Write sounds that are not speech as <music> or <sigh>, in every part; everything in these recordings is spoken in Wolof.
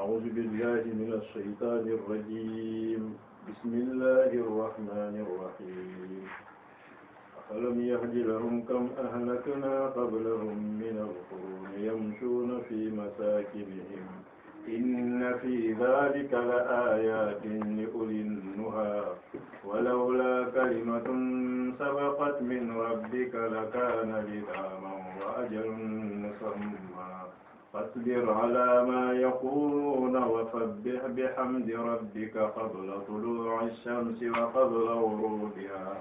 أعوذ بالله من الشيطان الرجيم بسم الله الرحمن الرحيم أفلم يهد لهم كم أهلكنا قبلهم من القرون يمشون في مساكنهم إن في ذلك لآيات لأولي النهى ولولا كلمة سبقت من ربك لكان لزاما وأجل مسمى fasbir ala ma yaquluuna wa sabbih bihamdi rabbika qabla tuluu'i shamsi wa qabla ghuruubihaa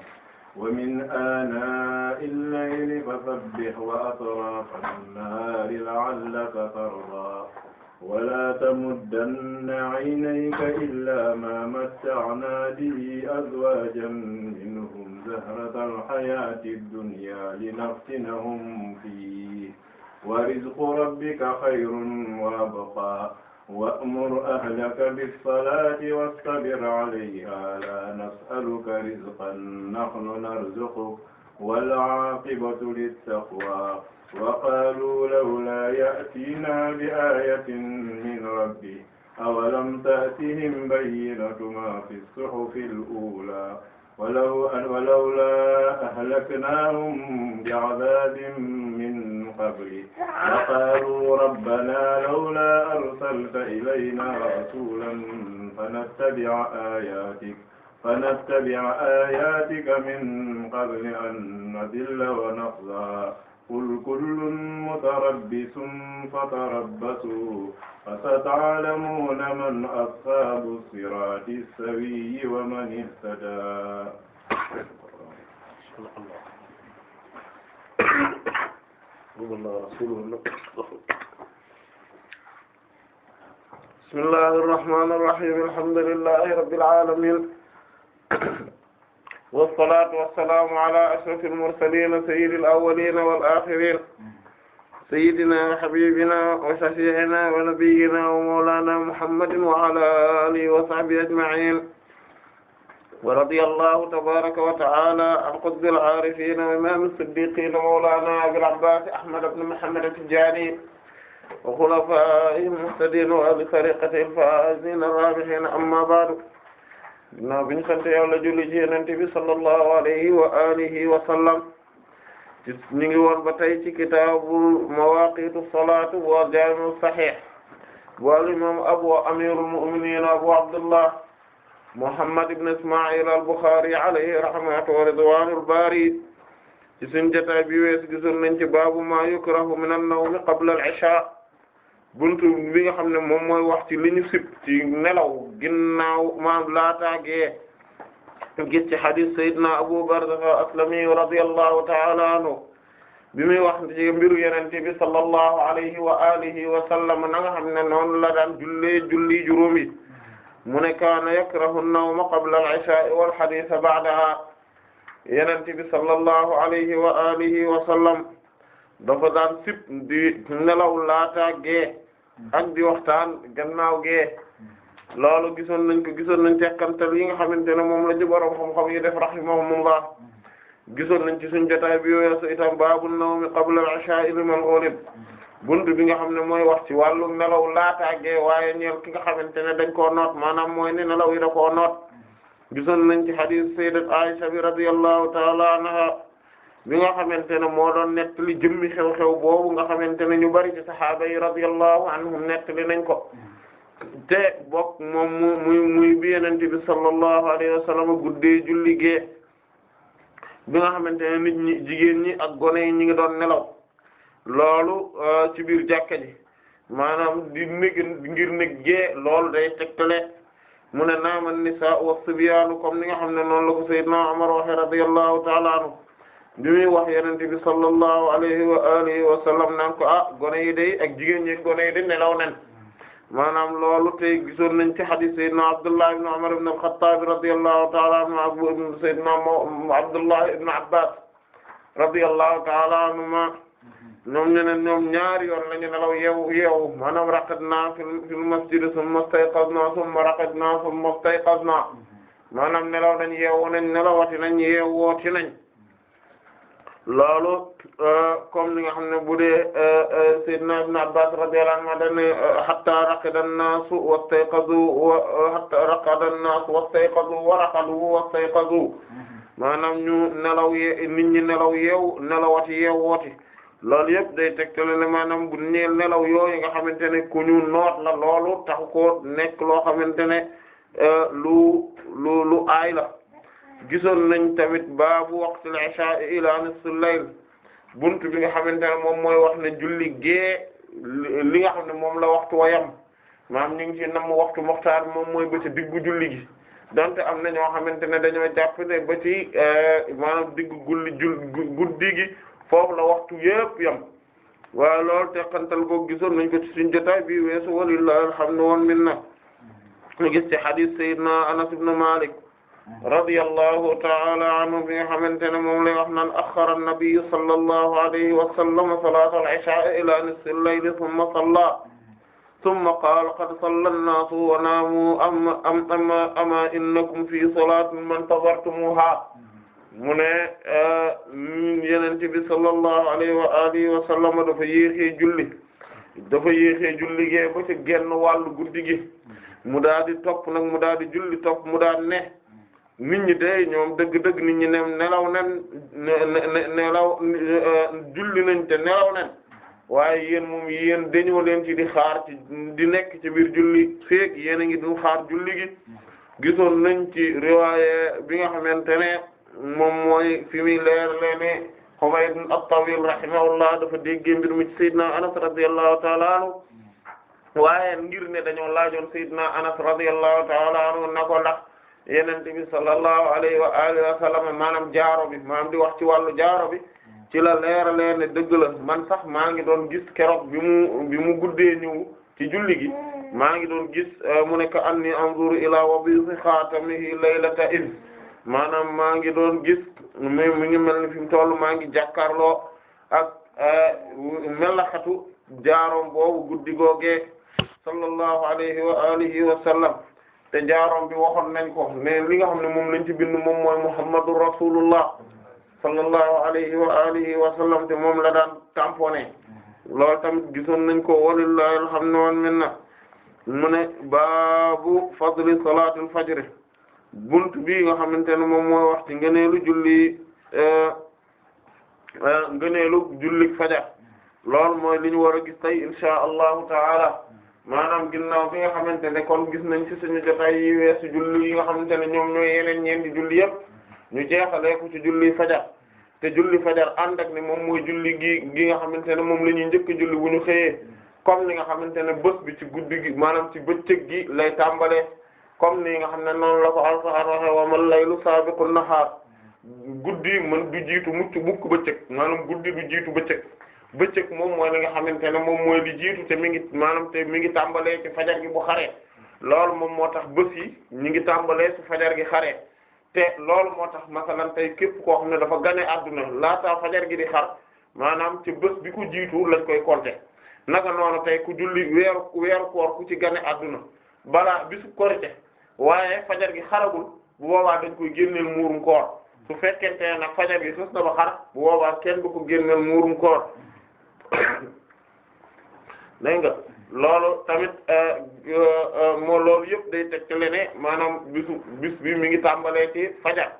wa min aanaa'i llayli fasabbih wa atraafa nnahaari la'allaka tardaa ولا تمدن عينيك إلا ما متعنا به أزواجا منهم زهرة الحياة الدنيا لنفتنهم فيه wa rizqu rabbika xayrun wa abqaa wa'mur ahlaka bis-salaati wastabir 'alayhaa laa nas'aluka rizqan nahnu narzuquka wal-'aaqibatu lit-taqwaa wa qaaluu lawlaa ya'tiinaa bi-aayatin min rabbih awalam ta'tihim bayyinatu maa fi-s-suhufi l-uulaa wa lawlaa ahlaknaahum bi'adaabin min qabli wa qaaluu rabbanaa lawlaa arsalta ilaynaa rasuulan fanattabi'a aayaatik fanattabi'a aayaatika min qabli an nadilla wa nakhzaa qul kullun mutarabbisun fatarabbasuu fasata'lamuuna man ashaabu siraati as-sawiyyi wa man ihtadaa hasbunallahu wa rasuluhu bismillahir rahmanir rahim alhamdulillahi rabbil alamin <coughs> wassalatu wassalamu ala ashrafil mursalin sayyidil awwalin wal akhirin sayyidina wa habibina wa shafi'ina wa nabiyyina wa mawlana muhammadin wa ala alihi wa sahbihi ajma'in wa radiyallahu tabaraka wa ta'ala an qutbil aarifin wa imam as-siddiqin mawlana abil abbas ahmad ibn muhammad at-tijani wa khulafaa'ihi al-muhtadin wa ahli tariqatihi al-faa'izin ar-raabihin amma ba'du ginnaaw bi ñu sant Yàlla julli ci Yonent bi sallallahu alayhi wa alihi wa sallam ñu ngi woon ba tey ci kitaabu mawaaqiitu salaat wal jaami' as-sahih wal imam abu amirul mu'minin abu abdullah Muhammad ibn Isma'il al-Bukhari alayhi rahmatu wa ridwanul bari ci suñu jotaay bi weesu gisoon nañ ci baabu ma yukrahu min an-nawmi qabla al-isha buntu bi nga xam ne moom mooy wax ci li ñu sib ci nelaw ginnaaw maam laataa gee gis ci hadith Seydina Abu Barza al-Aslami radiyallahu ta'ala anhu bi muy wax ci mbiru yenente bi sallallahu alayhi wa alihi wa sallam na nga xam ne noonu la daan jullee julli juróomi mu ne kaana yakrahu an-nawma qabla al-ishaa'i wal hadiisa ba'dahaa yonent bi sallallahu alayhi wa alihi wa sallam dafa daan sib di nelaw laata gee ak di waxtaan gannaaw gee loolu gisoon nañ ko gisoon nañ tekkantal yi nga xamante ne moom la ci borom xam-xam yi def rahimahumullah gisoon nañ ci suñu jotaay bi yooyu itam baabu an-nawmi qabla al-ishaa'i liman ghulib bunt bi nga xam ne mooy wax ci wàllu nelaw laataagee waaye ñeel ki nga xamante ne dañ koo noot maanaam mooy ne nelaw yi da koo noot gisoon nañ ci hadith sayyidat Aisha bi radiyallahu ta'ala anha bi nga xamante ne moo doon nettali jëmmi xew-xew boobu nga xamante ne ñu bari ci sahaaba yi radiyallahu anhum nettali nañ ko te bokk mu muy muy bi yenente bi sallallahu alayhi wa guddee julli gee bi nga xamante ne nit ñi jigéen ñi ak gone yi ñi ngi doon nelaw loolu euh, ci biir jàkka ji maanaam di ngir nég gee loolu day mu ne naama nisaa wa sibyaanu comme ni nga xam ne noonu la ko sayyidna Umar waxe radiyallahu ta'ala anhu wax yenente bi sallallahu alayhi ah, gone yi ak jigéen ñi gone yi day nelaw nen maanaam loolu tey gisoon nañ ci hadith sayyidna Abdullah ibn Umar ibn al-Khattab radiyallahu ta'ala anhu ak sayyidna Abdullah ibn Abbas radiyallahu ta'ala anhuma ñoom ñu ne ñoom ñaari yoon lañu nelaw yeewu yeewu maanaam raqadnaa fil masjid summa istayqaznaa summa raqadnaa summa istayqaznaa maanaam nelaw nañ yeewu nañ nelawati nañ yeewooti nañ loolu euh, comme ni nga xam ne bu dee euh, euh, Seydina Ibn Abbas radiyallahu anhu dañ ne hatta raqada an-naasu maanaam ñu nelaw ye nit ñi nelaw loolu yëpp day tegtale ne maanaam bu neel nelaw yooyu nga xamante ne ku ñu noot la loolu taxu ko nekk loo xamante ne euh, lu lu aay la gisoon nañ tamit baabu waqtul isha ila nisfil layl bunt bi nga xamante moom mooy wax ne julli gée li nga xam ne moom la waxtu wayam maam ñu ngi ci namm waxtu moxtaar moom mooy ba ci diggu julli gi dante am na ñoo xamante ne dañoo jàpp ne ba ci euh, maanaam diggu gulli jul gi foofu la waxtu yépp yam waaye loolu teqantal boo gisoon nañ ko ci suñu jotaay bi weesu walillahi alhamdu wal minna ñu gis ci hadith sayyidina Anas ibn Malik radiyallahu ta'ala anhu bi nga xamante ne moom lay wax naan axara an-nabiy sallallahu alayhi wa sallam salata al-isha ila nisfi al-layl thumma salla thumma qaala qad salla an-nasu wa naamu amma amma amma innakum fi salatin man tadartumuha mu ne ah, yeneen bi sallallahu alayhi wa alihi wa sallam dafa yéexee julli dafa yéexee julli gee ba ci genn wàllu guddi gi mu daal di topp nag mu daal di julli topp mu daal ne nit ñi day ñoom dëgg-dëgg nit ne nelaw nen eh, julli nañ te nelaw nen waaye yéen moom yéen dañoo leen ci di xaar ci di nekk ci biir julli feek yéen a ngi du xaar julli gi gisoon nañ ci riwaaye bi nga xamante ne moom mooy fi muy leer lee ne Humayd at-Tawil rahimahullah dafa déggee mbir mi ci Anas radiyallahu ta'ala anhu waaye ngir ne dañoo laajoon Seydina Anas radiyallahu ta'ala anhu na ko ndax yenente bi sallallahu alayhi wa alihi jaaro bi maanaam di wax ci wàllu jaaro bi ci la leeralee ne dëgg la man sax maa ngi doon gis keroog bi mu bi mu guddee ñëw ci julli gi maa ngi doon gis mu nekk anni anzuru ila wabisi xaatamihi laylata in maanaam maa ngi doon gis mu mi ngi mel ni fi mu toll maa ngi jàkkaarloo ak eh, melaxatu jaarom boobu guddi googee sallallahu alayhi wa alihi wa sallam te jaarom bi waxoon nañ ko ne li nga xam ne moom lañ ci bind moom mooy muhammadu rasulullah sallallahu alayhi wa alihi wa sallam te moom la daan tamponné loolu tamit gisoon nañ ko walillahi alhamdu wal minna mu ne baabu fadli salatul fajr bunt bi nga xamante ne moom mooy wax ci ngëneelu julli eh, eh, ngëneelu jullik fajar loolu mooy li ñu war a gis tey insha allahu taala maanaam ginnaaw bi nga xamante ne kon gis nañ ci suñu jotaay yi weesu julli yi nga xamante ne ñoom ñooy yeneen ñeenti julli yépp ñu jeexalee ko ci julli fajar te julli fajar ànd ak ne moom mooy julli gi gi nga xamante ne moom la ñuy njëkk julli bu ñu xëyee comme ni nga xamante ne bës bi ci guddi gi maanaam ci bëccëg gi lay tàmbalee comme ni nga xam ne noonu la ko alquran waxe lay lu laylu sabiqun naxaar guddi man du jiitu mucc mukk bëccëg maanaam guddi du jiitu bëccëg bëccëg moom mooy li nga xamante ne moom mooy li jiitu te mi ngi maanaam te mi ngi tàmbalee ci fajar gi bu xaree loolu moom moo tax bés yi ñu ngi tàmbalee ci fajar gi xaree te loolu moo tax masalan tey képp koo xam ne dafa gane adduna laataa fajar gi di xar maanaam ci bés bi ku jiitu la koy compter naka noonu tey ku julli weeru weeru koor ku ci gane àdduna balaa bisu korite waaye fajar gi xaragul bu boobaa dañ koy génneel muurum koor su fekkente ne nag fajar gi sos na ba xar bu boobaa kenn du ko génneel muurum koor <coughs> dégg nga loolu tamit euh, euh, euh, moo loolu yëpp day tegtale ne maanaam bisu bis bi mi ngi tàmbalee ci fajar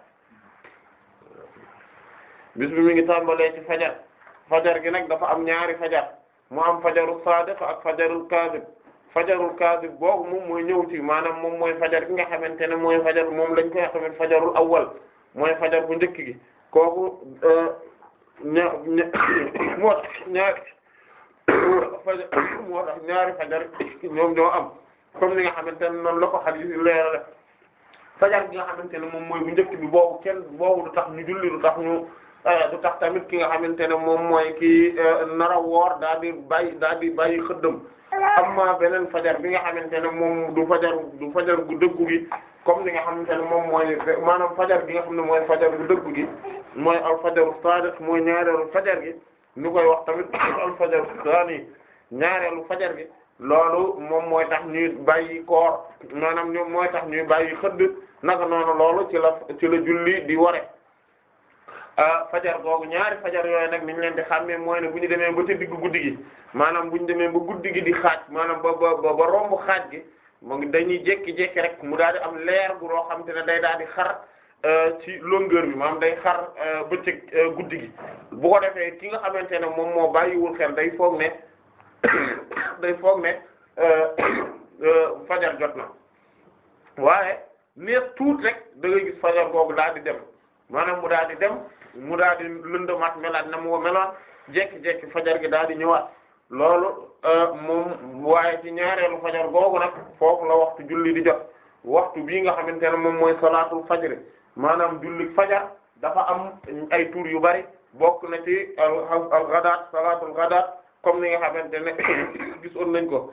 bis bi mi ngi tàmbalee ci fajar fajar gi nag dafa am ñaari fajar mu am fajaru saadiq ak fajarul kaadib fajarul kaadib boobu moom mooy ñëw ci maanaam moom mooy fajar gi nga xamante ne mooy fajar moom lañ koy xamee fajarul awwal mooy fajar bu njëkk gi kooku euh, ña <coughs> <coughs> <coughs> moo tax ñaari fajar moo tax ñaari ñoom am comme ni nga xamante ne noonu la ko xadiis yi fajar xamante ne moom mooy bu njëkk tax ñu julli tax ñu euh, du tax tamit ki nga xamante ne moom mooy ki euh, nara woor daa di bàyyi daa di bàyyi xëddam amma beneen fajar bi nga xamante ne moom du fajar du fajar gu dëggu gi comme li nga xamante ne moom mooy maanaam fajar gi nga xam ne mooy fajar gu dëggu gi mooy al fajaru sadiq mooy ñaareelu fajar gi ñu koy wax tamit <coughs> al fajaru saani ñaareelu fajar gi loolu moom mooy tax ñuy bàyyi koor maanaam ñoom mooy tax ñuy bàyyi xëdd naga noonu loolu ci la ci la julli di ware euh, fajar googu ñaari fajar yooy nag niñ leen di xàmmee mooy ne bu ñu demee ba ci diggu guddi gi maanaam buñ demee ba guddi gi di xaaj maanaam ba ba ba romb xaaj gi moom dañuy jékki-jékki rek mu daal di am leer bu loo xam te ne day daal di xar euh, ci longueur bi maanaam day xar euh, bëccëg euh, guddi gi bu ko defee ki nga xamante ne moom moo bàyyiwul xel day foog ne <coughs> day foog ne <coughs> fajar jot na waaye neex tuut rek da ngay gis fajar googu daal di dem maanaam mu daal di dem mu daal di lëndamaat melaat na mu meloon jékki-jékki fajar gi daal di ñëwaat. loolu euh, moom waaye ci ñaareelu fajar googu nag foofu la waxtu julli di jot waxtu bii nga xamante ne moom mooy salaatul fajr maanaam julli fajar dafa am ay tur yu bari bokk na ci al al ghadaat comme ni nga xamante ne <coughs> nañ ko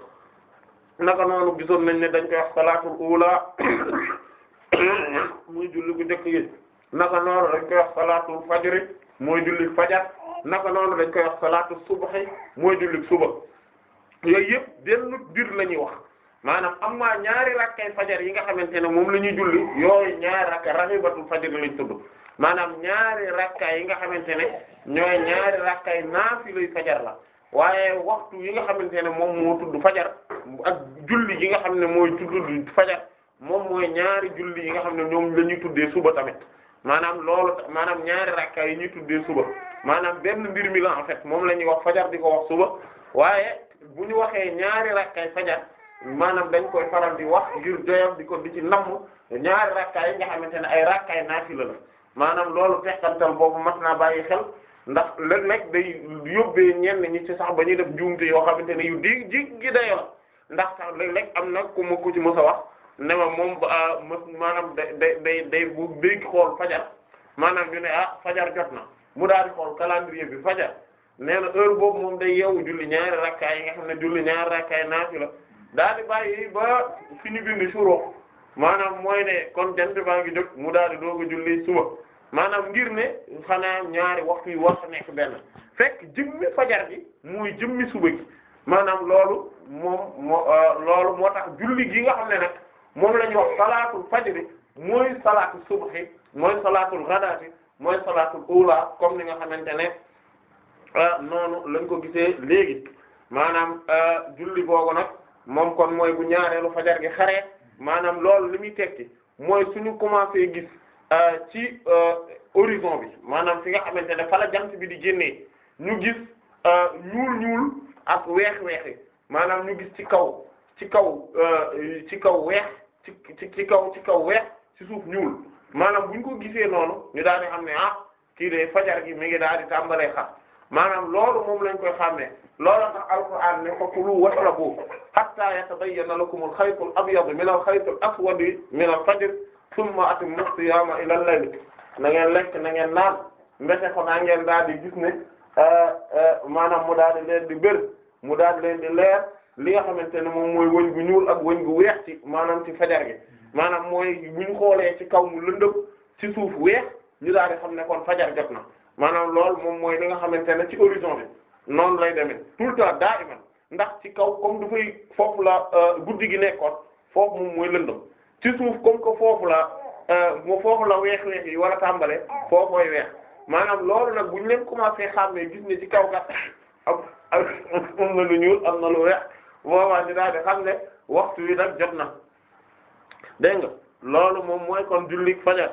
naka noonu gisoon nañ ne dañ koy wax salaatul ula <coughs> naka noonu dañ koy wax salaatul fajar. naka noonu dañ koy wax salaatu subhi mooy jullit suba yooyu yëpp dellu dir la ñuy wax maanaam am ñaari rakkay fajar yi nga xamante ne moom la ñuy julli yooyu ñaari rakka raxibatul fajar lañ tudd maanaam ñaari rakka yi nga xamante ne ñooy ñaari rakkay naafilay fajar la waaye waxtu yi nga xamante ne moom moo tudd fajar ak julli yi nga xam ne mooy tudd fajar moom mooy ñaari julli yi nga xam ne ñoom la ñuy suba tamit maanaam loolu maanaam ñaari rakka yi ñuy tuddee suba maanaam benn mbir mi la en fait moom la ñuy wax fajar di ko wax suba waaye bu ñu waxee ñaari rakkaay fajar maanaam dañ koy faral di wax ngir doyam di ko di ci namm ñaari rakkaay yi nga xamante ne ay rakkaay naafila la maanaam loolu teqantal boobu mat naa bàyyi xel ndax léeg-léeg day yóbbee ñenn ñi ci sax ba ñuy def njuumte yoo xamante ne yu di ji gi dayoo ndax sax léeg-léeg am na ku ma ku ci mës a wax ne ma moom ah, maanaam day day day day xool fajar maanaam ñu ne ah fajar jot na mu daal di xool calendrier bi fajar nee na heure boobu moom day yeewu julli ñaari rakkaay yi nga xam ne julli ñaari rakkaay naafila daal di bàyyi ba fi ñu bind surox maanaam mooy ne kon jant baa ngi mu daal di doog a julli suba maanaam ngir ne xanaa ñaari waxtu yi war a nekk benn fekk jëmmi fajar gi muy jëmmi suba gi maanaam loolu moom euh, loolu moo tax julli gi nga xam ne nag moom la ñuy wax salaatul fajri mooy salaatul subhi mooy salaatul ghadaati mooy salaatul ula comme ni nga xamante ne ah, noonu lañ ko gisee léegi maanaam ah, julli boobu nag moom kon mooy bu ñaareelu fajar gi xaree maanaam loolu li muy tekki mooy suñu commencé gis ah, ci horizon bi maanaam fi nga xamante ne fa la jant bi di génnee ñu gis ñuul ñuul ak weex weexi maanaam ñu gis ci kaw ci kaw ci kaw weex ci ci kaw ci kaw weex ci suuf ñuul maanaam bu ñu ko gisee noonu ñu daal di xam ne ah kii de fajar gi mi ngi daal di tàmbalee xar maanaam loolu moom lañ koy xàmmee loolu tax alquran ne fakulu washrabu hatta yatabayyana lakum al-khaytu al-abyadu min al-khayti al-aswadi min al-fajr thumma atimmu as-siyama ila al-layl na ngeen lekk na ngeen naan mbete ko ngeen daal di gis ne euh, euh, maanaam mu daal di leen di bër mu daal di leen di leer li nga xamante ne moom mooy wëñ gu ñuul ak wëñ gu weex ci maanaam ci fajar gi maanaam mooy bu ñu xoolee ci kaw mu lëndëm ci suuf weex ñu daal di xam ne kon fajar jot na maanaam loolu moom mooy li nga xamante ne ci horizon bi noonu lay demee tout le temps daa iman ndax ci kaw comme dafay foofu la euh, guddi gi nekkoon foofu moom mooy lëndëm ci suuf comme que foofu la euh, mo foofu la weex weex yi war a tàmbale foofoy weex maanaam loolu nag bu ñu leen commencé xàmmee gis ne ci kaw ga <laughs> am am na lu ñuul am na lu weex boobaa ñu daal di xam ne waxtu wi nag jot na dégg nga loolu moom mooy kon julli fajar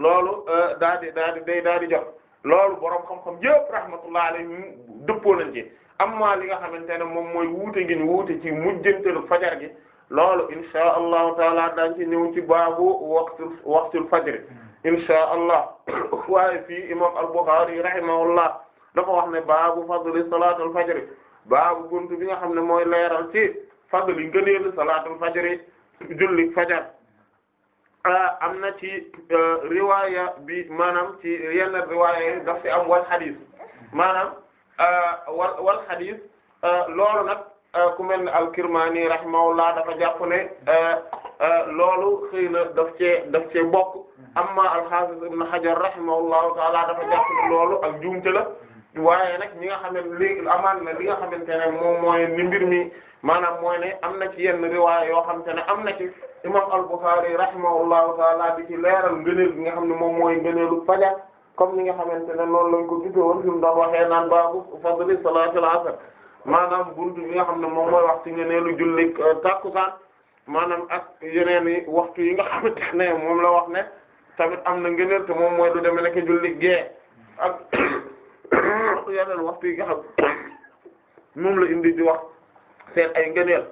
loolu euh, daa di daa di day daa di jot loolu borom xam-xam yëpp rahmatullah alayhi dëppoo nañ ci amma li nga xamante ne moom mooy wuute gi ñu wuute ci mujjantalu fajar gi loolu insha allahu taala daañ ci ñëw ci baabu waxtu waxtul fajr insha allah <coughs> waaye fii imam al-Bukhari rahimahullah dafa wax ne baabu fadli salaatul fajr baabu buntu bi nga xam ne mooy leeral ci fadli ngëneelu salaatul fajr julli fajar am na ci euh, riwaaya bi maanaam ci yenn riwaaya yi daf ci am wal xadis maanaam euh, wal wal xadis euh, loolu nag ku mel ne al-Kirmaani rahimahullah dafa jàpp ne loolu xëy na daf cee daf cee bokk amma al-Haafiz ibn Hajar rahimahullahu taala dafa jàpp ne loolu ak juumte la waaye nag ñi nga xam ne léegi amaan na li nga xamante ne moom mooy ni mbir mi maanaam mooy ne am na ci yenn riwaaya yoo xamante ne am na ci. imam al-Bukhari rahimahullahu taala di ci leeral ngëneel bi nga xam ne moom mooy ngëneelu fajar comme ni nga xamante ne noonu lañ ko gisoon fi mu doon waxee naan baabu fadli salaatul asr maanaam buntu bi nga xam ne moom mooy wax ci ngëneelu julli euh, takkusaan maanaam ak yeneen i waxtu yi nga xamante ne moom la wax ne tamit am na ngëneel te moom mooy lu demee nekk julli gee ak <coughs> yeneen waxtu yi nga <coughs> moom la indi di wax seen ay ngëneel.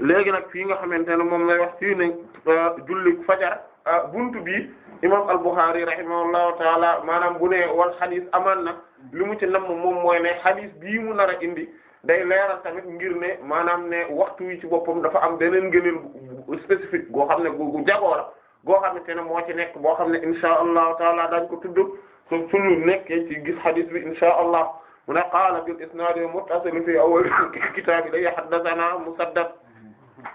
léegi nag fii nga xamante ne moom lay wax fii ne euh, julli fajar euh, buntu bi imam al-Bukhari rahimahullahu taala maanaam bu ne wal xadis amaan na li mu ci nam moom mooy ne xadis bii mu nar a indi day leeral tamit ngir ne maanaam ne waxtu wi ci boppam dafa am beneen gëneel spécifique goo xam ne gu jagoo la goo xamante ne moo ci nekk boo xam ne inshaa allahu taala dañ ko tudd su suñu nekkee ci gis xadis bi inshaa allah mu ne qaala bil isnaad muttasil fi awwal <laughs> kitaab yi day haddathana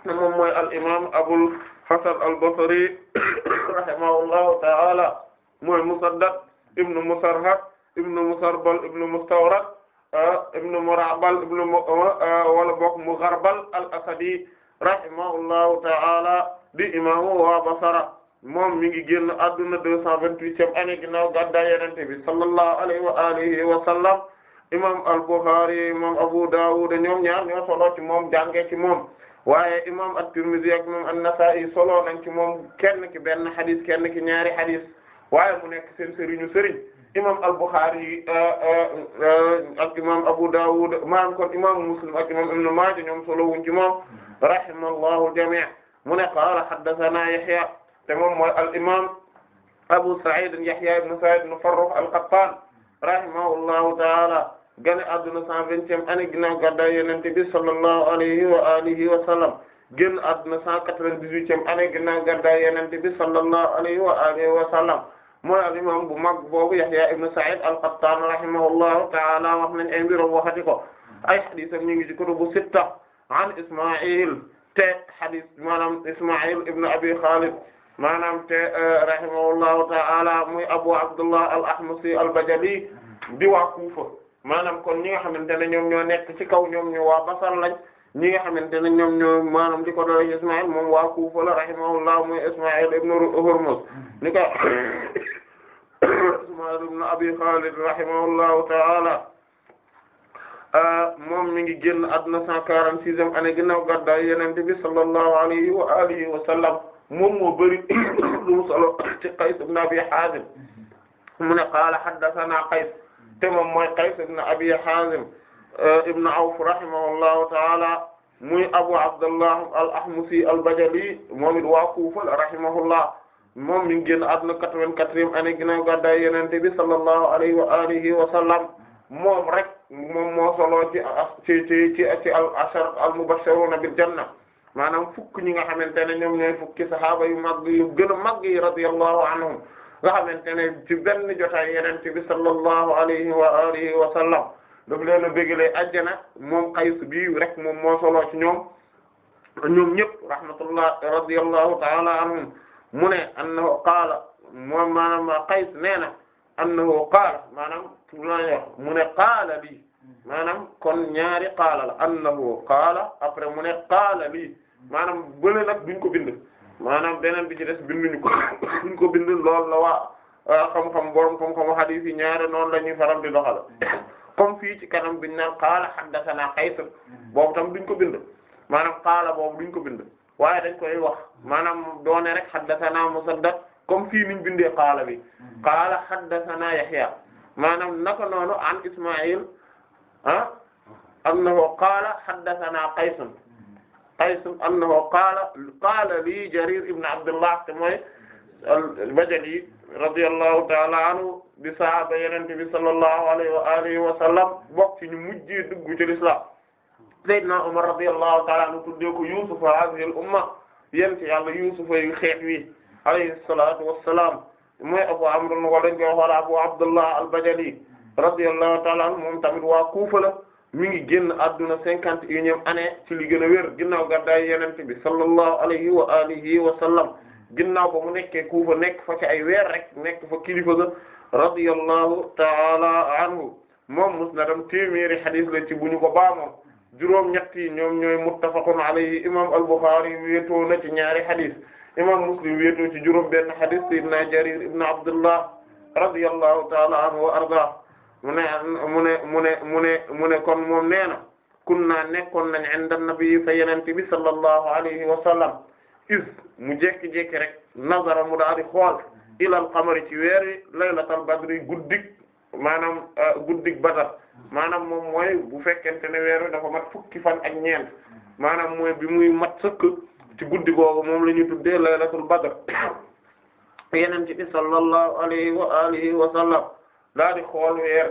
moom mooy al imam Abul Hasan al Basri <coughs> rahimahullahu ta'ala mooy Musaddad ibn Musarhad ibn Musarbal ibn Mustawrad ibn Murabal ibn wala bokk Mugharbal al Asadi rahimahullahu ta'ala di imaamu waa Basra moom mi ngi génn adduna deux cent vingt-huitième année ginnaaw bi sallallahu alayhi wa alihi imam al Bukhari imam Abu Dawud ñoom ñaar ñoo solo ci moom jàngee ci moom waaye imam at-Tirmidhi ak imam an-Nasa'i solo nañ ci moom kenn ki benn xadis kenn ki ñaari xadis waaye mu nekk seen sëriñu sëriñ imam al-Bukhari euh, euh, euh, ak imam Abu Dawud maanaam kon imam Muslim ak imam Ibn Maaja ñoom solo wuñ ci moom rahimallahu jami' mu ne qaala haddathana Yahya te moom mooy al imam Abu Sa'id Yahya ibn Sa'id ibn Farrukh al-Qattan rahimahullahu ta'ala gane adduna cent vingtième année ginnaaw gàddaay yonent bi sallallahu alayhi wa alihi wa sallam génn adduna cent quatre-vingt-dix-huitième année ginnaaw gàddaay sallallahu alayhi wa alihi wa sallam bu mag boobu Yahya ibn Sa'id al-Qattan rahimahullahu ta'ala wax nañ ay mbirom waxati ko ay hadith am ñu ngi ci kutubu sitta an Isma'il te hadith maanaam Isma'il ibn Abi Khalid maanaam te eh, rahimahullahu ta'ala muy Abu Abdullah al-Ahmasi al-Bajali di waa maanaam kon ñi nga xamante ne ñoom ñoo nekk ci kaw ñoom ñoo waa Basar ñi nga xamante ne ñoom maanaam di ko doon Ismaïl moom waa Kufa la rahimahullah mooy Ismaïl ibn Hurmuz ni ko <coughs> Ismaïl ibn Abi Khalid rahimahullahu ta'ala ah, moom mi ngi génn àdduna 146e année ginnaaw gàddaay Yonent bi sallallahu alayhi wa alihi wa sallam moom moo bëri <coughs> Qays ibn Abi Hazim mu ne qaala Qays te moom mooy Qays ibn Abi Hazim euh, ibn Awf rahimahullahu ta'ala muy Abu Abdullah al-Ahmusi al-Bajali moom it waa Kufa rahimahullah moom mi ngi génn àdduna 84e année ginnaaw gàddaay Yonent bi sallallahu alayhi wa alihi wa sallam moom rek moom moo solo ci ci ci ci ci al-ashar al-mubashshiruna bil janna maanaam fukk ñi nga xamante ne ñoom ñooy fukki sahaaba yu mag yu gën a mag yi radiyallahu anhum nga xamante ne ci benn jotaay yenente bi sallallahu alayhi wa alihi wa sallam daf leen a bégalee ajjana moom Qays bi rek moom moo soloo ci ñoom ñoom ñëpp rahmatullah radiyallahu ne annahu qaala moom maanaam Qays nee na annahu qaala maanaam mu ne qaala lii maanaam kon ñaari qaala la annahu après mu ne qaala lii maanaam bële nag duñ ko bind maanaam beneen bi ci des ko suñ ko bind lool la waa xam-xam borom xam-xamu hadith yi ñaare noonu la ñuy faral di doxal comme fii ci kanam biñ naan qaala haddathana Qays boobu tam duñ ko bind maanaam qaala boobu duñ ko bind waaye dañ koy wax maanaam doone rek haddathana Musaddad comme fii niñ bindee qaala bi qaala haddathana Yahya maanaam naka noonu an Isma'il ah annahu qaala haddathana Qays Qays annahu qaala qaala lii Jarir ibn Abdullah te mooy al-Bajali radiyallahu ta'ala anhu di sahaaba Yonent bi sallallahu alayhi wa alihi wa sallam bokk ci ñu mujjee dugg ci lislaam Seydina Umar radiyallahu ta'ala anhu tuddee ko Yuusufa hadhihi al-umma yent yàlla Yuusufa yu xeet wi alayhi salaatu wassalaam mooy Abu Amr wala ñu koy wax Abu Abdullah al-Bajali radiyallahu ta'ala anhu moom tamit waa Kuufa la mi ngi génn adduna cinquante et unième année ci li gën a wér ginnaaw gàddaay yenente bi sallallahu alayhi wa alihi wa sallam ginnaaw ba mu nekkee Kuufa nekk fa ci ay weer rek nekk fa kilifa ga radiyallahu taala anhu moom musnadam téeméeri xadis la ci bu ko baamoon juróom ñett ñoom ñooy muttafaqun alayhi imam al-Bukhari na ci ñaari xadis imam Muslim wéetoo ci juróom benn xadis sayyidina Jarir ibn Abdullah radiyallahu taala anhu wa arda mu ne mu ne mu ne mu ne mu ne kon moom nee na kunnaa nekkoon nañ inda nabi fa yenente bi sallallahu alayhi wa sallam is mu jekki-jekki rek nazara mu daal di xool ilal ci weer wi laylatal badri guddik maanaam euh, guddik badar maanaam moom mooy bu fekkente ne weer wi dafa mat fukki fan ak ñeent maanaam mooy bi muy mat sëkk ci guddi googu moom la ñuy tuddee laylatul badr <coughs> yenente bi sallallahu alayhi wa alihi wa sallam daa di xool weer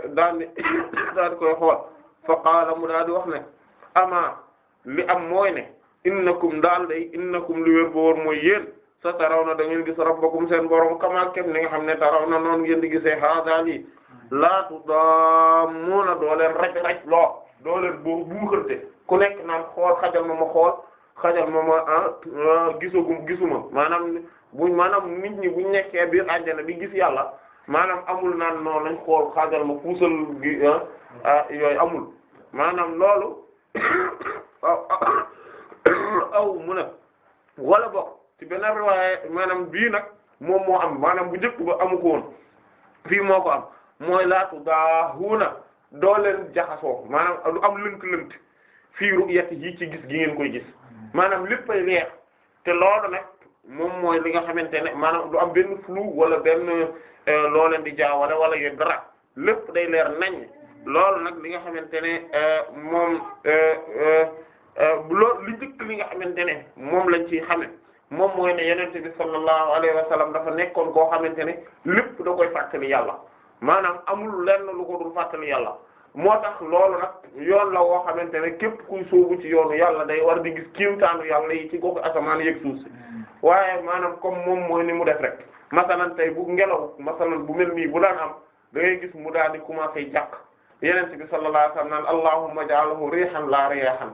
<coughs> koy xool fa qaala mu daa di wax ne ama li am mooy ne innakum daal day innakum li wér ba wóor mooy yéen sa taraw na da ngeen gis rabbakum seen borom kamaa képp ni nga xam ne taraw na noonu ngeen di gisee xaa daal yi laatu daa muun a doo raj raj loo doo leen boo buuxante ku nekk naan xool xajal ma ma xool xajal ma ma ah gisagum gisuma maanaam buñ maanaam nit ñi buñ nekkee biir àjjana bi gis yàlla maanaam amul naan noonu lañ xool xaaral ma puusal gi ah, ah, yooyu amul maanaam loolu <coughs> <coughs> aw mu ne wala bokk ci beneen riwaaya maanaam bii nag moom moo am maanaam bu njëkk ba amu ko woon moo ko am mooy laatu daa huuna doole leen jaxasoo maanaam du am lënt-lënt fii ru'yat yi ci gis gi ngeen koy gis maanaam léppay leer te loolu nag moom mooy li nga xamante ne maanaam du am benn flou wala benn. Euh, loo leen di jaawale wala yooyu dara lépp day leer nañ loolu nag li nga xamante ne euh, moom euh, loolu li njëkk li nga xamante ne moom lañ ciy xame moom mooy ne yenente bi sallallahu alayhi wa sallam dafa nekkoon koo xamante ne lépp da koy fàttali yàlla maanaam amul lenn lu ko dul fàttali yàlla moo tax loolu nag yoon la woo xamante ne képp kuy sóobu ci yoonu yàlla day war di gis kiimtaanu yàlla yi ci googu asamaan yëg suuf si waaye maanaam comme moom mooy ni mu def rek masalan tey bu ngelaw masalan bu mel nii bu daan am da ngay gis mu daal di commencé jàq yeneen bi sallallahu alayhi wasallam naan allahumma ja'alhu rihan la rihan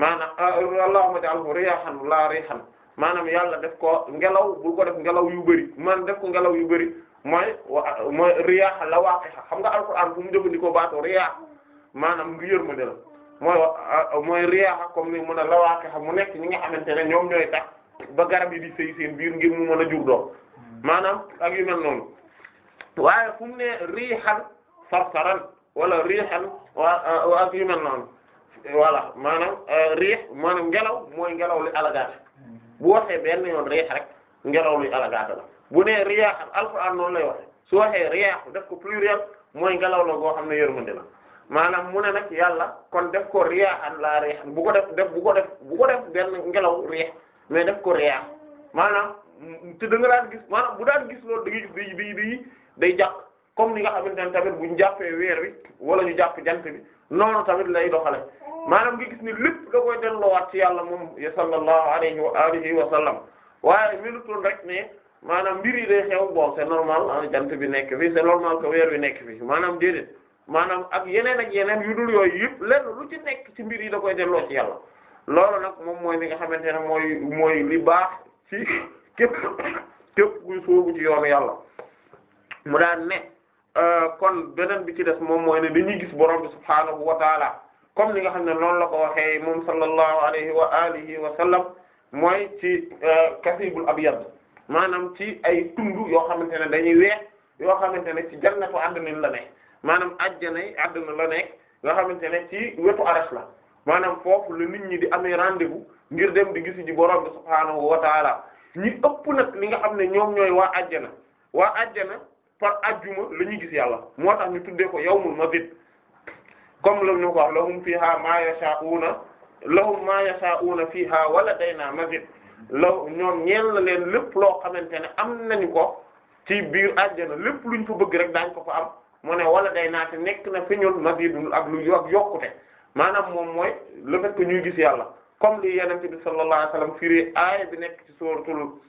maanaam euh, allahumma ja'alhu rihan la rihan maanaam yàlla def ko ngelaw bu ko def ngelaw yu bëri man def ko ngelaw yu bëri mooy mooy riyaha la waaqiha xam nga alquran fu mu jëfandikoo baatoo riyaha maanaam ngi yërmande la mooy euh, mooy riyaha comme ni mu ne la waaqiha mu nekk ñi nga xamante ne ñoom ñooy tax ba garab yi di sëy seen biir ngir mu mën a jur doom maanaam ak yu noonu waaye fu mu ne riixan sarsaran wala riixan wa ak yu mel noonu voilà maanaam euh, riix maanaam ngelaw mooy ngelaw li alagaata bu waxee benn yoon riix rek ngelaw li alagaata la bu nee riyaaxan alxuraan noonu lay waxe su waxee riyaaxu def ko pluriel mooy ngelaw la goo xam ne yërmande la maanaam mu ne nag yàlla kon def ko riyaaxan laa riix bu ko def def bu ko def bu ko def benn ngelaw riix mais def ko riyaax maanaam te da nga daan gis maanaam bu daan gis loolu da ngay day day day jàpp comme ni nga xamante ne tamit bu ñu jàppee weer wi wala ñu jàpp jant bi noonu tamit lay doxale oh. maanaam nga gis ni lépp da koy delloowaat ci yàlla moom sallallahu alayhi wa alihi wa sallam waaye melutoon rek ne maanaam mbir yi day xew bon c'est normal ah, jant bi nekk fi c'est normal que weer wi nekk fi maanaam déedéet maanaam ak yeneen ak yeneen yu dul yooyu yëpp lenn lu ci nekk ci mbir yi da koy delloo ci yàlla loolu nag moom mooy li nga xamante ne mooy mooy li baax ci képp képp kuy soobu ci yoonu yàlla mu daan ne euh, kon beneen bi ci des moom mooy ne dañuy gis borom bi subhaanahu wa taala comme ni nga xam ne noonu la ko waxee moom sallallahu alayhi wa alihi wa sallam mooy ci euh, kasibul abyad maanaam ci ay tund yoo xamante ne dañuy weex yoo xamante ne ci jannatu àdduna la nekk maanaam ajjana àdduna la nekk yoo xamante ne ci wetu arash la maanaam foofu la nit ñi di amee rendez-vous ngir dem di gisi ji borom bi subhaanahu wa ñi ëpp nag li nga xam ne ñoom ñooy waa ajjana waa ajjana par ajjuma la ñuy gis yàlla moo tax ñu tuddee ko yawmul mazid comme lam ñu ko wax lahum fiha ma yasha'una lahum ma yasha'una fiha wa ladaynaa mazid law ñoom ñeel la leen lépp loo xamante ne am na nañu ko ci biir ajjana lépp luñ fa bëgg rek daañ ko fa am ne wala day naate nekk na fi ñun mazidul ak lu ak yokkute maanaam moom mooy le fait ñuy gis yàlla comme li yenente bi sallallahu alayhi wasallam firi aaya bi nekk ci suratul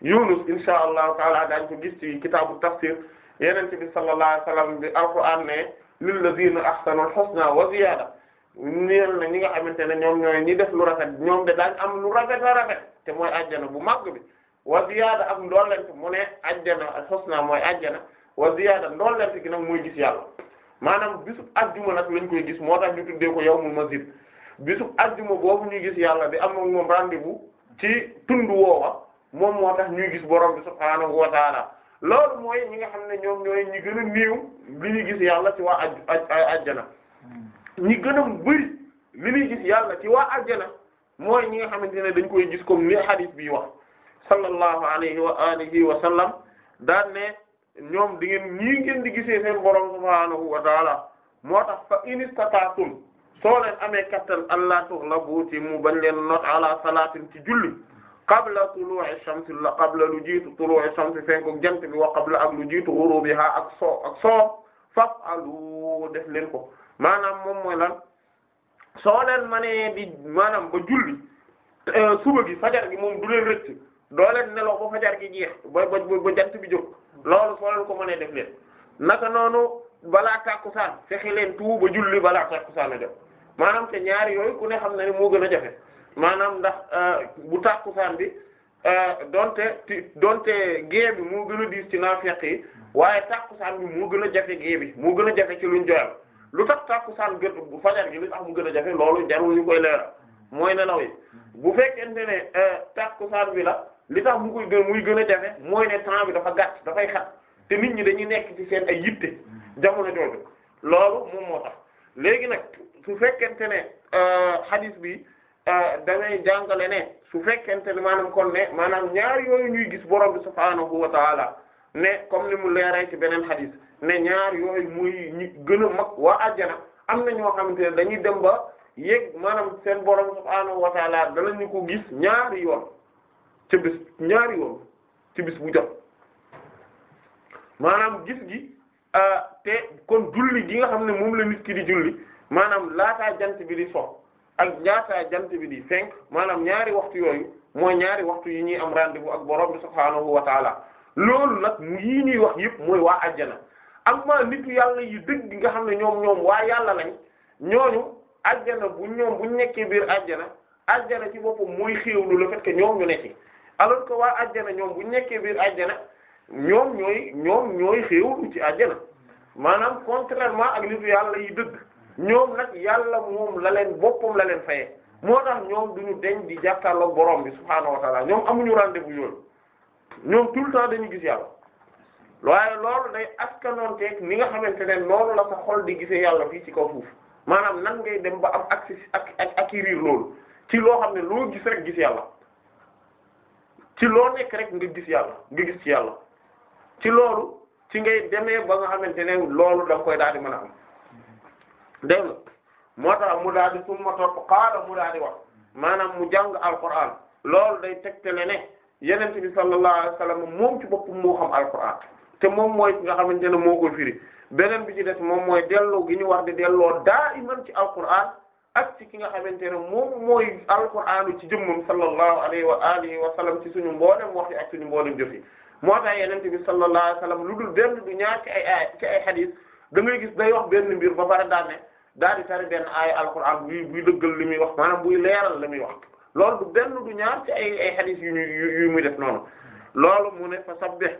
yunus insha allahu taala daañ ko gis ci kitaabu tafsir yenente bi sallallahu alayhi wasallam bi alquran ne lilladina ahsanul husna wa ziyada ñeel na ñi nga xamante ne ñoom ñooy ñi def lu rafet ñoom de daañ am lu rafet a rafet te mooy ajjana bu màgg bi wa ziyaada ak ndollent mu ne ajjana husna mooy ajjana wa ziyaada ndollent gi nag mooy gis yàlla maanaam bisu ajjuma nag lañ koy gis moo tax ñu tuddee ko yawmul masjid bisu ajjuma boobu ñuy gis yàlla di am moom rendez bu ci tund woowa moom moo tax ñuy gis borom bi subhaanahu wa taala loolu mooy ñi nga xam ne ñoom ñooy ñi gën a néew li ñuy gis yàlla ci waa aj ajjana hmm. ñi gën a bëri gis yàlla ci waa ajjana mooy ñi nga xamante ne dañ koy gis comme ni hadith bi wax sallallahu alayhi wa wa sallam daan ne ñoom di ngeen ñii ngeen di gisee seen borom subhaanahu wa taala moo tax fa in istata'tum soo amee kattan allah tughlabu ci mu bañ leen not ala salaatin ci julli qabla tulu'i shamsi la qabla lu jiitu tulu'i shamsi fenku jant bi wa qabla ak lu jiitu ghurubiha ak soo ak soo faf'alu def leen ko maanaam moom mooy lan soo leen manee di maanaam ba julli euh, suba gi fajar gi moom du leen rëcc doo leen ba fajar gi jeex ba ba bi jóg loolu soo ko mënee def naka noonu balaa tàkkusaan fexe leen ba julli balaa tàkkusaan a jot maanaam te ñaari yooyu ku ne xam na ne moo gën a jafe maanaam ndax euh, bu tàkkusaan bi euh, donte donte gée bi moo gën a diis ci naa naafeq yi waaye tàkkusaan bi moo gën a jafe gée bi moo gën a jafe ci luñ joyal lu tax tàkkusaan gën bu fajar gi li mu gën a jafe loolu jarul ñu koy leeral mooy nelaw yi bu fekkee ne euh, tàkkusaan bi la li tax mu koy gën muy gën a jafe mooy ne temps bi dafa gàtt dafay xat te nit ñi dañuy nekk ci seen ay yitte jamono jooju loolu moom moo tax léegi nag su fekkente ne euh, hadith bi euh, damay jàngale ne su fekkente ne maanaam kon ne maanaam ñaar yooyu ñuy gis borom bi subhaanahu wa taala ne comme ni mu leeray ci beneen hadith ne ñaari yooyu muy ñi gën a mag waa àjjana am na ñoo xamante ne dañuy dem ba yéeg maanaam seen borom subhaanahu wa taala danañu ko gis ñaari yoon ci bis ñaari yoon ci bis bu jot maanaam gis gi euh, te kon julli gi nga xam ne moom la nit ki di julli maanaam laataa jant bi di so ak ñaataa jant bi di fenk maanaam ñaari waxtu yooyu mooy ñaari waxtu yi ñuy am rendez-vous ak borom bi subhaanahu wa loolu nag yii ñuy wax yëpp mooy waa ajjana am ma nitu yàlla yi dëgg nga xam ne ñoom ñoom waa yàlla lañ ñooñu ajjana bu ñoom bu nekkee biir ajjana ajjana ci boppam mooy xéewlu le fait que ñoom ñu nekk alors que waa ajjana ñoom bu nekkee biir ajjana ñoom ñooy ñoom ñooy ci ajjana maanaam contrairement ak nitu yàlla yi dëgg ñoom nag yàlla moom la leen boppam la leen faye moo tax ñoom ñu deñ di jàkkaarloog boroom bi subhaanahu wa ñoom amuñu rendez-vous yooyu ñoom tout le temps dañuy gis yàlla waaye loolu day askanoonteeg ni nga xamante ne loolu la sa xol di gisee yàlla fii ci kaw suuf maanaam nan ngay dem ba am accès ak ak acquérir loolu ci loo xam ne loo gis rek gis yàlla ci loo nekk rek yàlla nga ci yàlla ci loolu ci ngay demee ba nga xamante ne loolu da nga koy daal di mën a am dégg nga moo tax mu daal di summa topp mu daal di wax maanaam mu jàng alquran loolu day tegtale ne yonent bi sallallahu alayhi wa sallam moom ci boppam moo xam alquran te moom mooy nga xamante ne moo ko firi bi ci des moom mooy delloo gi ñu wax di delloo daa iman ci alquran ak ci ki nga xamante ne moom al alquranu ci jëmmam sallallahu alayhi wa alihi wa sallam ci suñu mboolem wax yi ak suñu mboolem jëf yi moo tax yonent bi sallallahu wa sallam lu dul benn du ñaar ci ay ay ci ay gis day wax benn mbir ba pare daan daal di tari benn aaya alquran buy buy dëggal li muy wax maanaam buy leeral li muy wax loolu du benn du ñaar ci ay ay hadith yu muy def noonu loolu mu ne fa sabbih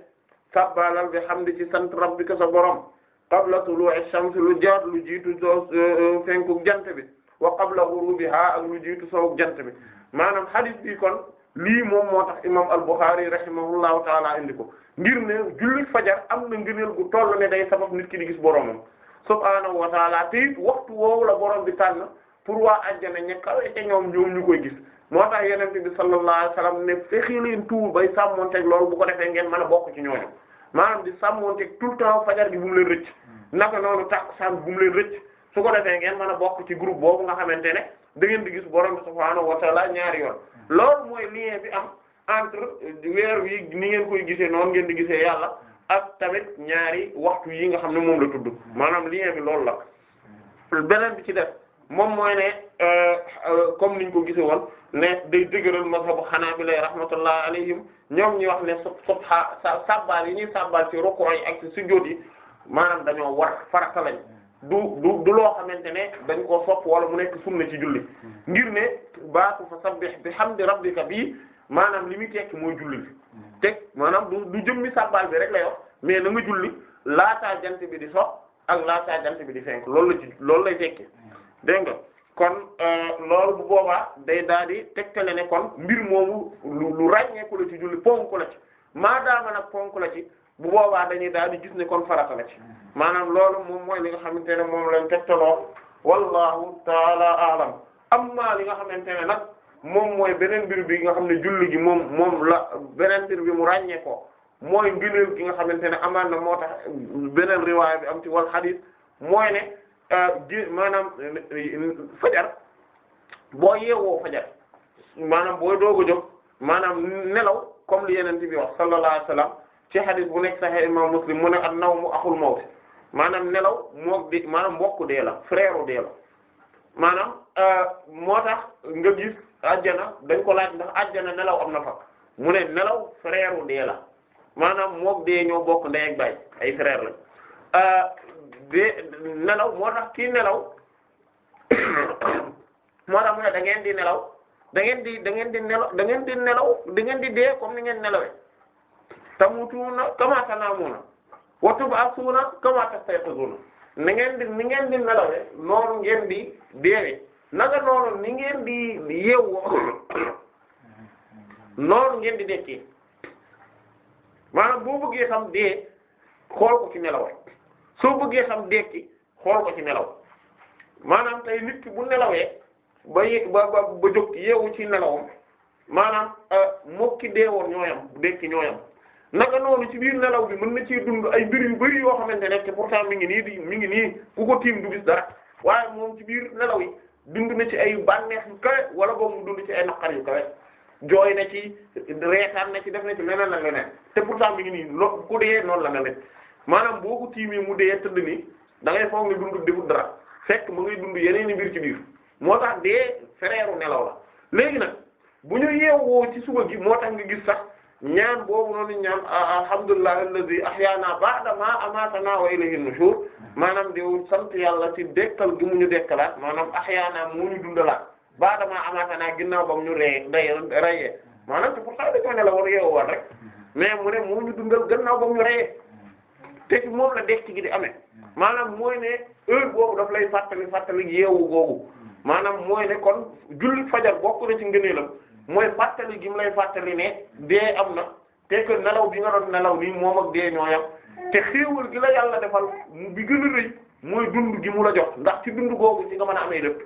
sabbalal bi hamdi ci sant rabbika sa borom qabla tulu'i shams lu jaar lu jiitu soo fenku jant bi wa qabla ghurubiha ak lu jiitu soow jant bi maanaam hadith bi kon lii moom moo tax imam al-Bukhari rahimahullahu taala indi ko ngir ne julli fajar am na ngëneel gu toll ne day sabab nit ki di gis boromam. subhaanahu wa taala te it waxtu woowu la borom bi tànn pour waa ajjana ña kawe te ñoom ñoom ñu koy gis moo tax yenente bi sallallahu alayhi wasallam ne fexi leen tuur bay sàmmonteg loolu bu ko defee ngeen mën a bokk ci ñooñu maanaam di sàmmonteg tout le temps fajar gi bu mu leen rëcc naka noonu tàkkusaan bu mu leen rëcc su ko defee ngeen mën a bokk ci groupe boobu nga xamante ne da ngeen di gis borom bi subhaanahu wa taala ñaari yoon loolu mooy lien bi am entre weer wi ni ngeen koy gisee noonu ngeen di gisee yàlla ak tamit ñaari waxtu yi nga xam ne moom la tudd maanaam lien bi loolu la beneen bi ci def moom mooy ne euh, euh, comme niñ ko gise woon ne day dëgëral mazhabu Hanaabila rahmatullah alayhim ñoom ñi wax ne subha sabbal yi ñuy sabbal ci ruku yi ak ci sujjóot yi maanaam dañoo war farata lañ du du du loo xamante ne dañ ko sopp wala mu nekk sunna ci julli ngir ne baatu fa sabbih bihamdi rabbika bi maanaam li muy tekki mooy julli teg maanaam du du jëmmi sàbbaal bi rek la yor mais na nga julli laataa jant bi di so ak laataa jant bi di fenk loolu la ci loolu lay tekki dégg nga kon euh, loolu bu boobaa day daal di tegtale ne kon mbir moomu lu lu ràññeeku la ci julli ponk la ci maa maadaama nag ponk la ci bu boobaa dañuy daal di gis ne kon farata la ci maanaam loolu moom mooy li nga xamante ne moom lañ tegtaloo wallahu taala alam amma li nga xamante ne nag moom mooy beneen mbir bi nga xam ne julli gi moom moom la beneen mbir bi mu ràññeekoo ko mooy ngëneel gi nga xamante ne amaan na moo tax beneen riwaaya bi am ci wal xadiis mooy ne euh, ji maanaam fajar boo yeewoo fajar maanaam boo doog a jóg maanaam nelaw comme li yeneen bi wax sallallahu alayhi wasallam ci xadis bu nekk Sahih imam Muslim mu ne an-nawmu axul mawt maanaam nelaw moo di maanaam mbokku dee la frère dee euh, moo tax nga ajjana dañ ko laaj ndax ajjana nelaw am na fa mu ne nelaw frère u dee la maanaam mook dee ñoo bokk ndey ak baay ay frère la euh, dee nelaw moo tax kii nelaw <coughs> moo tax mu ne da ngeen di nelaw dangeen ngeen di da ngeen di nelaw da ngeen di nelaw da ngeen di dee comme ni ngeen nelawee tamutuuna kama tanaamuuna wa tub'asuuna kama ngeen di ni ngeen di nelawee naga noonu ni ngeen di yeewoo noonu ngeen di dekkee maanaam boo bëggee xam dee xool ko ci nelaw soo bëggee xam dekki xool ko ci nelaw maanaam tey nit ki bu nelawee ba ye ba ba ba jóg yeewu ci nelawam maanaam euh, mokki dee woon ñooyam dekki ñooyam naka noonu ci biir nelaw bi mën na ciy dund ay mbir yu bari yoo xamante ne te pourtant mi ngi nii di mi ngi nii ku ko tiim du gis dara waaye moom ci biir nelaw yi. dund na ci ay banneex yu kawe wala boobu mu dund ci ay naqar yu kawe jooy na ci reetaan na ci def na ci leneen ak leneen te pourtant mi ngi nii lo ku dee noonu la nga def maanaam boo ko tiimee mu dee tëdd ni da ngay foog ne di defut dara fekk mu ngay dund yeneen i mbir ci biir moo tax dee fereeru nelaw la léegi nag bu ñu yeewoo ci suba gi moo tax nga gis sax ñaan boobu noonu ñaan alhamdulillahi alladhi ahyaana ba'da ma amaatana wa ilayhi nushur maanaam di sant yàlla ci dekkal gi mu ñu dekkalaat maanaam ahyaana mu ñu dundalaat ba'da ma amaatana ginnaaw ba mu ñu rey day reyee maanaam te pourtant dañoo ne la war yeewu woon rek mais mu ne mu ñu dundal gannaaw ba mu ñu reyee te ci moom la dekk gi di amee maanaam mooy ne heure boobu daf lay fàttali fàttali yeewu googu maanaam mooy ne kon julli fajar bokk na ci ngëneelam. mooy fàttali gi mu lay fàttali ne dee am na te que nelaw bi nga nelaw nii moom ak dee ñoo yam te xéewal gi la yàlla defal bi gën a rëy mooy dund gi mu la jox ndax ci dund googu ci nga mën a amee lépp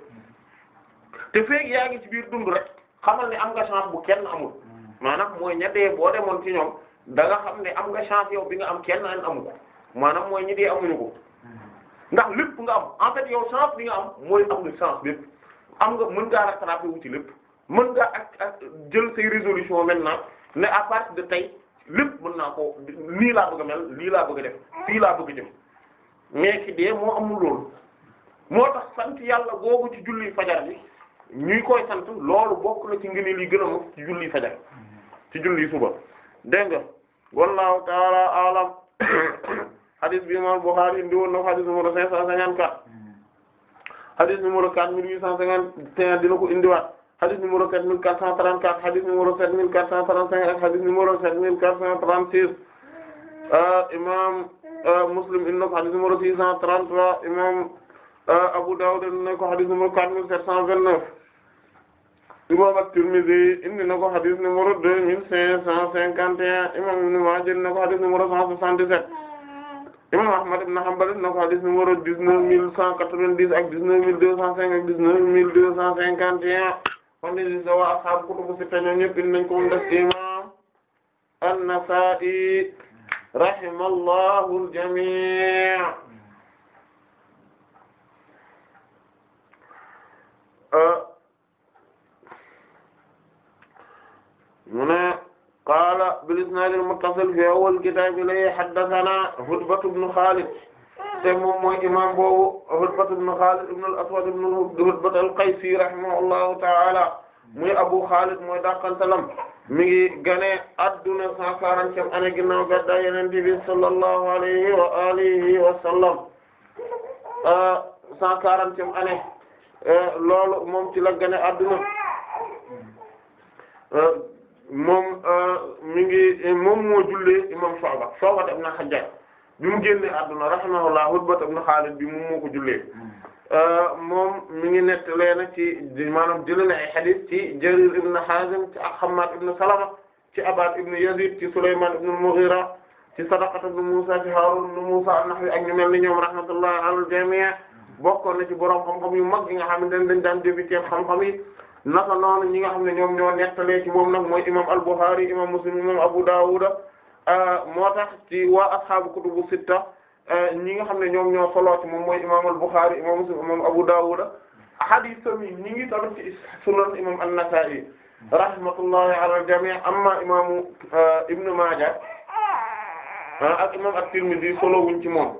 te feeg yaa ngi ci biir dund rek xamal ne am nga chance bu kenn amul maanaam mooy ña dee boo demoon ci ñoom da nga xam ne am nga chance yow bi nga am kenn an amu ko mooy ñi dee amuñu ko ndax lépp nga am en fait yow chance bi nga am mooy am nga chance lépp am nga ci lépp mën nga ak ak jël say résolution maintenant ne à partir de tey lépp mën naa ko lii laa bëgg mel lii laa bëgg a def fii laa bëgg a moo amul loolu moo tax sant yàlla googu ci julli fajar bi ñuy koy sant loolu bokk na ci ngëneel yi gën a mag ci julli fajar ci julli suba dégg nga wallahu taala <coughs> hadis bi imam Bukhari indi woon na ko hadis numéro cinq cent cinquante-quatre hmm. hadis numéro quatre mille huit cent cinquante et dina ko indiwaat xadis numéro 7434 xadis numéro 7435 ak xadis numéro 7436 euh, imaam euh, Muslim inna ko xadis numéro 633 imaam euh, Abu Dawud inna ko xadis numéro 4729 imaam At-Tirmidhi indi na ko xadis numéro 2551 imaam Ibn Maaja inna ko xadis numéro 177 imaam Ahmad ibn Hanbal inna ko xadis numéro 19190 ak 19205 ak 19251 kon li nga wax ashaabu kutubu sitta ñoom ñëpp indi nañ ko mu def imam an-Nasa'i rahimallahu al-jami' euh, mu ne qaala bil isnaad al-muttasil fi awwal kitaab ilayhi haddathana Hudbatu bnu Xaalid te moom mooy imam boobu Hudbat ibn aswad ibn Hudbat al-Qaysi rahimahullahu ta'ala muy Abu Khalid mooy dàqantalam mi ngi ganee adduna cent quarantième année ginnaaw gaddaa Yonent bi sallallahu alayhi wa alihi wa sallam cent ah, quarantième année eh, loolu moom ci la ganee adduna ah, moom ah, mi eh, moom moo jullee imam Shu'ba Shu'ba ibn Hajjaj bi mu génne adduna rahimahullah Utba ibn Xaalid bi mu moo ko jullee hmm. euh, moom mi ngi nettalee na ci maanaam jëlee na ay xadis ci Jarir ibn Haazim ci Hammaad ibn Salama ci Abaad ibn Yaziid ci Sulaymaan ibn al-Mughiira ci Sadaqata ibn Muusaa ci Haaruun ibn Muusaa an-Nahwi ak ñu mel ni ñoom rahmatullahi alal jamii hmm. bokkoon na ci borom xam-xam yu mag yi nga xamante ne dañ daan débuté xam-xam yi naka noonu ñi nga xam ne ñoom ñoo nettalee ci moom nag mooy imam al-Bukhari imam Muslim imam Abu Daawuda Euh, moo tax ci wa waa ashaabu kutubu sitta euh, ñi nga xam ne ñoom ñoo solo ci moom mooy imam al-Bukhari imam Muslim imam Abu Dawud hadith sami ñi ngi solo ci sunan imam an-Nasa'i rahmatullahi ala al-jami' amma imam euh, Ibn Majah ak imam at solo wuñ ci moom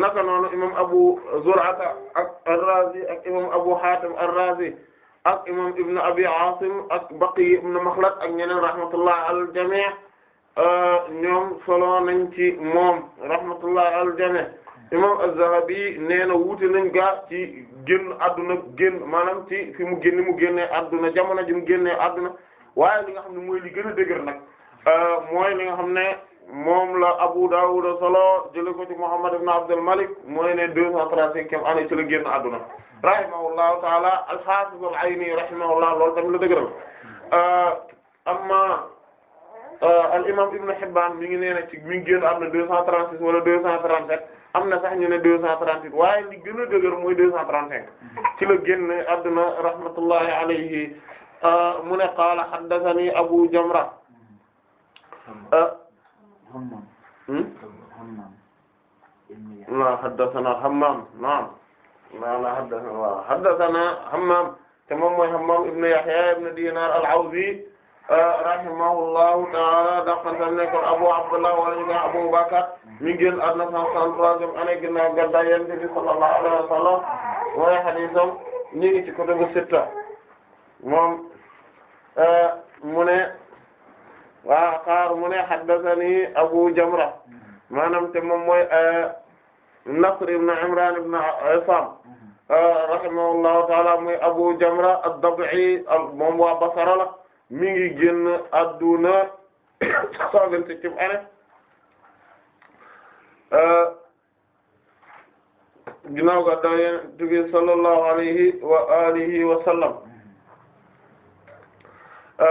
naka noonu imam Abu Zur'a ak ar ak imam Abu Hatim ar-Razi ak imam ibn abi asim ak baqi ibn makhlad ak ñeneen rahmatullah al jami' euh, ñoom solo nañ ci moom rahmatullah al jami' imam az-zahabi neena na wuute nañ gaa ci génn adduna génn maanaam ci fi mu génn mu génnee adduna jamono ji mu génnee adduna waaye li nga xam ne mooy li gën a dëgër nag euh, mooy li nga xam ne moom la Abu Dawud solo jële ko ci Muhammad ibn Abdul Malik mooy ne deux cent trente-cinquième année ci la génn adduna rahimahullahu taala al-Hafiz al-Ayni rahimahullah loolu tamit la dëgëral euh, amma euh, al-imam Ibn Hibban mi ngi nee na ci mi ngi génn am na 236 wala 237 am na sax ñu ne 238 waaye li gën a dëgër mooy 235 ci la génn adduna rahmatullahi alayhi euh, mu ne qaala haddathani Abu Jamra Hammam hmm? la haddathana Hammam naam maala haddathana waaw haddathana Hammam te moom mooy Hammam ibn Yahya ibn Dinar al-Awzi euh, rahimahullahu ta'ala daqantan ne kon Abu Abdullah wala ñu nga Abu Bakr mi ngi génn àdduna 163 année ginnaaw gàddaay Yonent bi sallallahu alayhi wa sallam waaye hadiisam ñu ngi ci kutubu sitta moom euh, mu ne wa qaar mu ne haddathani Abu Jamra maanaam te moom mooy euh, Nasr ibn Imran ibn Isam rahimahullahu taala Abu Jamra ad-Dab'i moom waa Basra la mi ngi génn adduna cent vingt-septième année ginnaaw ga da yonent wa alihi wa sallam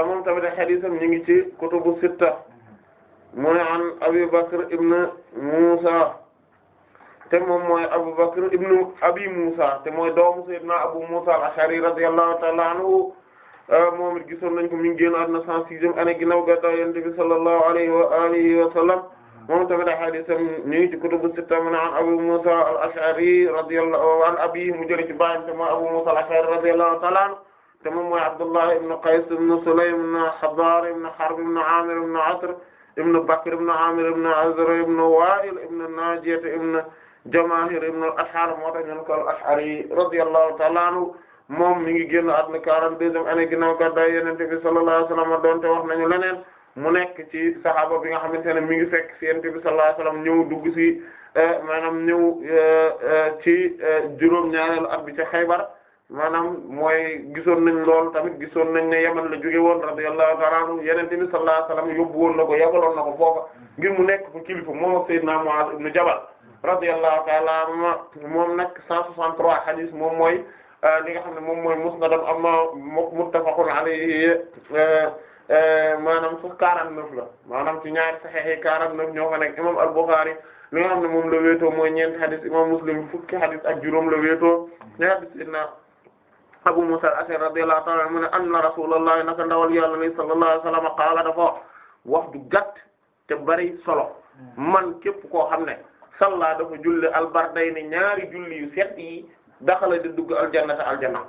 moom tamit hadiisam ñu ngi ci kutubu sitta mu an Abi ibn Musa te moom mooy Abu Bakr ibnu Abi Musa te mooy doomu Sayyidina Abu Musa al-Ash'ari radiyallahu ta'ala anhu euh, moom it gisoon nañ ko mi ngi génn àdduna 106e année ginnaaw gàddaay Yonent bi sallallahu alayhi wa alihi wa sallam moom tamit ay hadiisam ñu ngi ci kutubu sitta mu naan Abu Musa al-Ash'ari radiyallahu an abi mu jëlee ci baayam te mooy Abu Musa al-Ash'ari radiyallahu ta'ala anhu te moom mooy Abdullah ibn Qays ibn Sulaym ibn Hadar ibn Harb ibn Amir ibn Atr ibn Bakr ibn Amir ibn Azra ibn Wa'il ibn Najiyah ibn Jamaahir ibn al-Ash'ar moo tax ñu ne ko al-Ash'ari radiyallahu ta'ala moom mi ngi génn àdduna 42 année ginnaaw gàddaay Yonent bi sallallahu alayhi wa sallam doonte wax nañu leneen mu nekk ci saxaaba bi nga xamante ne mi ngi fekk ci Yonent bi sallallahu alayhi wa sallam ñëw dugg ci eh, maanaam ñëw eh, eh, ci juróom-ñaareelu at bi ca Xaybar maanaam mooy gisoon nañ lool tamit gisoon nañ ne Yaman la jóge woon radiyallahu ta'ala anhu Yonent bi sallallahu alayhi wa sallam yóbbu woon na ko yabaloon na ko foofa ngir mu nekk ko kilifa moom ak Sayyidina Mu'adh ibn Jabal radiyallahu ta'ala anhu moom nag 163 hadis moom mooy euh, li nga xam ne moom mooy musnadam amma muttafaqun alayhi euh, euh, maanaam su 49 la maanaam ci ñaari sahih 49 ñoo fa nekk imam al-Bukhari li nga xam ne moom la wéetoo mooy ñeent hadis imam Muslim fukki hadis ak juróom la wéetoo ñaari sidna Abu Musa al-Ash'ari radiyallahu ta'ala anhu mu ne anna Rasulullah naka ndawal yàlla ni sallallahu alayhi wasallam qaala dafa wax du gàtt te bari solo hmm. man képp koo xam ne salla dafa julli albardayni ñaari julli yu set yi daxala di dugg aljannata aljanna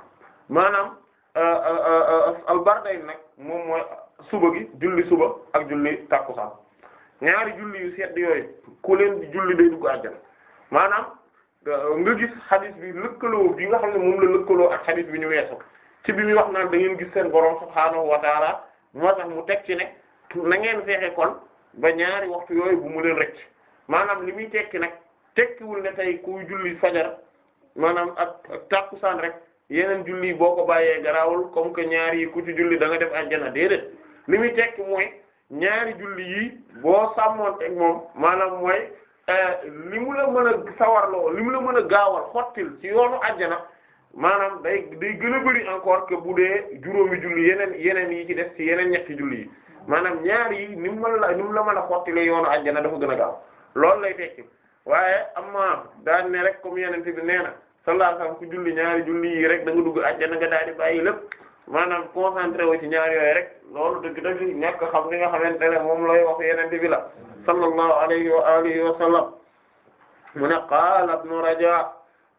maanaam euh, euh, euh, albardayni nag moom mooy suba gi julli suba ak julli takkusaan ñaari julli yu set yooyu ku leen di julli day dugg aljanna maanaam nga gis xadis bi lëkkaloo bi nga xam ne moom la lëkkaloo ak xadis bi ñu weesu ci bi muy wax naan da ngeen gis seen borom subhaanahu wa moo tax mu teg ci ne na ngeen fexe kon ba ñaari waxtu yooyu bu mu leen rëcc maanaam li muy tekki nag tekkiwul ne tey kuy julli fajar maanaam ak tàkkusaan rek yeneen julli boo ko bàyyee garaawul comme que ñaari yi ku ci julli da nga def àjjana déedéet li muy tekki mooy ñaari julli yi boo sàmmoon teg moom maanaam mooy eh, li mu la mën a sawarloo li mu la mën a gaawal xottil ci yoonu ajjana maanaam day day gën a bëri encore que bu dee juróomi julli yeneen yeneen yi ci def ci yeneen ñetti julli yi maanaam ñaari yi ni mu mën la ni la mën a xottilee yoonu àjjana dafa gën a gaaw loolu lay tekki waaye amma daan ne rek comme yenente bi nee na sallallahu alayhi ku julli ñaari julli yi rek da nga dugg àjjana nga daal di bàyyi lépp maanaam concentré i ci ñaar yooyu rek loolu dëgg dëgg ñàkk xam li nga xamante ne moom lay wax yenente bi la sallallahu alayhi wa alihi mu ne qaala ibnu Raja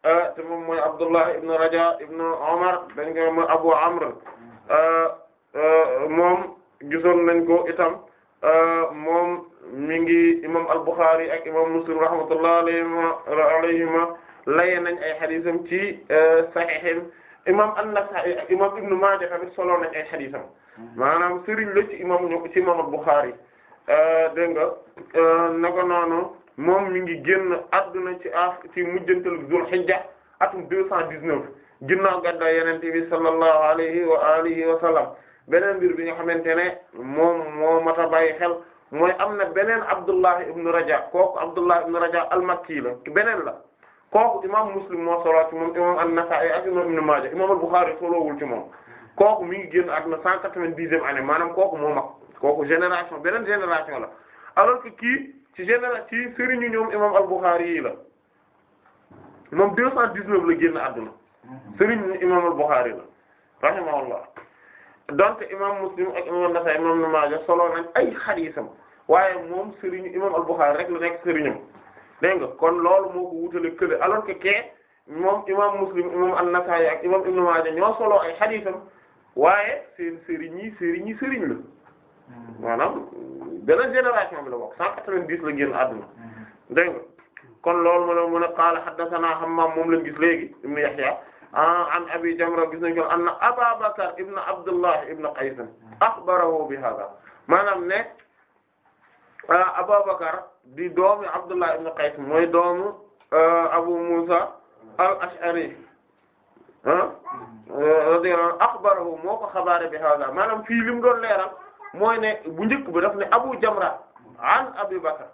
eh, te moom mooy Abdullah ibnu Raja ibnu Omar dañ ko mooy Abu Amr eh, eh, moom gisoon nañ ko itam moom mi ngi imam al-Bukhari ak imam Muslim rahmatullah alayhima laye nañ ay xadisam ci eh, sahihim imam an-Nasa'i ak imam Ibn Maaja tamit solo nañ ay xadisam mm-hmm. maanaam sëriñ la ci imam ñu ci imam al-Bukhari eh, dégg nga eh, naka noonu moom mi ngi génn adduna ci af ci mujjantal Dul Hijja atum deux cent dix-neuf ginnaaw gàddaay Yonent bi sallallahu alayhi wa alihi wa sallam beneen mbir bi nga xamante ne moom moo mat a bàyyi xel mooy am na beneen Abdullah ibn Raja kooku Abdullah ibn Raja al-Makki la beneen la kooku imam Muslim moo solo ci moom imam an-Nasa'i ak imam Ibn Maaja imam al-Bukhari solowul ci moom kooku mi ngi génn àdduna cent quatre-vingt-dixième année maanaam kooku moo mag kooku génération beneen génération la alors que kii ci génération ci sëriñu ñoom imam al-Bukhari yi la moom deux cent dix-neuf la génn àdduna mm-hmm. sëriñu imam al-Bukhari la rahimahullah donc imam Muslim ak imam Nasaa'i imam Ibn Maaja solo nañ ay xadiisam waaye moom sëriñu imam al-Bukhari rek la nekk sëriñam dégg nga kon loolu moo ko wutale kële alors que kee moom imam Muslim imam an-Nasaa'i ak imam Ibn Maaja ñoo solo ay xadiisam waaye seen sëriñ yi sëriñ yi sëriñ la maanaam beneen génération bi la bokk cent quatre-vingt-dix la génn àdduna mm-hmm. dégg nga kon loolu mu ne mu ne qaala haddathanaa Hammaam moom lañ gis léegi ibn Yahya Ah, an abi jamra gis nañ ko anna aba bakar ibn abdullah ibn qays akhbarahu bi hada maanaam ne ah, abubakar di doomi abdullah ibn qays mooy doomu ah, abu musa al ash'ari radiyallahu akhbarahu moo ko xabaare bi hada maanaam fii li mu doon leeral mooy ne bu njëkk bi daf ne abu jamra an abi bakar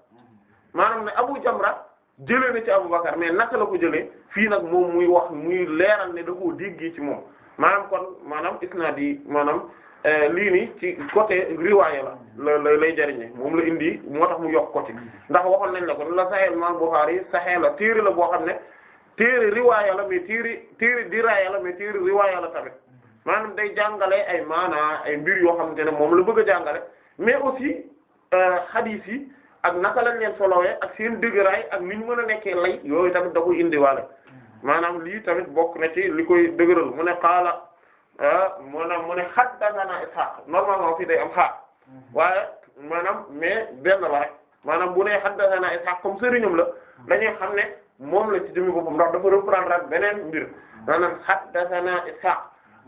maanaam ne abu jamra jëlee na ci abu bakar mais naka la ko jëlee fii nag moom muy wax muy leeral ne da koo déggee ci moom maanaam kon maanaam isnaad yi maanaam eh, lii nii ci côté riwaaya la la lay jariñe moom la indi moo tax mu yokk ko ci ndax waxoon nañ la ko la Sahih Imam Bukhari Sahih la téere la boo xam ne téere riwaaya la mais téere téere diraaya la mais téere riwaaya la tamit maanaam day jàngale ay maanaa ay mbir yoo xamante ne moom la bëgg a jàngale mais aussi eh, hadith yi ak naka lañ leen solowee ak seen dëgëraay ak ni ñu mën a nekkee lay yooyu da ko indiwaale maanaam lii tamit bokk na ci li koy dëgëral mu ne qaala ah, mu ne mu ne haddathana Ishaq normalement fii de am xaar mhm. waaye maanaam mais benn la rek maanaam bu ne haddathana Ishaq comme sëriñam la mhm. dañuy xam ne moom la ci jëmi boppam ndax dafa reprendre ak beneen mbir mhm. maanaam haddathana Ishaq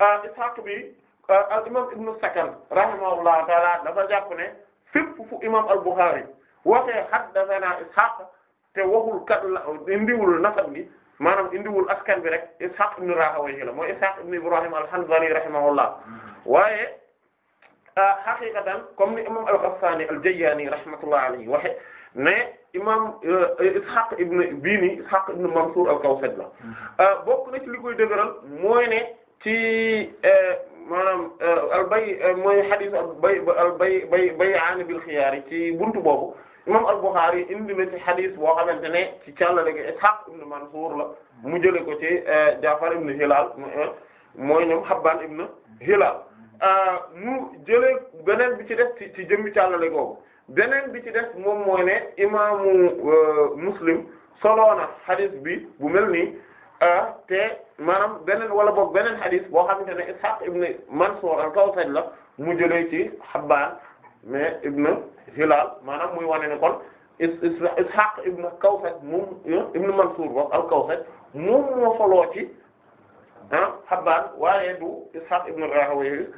ah, Ishaq bi ah, al imam Ibn Sakan rahimahullahu taala dafa jàpp ne fépp fu imam al-Bukhari waxee haddathana Ishaq te waxul kat la indiwul nasab gi maanaam indiwul askan bi rek Ishaq ibn Rahawayh la mooy Ishaq ibn Ibrahim al-Hanzali rahimahullah waaye ah, haqiqatan comme ni imam al-Ghassani al-Jayyani rahmatullahi alayhi waxe ne imam euh, Ishaq ibn bii ni Ishaq ibn Mansur al-Kawsaj la mm-hmm. ah, bokk na ci li koy dëgëral mooy ne ci euh, maanaam euh, al bay mooy hadith al bay bay bay bay'an bil xiyaar ci buntu boobu imam al-Bukhari indi na ci xadis boo xamante ne ci càllale gi Ishaq ibn Mansur la mu jële ko ci eh, Jafar ibn Hilal eh, mooy ñoom Habban ibn Hilal eh, mu jëlee beneen bi ci def ci ci jëmmi càllale googu beneen bi ci def moom mooy ne imaamu Muslim soloona xadis bi bu mel nii te maanaam beneen wala boog beneen xadis boo xamante ne Ishaq ibn Mansur al-Kawsaj la mu jële ci Habban mais ibn Hilaal maanaam muy wane ne kon Ishaq ibn Kawsaj moom eh, ibn Mansuur wax al-Kawsaj moom moo soloo ci ah Habbaan waaye du Ishaq ibn Rahawayh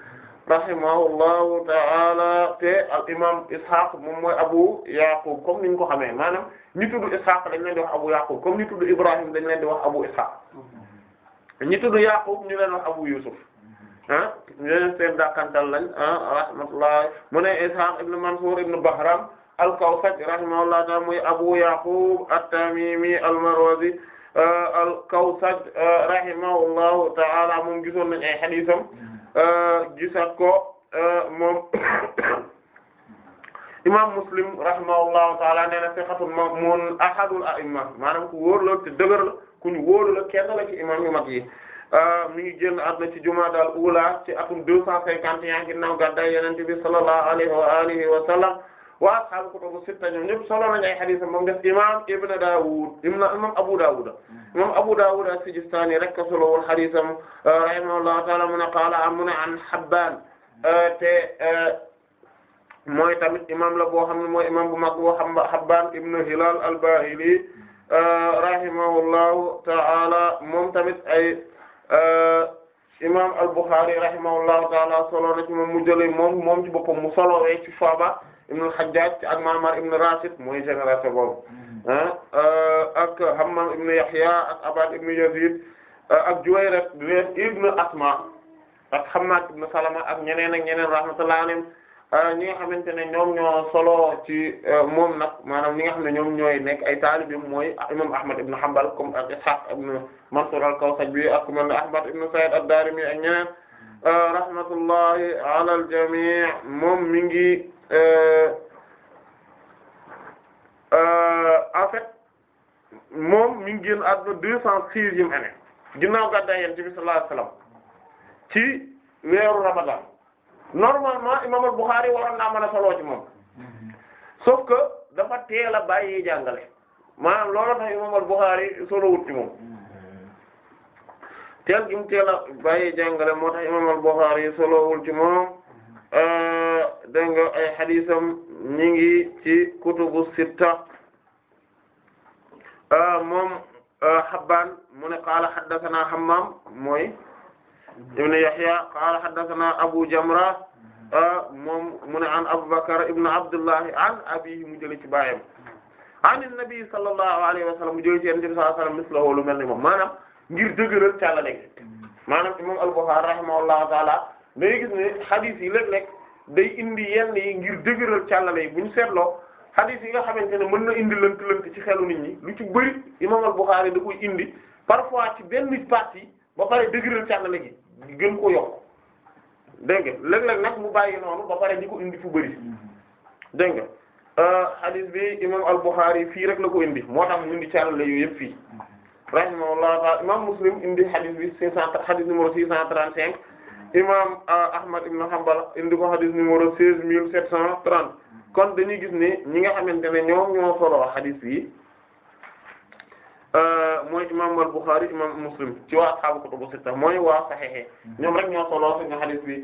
rahimahullahu ta'ala te al imam Ishaq moom mooy Abu Yaqub comme niñ ko xamee maanaam ñi tudd Ishaq dañ leen di wax Abu Yaqub comme ñi tudd Ibrahim dañ leen di wax Abu Ishaq mm-hmm. ñi tudd Yaqub ñu leen wax Abu Yusuf ah ñooñu seen dàqantal lañ ah mu ne Ishaq ibn Mansur ibn Bahram al-Kawsaj rahimahullah ta'ala Abu Yaqub at-Tamimi al-Marwazi ah, al-Kawsaj ah, rahimahullahu ta'ala moom gisoon nañ ay hadiisam ah, ko <coughs> imam Muslim rahimahullahu ta'ala nee na thiqatun ma'mun ahadul a'imma maanaam ku wóor la te ku ñu wóor la kenn la Euh, mi ngi génn àdduna ci jumaada al ula ci atum deux cent cinquante et un ginnaaw gàddaay yonent bi sallallahu alayhi wa alihi wa sallam wa ashaabu kutubu sitta ñoom ñëpp solo nañu ay hadiis moom des imaam Ibn Daawud imaam Abu Daawud imaam Abu Daawud as-Sijistaani rek solo woon hadiisam euh, rahimahullahu ta'aala mun a qaala amuna an Habbaan euh, te mooy tamit imaam la boo xam ne mooy imaam bu mag boo Habbaan ibn Hilaal al-Baahili rahimahullahu ta'aala moom tamit ay. Euh, imam al-Bukhari rahimahullahu taala solo na ci moom mu jëlee moom moom ci boppam mu solowee ci Shu'ba ibn al-Hajjaj ak Ma'mar ibn Rashid mooy génération boobu mm-hmm. ah, euh, ak Hammam ibn Yahya ak Abbad ibn Yazid euh, ak Juwayrat ibn Asma ak Hammad ibn Salama ak ñeneen ak ñeneen rahmatullahi alayhim Euh, ñi nga xamante ne ñoom ñoo solo ci euh, moom nag maanaam ñi nga xam ne ñoom ñooy nekk ay taalibeem mooy imam Ahmad ibn Hanbal comme ak Ishaq ibn Mansur al-Kawsaj ak man Ahmad ibn Sa'id ad-Darimi ak euh, rahmatullahi ala al moom mi ngi en fait moom mi ngi génn àdduna deux cent sixième année ginnaaw gàddaay Yonent bi sallallahu alayhi ci weeru Ramadan normalement imam al-Bukhari waroon naa mën a ci moom sauf que dafa teel a bàyyi jàngale maanaam loolu tax imam al-Bukhari ci moom teel gi mu teel a bàyyi jàngale moo tax imam al-Bukhari solowul ci moom euh, dégg nga ay xadisam ñi ngi ci kutubu sitta euh, moom euh, Habbaan mu ne qaala haddasanaa Hammaam mooy ibn Yahya qaala haddathana Abu Jamra mm-hmm. ah, moom mu ne an Abubakar ibn Abdullahi an abihi mu jëlee ci baayam mm-hmm. an nabi sallallahu alayhi mu jëlee ci yonent bi sallallahu alayhi wa sallam mislahu lu mel ni moom maanaam ngir dëgëral càlla nekk mm-hmm. maanaam imam Al-Bukhârî rahimahullahu taala day gis ne hadith yi léeg-léeg day indi yenn yi ngir dëgëral càllale yi bu ñu seetloo hadith yi nga xamante ne mën na indi lënt-lënt ci xelu nit ñi lu ci bëri imam Al-Bukhârî da koy indi parfois ci benn partie ba pare dëgëral càllale gi gën ko yokk dégg nga léeg-léeg nag mu bàyyi noonu ba pare di ko indi fu bëri dégg nga euh, hadith bi imam al-Bukhari fii rek na ko indi moo tax mu indi caalale yooyu yëpp fii rahimahullahu ta'ala imam Muslim indi hadith bi cinq cent hadith numéro six cent trente-cinq imam euh, Ahmad ibn Hanbal indi ko hadith numéro seize mille sept cent trente kon dañuy gis ni ñi nga xamante ne ñoom ñoo solo hadith bi Euh, mooy imam al Bukhari imam Muslim ci waa ashaabu kutubu sitta mooy waa saxiix ñoom rek ñoo solo suñu hadith bi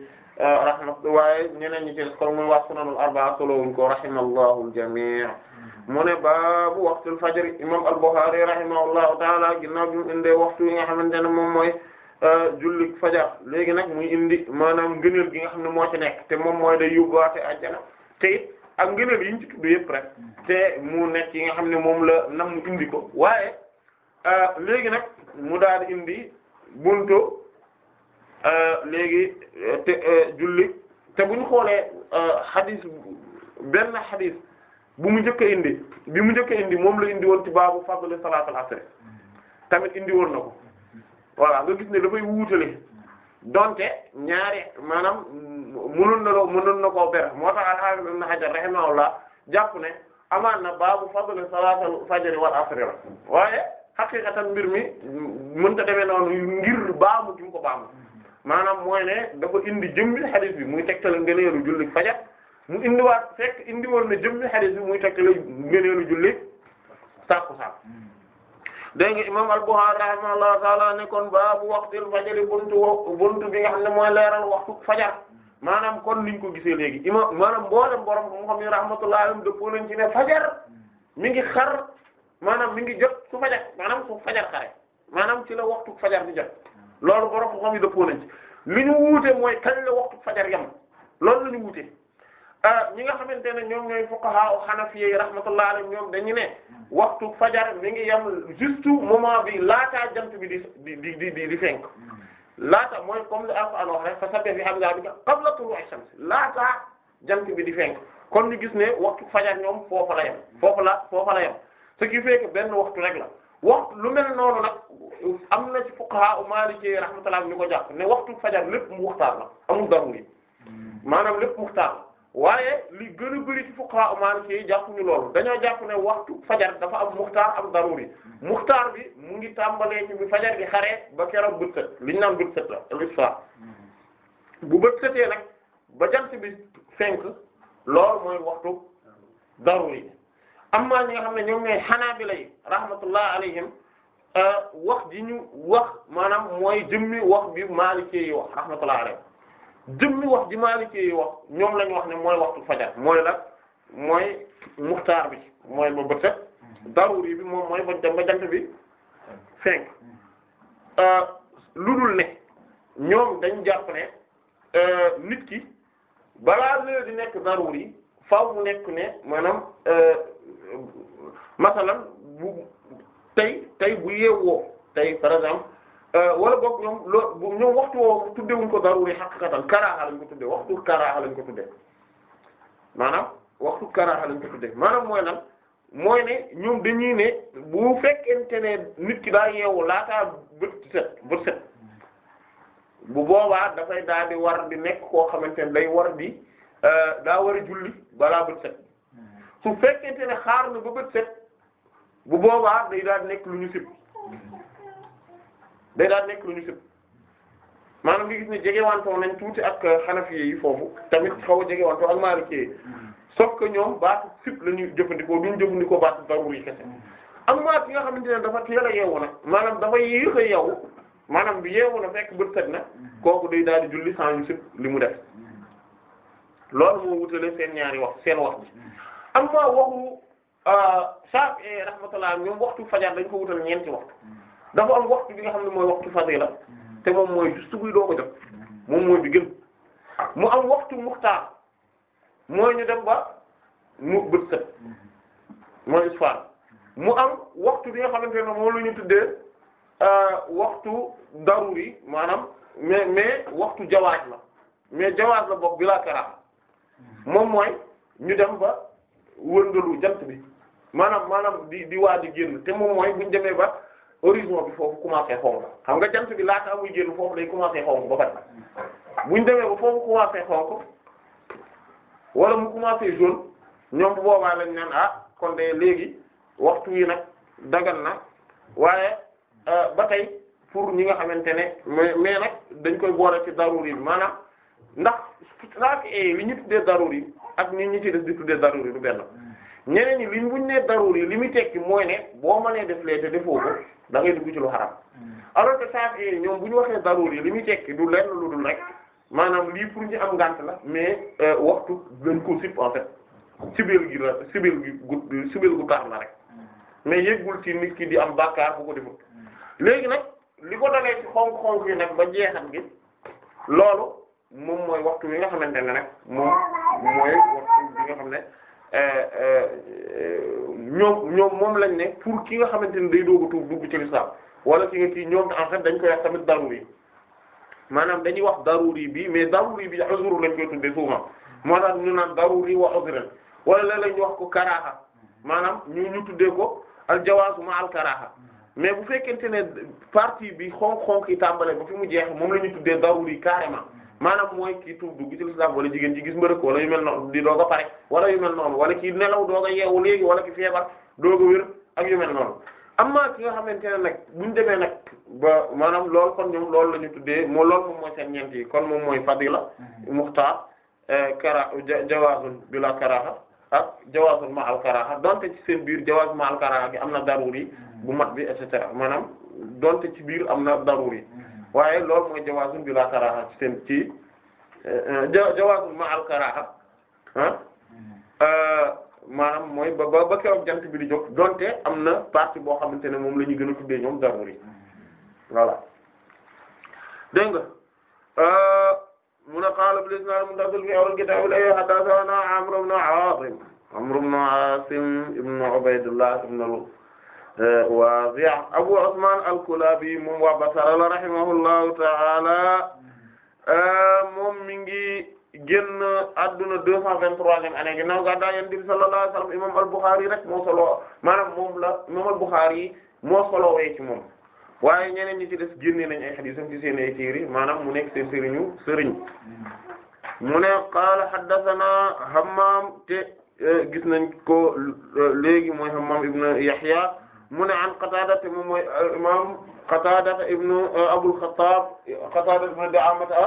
euh, rahma waaye ñeneen ñi ci kon mooy waa sunanul arba'a solowuñ ko rahimallahu al jami' mu ne baabu waxtul fajr imam al Bukhari rahimahullahu taala ginnaaw bi mu indee waxtu yi nga xamante ne moom mooy euh, jullik fajar léegi nag muy indi maanaam ngëneel gi nga xam ne moo ci nekk te moom mooy de yóbbuwaate àjjana te it ak ngëneel yi ci tudd yëpp rek te mu nekk nga xam ne moom la nam mu ko Euh, léegi nag mu daal indi buntu euh, léegi euh, te te bu ñu xoolee hadith benn hadith bu mu njëkk indi bi mu njëkk indi moom la indi woon ci baabu fadl salaatul asr tamit indi woon na ko voilà nga gis ne dafay wuutale donte ñaari maanaam mënoon na loo mënoon na ko ber moo tax al-Hafiz Ibn Hajar rahimahullah jàpp ne amaan na baabu fadl salaatul fajr wal asr la waaye. xaqiiqatan mbir mi mënta demee noonu ngir baamu gi mu ko baamu maanaam mooy ne dafa indi jëmmi xadis bi muy tegtale ngëneelu julli fajar mu indiwaat fekk indi woon na jëmmi xadis bi muy tegtale ngëneelu julli sàkku sàkk dégg nga imam al-Bukhari rahimahullahu taala ne kon baabu waxtil fajari buntu buntu bi nga xam ne mooy leeral waxtu fajar maanaam kon niñ ko gisee léegi imam maanaam mboolem borom mu xam ne rahmatullahi alayhim dëppoo lañ ci ne fajar mi ngi maanaam mi ngi jot su fajar maanaam su fajar xare maanaam ci la waxtu fajar di jot loolu borom xam yi dëppoo li ñu wuute mooy kañ la waxtu fajar yam loolu la ñu wuute ah, ñi nga xamante ne ñoom ñooy fuqaha u hanafiyyi rahmatullah alayhim ñoom dañu ne waxtu fajar mi ngi yam juste moment bi laataa jant bi di di di di di fenk laata mooy comme le Alxuraan wax rek fa sabbih bihamdi rabbika qabla tuluu'i shams laataa jant bi di fenk kon ñu gis ne waxtu fajar ñoom foofa la yam foofa la foofa yam ce qui benn waxtu rek la waxtu lu mel noonu nag am na ci fuqaha Maliki rahmatullah ñu ko jàpp ne waxtu fajar lépp mu muxtaar la hmm. maanaam lépp muxtaar la li gën a bëri ci dañoo jàpp ne waxtu fajar dafa am muxtaar am daruri hmm. muxtaar bi mu ngi tàmbalee ci bi fajar gi xaree ba keroog bët set li ñu naan bët set la hmm. bu bët setee nag ba jant bi cinq loolu mooy waxtu daruri amma ñi nga xam ne ñoom ñooy xanaabila yi rahmatullah alayhim euh, wax ji ñu wax maanaam mooy jëmmi wax bi maaliki yi wax rahmatullah alayhim jëmmi wax ji maaliki yi wax ñoom lañu wax ne mooy waxtu fajar mooy la mooy muxtaar bi mooy ba bëccëg daruri bi mooy ba dem ba bi fenk euh, lu dul ne ñoom dañ jàpp ne euh, nit ki balaa léegi di nekk daruri faaw mu nekk ne maanaam masalan bu tey tey bu yeewoo tey par exemple euh, wala boog ñoom loo ñoom waxtu woo tuddewuñ ko daruri haqiqatan karaaxa lañ ko tudde waxtu karaaxa lañ ko tudde maanaam waxtu karaaxa lañ ko tudde maanaam mooy lan mooy ne ñoom dañuy ne bu fekkente ne nit ki daa yeewu laataa bët set bët set bu boobaa dafay daal di war di nekk koo xamante ne day war di euh, daa war a julli balaa bët set su fekkente ne xaar na ba bët set bu boobaa day daal nekk lu ñu sib day daal nekk lu ñu sib maanaam nga gis ne jegewantoo nañ tuuti ak xanafi yi foofu tamit xaw a jegewantoo ak maaliki yi sauf que ñoom baatu jëfandikoo duñ jëfandikoo baatu daruri yi kese am maat yi nga xamante ne dafa teel a yeewu nag maanaam dafa yéex a maanaam bi yeewu na fekk bët set na kooku day daal di julli sans ñu sib li mu def loolu moo wutale seen ñaari wax seen wax bi am na waxu euh, Shafi'i eh, rahmatullah ñoom waxtu fajar dañ ko wutal ñeenti waxtu mm-hmm. dafa am waxtu bi nga xam ne mooy waxtu fadila mm-hmm. te moom mooy juste buy doo ko jot mm-hmm. moom mooy bi gën mu am waxtu muxtaar mooy ñu dem ba mu bët set mu am waxtu bi nga xamante ne moom la ñu tuddee euh, waxtu daruri maanaam mais mais waxtu jawaaz la mais jawaaz la bokk bi laa karaama moom mooy ñu dem ba wëngalu jant bi maanaam maanaam di di waa di génn te moom mooy buñu demee ba horizon bi foofu commencé xonk xam nga jant bi laata muy génn foofu day commencé xonk ba pare buñ demee ba foofu commencé xonk wala mu commencé jaune ñoom bu boobaa lañ naan ah kon de léegi waxtu wi nag dagan na waaye euh, ba tey pour ñi nga xamante ne mais mais nag dañ koy boole ci daruri bi maanaam ndax saa fi li ñu tuddee daruri ak ñi ñi ci def di tuddee daruri du benn ñeneen ñi li buñ ne daruri li muy tekki mooy ne boo mënee def lee te defoo ko da ngay dugg ci lu xaram mm. alors que Shafi'i ñoom bu ñu waxee daruri li muy tekki du lenn lu maanaam lii pour ñu am ngànt la mais euh, waxtu gën ko sip en fait sibeel gi la sibeel gi gu sibeel gu taar la rek mm. mais yëggul ci nit ki di am bàkkaar bu ko defut mm. léegi nag li ko dalee ci xonk-xonk yi nag ba jeexat gi loolu moom mooy waxtu wi nga xamante ne nag moom yi nga xam ne euh, euh, ñoom ñoom moom lañ ne pour ki nga xamante ni day dooga tuub dugg ci lislaam wala ki nga kii ñoom en fait dañ koy wax tamit daruri maanaam dañuy wax daruri bi mais daruri bi uzur lañ koy tuddee souvent moo tax ñu naan daruri wa uzran wala la lañ wax ko karaaxa maanaam ñu ñu tuddee ko al jawaazu ma al mais bu fekkente ne partie bi xonk-xonk yi tàmbale ba fi mu jeex moom la ñu tuddee daruri carrément maanaam mooy kii tuub dugg ci lislaam wala jigéen ci gis mbërëk wala yu mel noonu di doog a pare wala yu mel noonu wala ki nelaw doog a yeewu léegi wala ki feebar doog a wér ak yu mel noonu am na ki nga xamante ne nag buñu demee nag ba maanaam lool kon ñoom loolu la ñu tuddee moo loolu moom mooy seen ñent kon moom mooy fadila mhm. muxtaar e, kara jawaazun bila karaha ak jawaazun ma al karaha donte ci seen biir jawaaz ma al karaha bi am na daruri mhm. bu mat bi et cetera maanaam donte ci biir am na daruri waaye loo mooy jawaazun bila karaaha ci seen ci eh, eh, jawaazun ma'al karaaha ah mm-hmm. eh, maanaam mooy ba ba ba keroog jant bi di jóg donte am na partie boo xamante ne moom la ñu gën a tuddee ñoom darur yi mm-hmm. voilà dégg nga mun a qaala bil isnaad muttasil fi awwal kitaab ilayhi haddathanaa Amr ibn Aasim Amr ibn Aasim ibn Ubaydullah ibn Eh, Waazi' Abu Usman al-Kulabi moom waa Basra la rahimahullahu ta'ala eh, moom mi ngi génn adduna deux cent vingt-troisième année ginnaaw gàddaay Yonent bi sallallahu alayhi wa sallam imam al rek moo solo maanaam moom la imam al-Bukhari moo solo wee moom waaye ñeneen ñi ci def génne nañ ay hadiisam ci seen ay téere maanaam mu nekk seen sëriñu sëriñ mu ne qaala haddathanaa Hammaam te eh, gis nañ ko léegi mooy Hammaam ibn Yahya mu ne an Qataada te moom mooy imaam Qataada ibnu euh, Abul Xattaab Qataada ibnu Di'aamata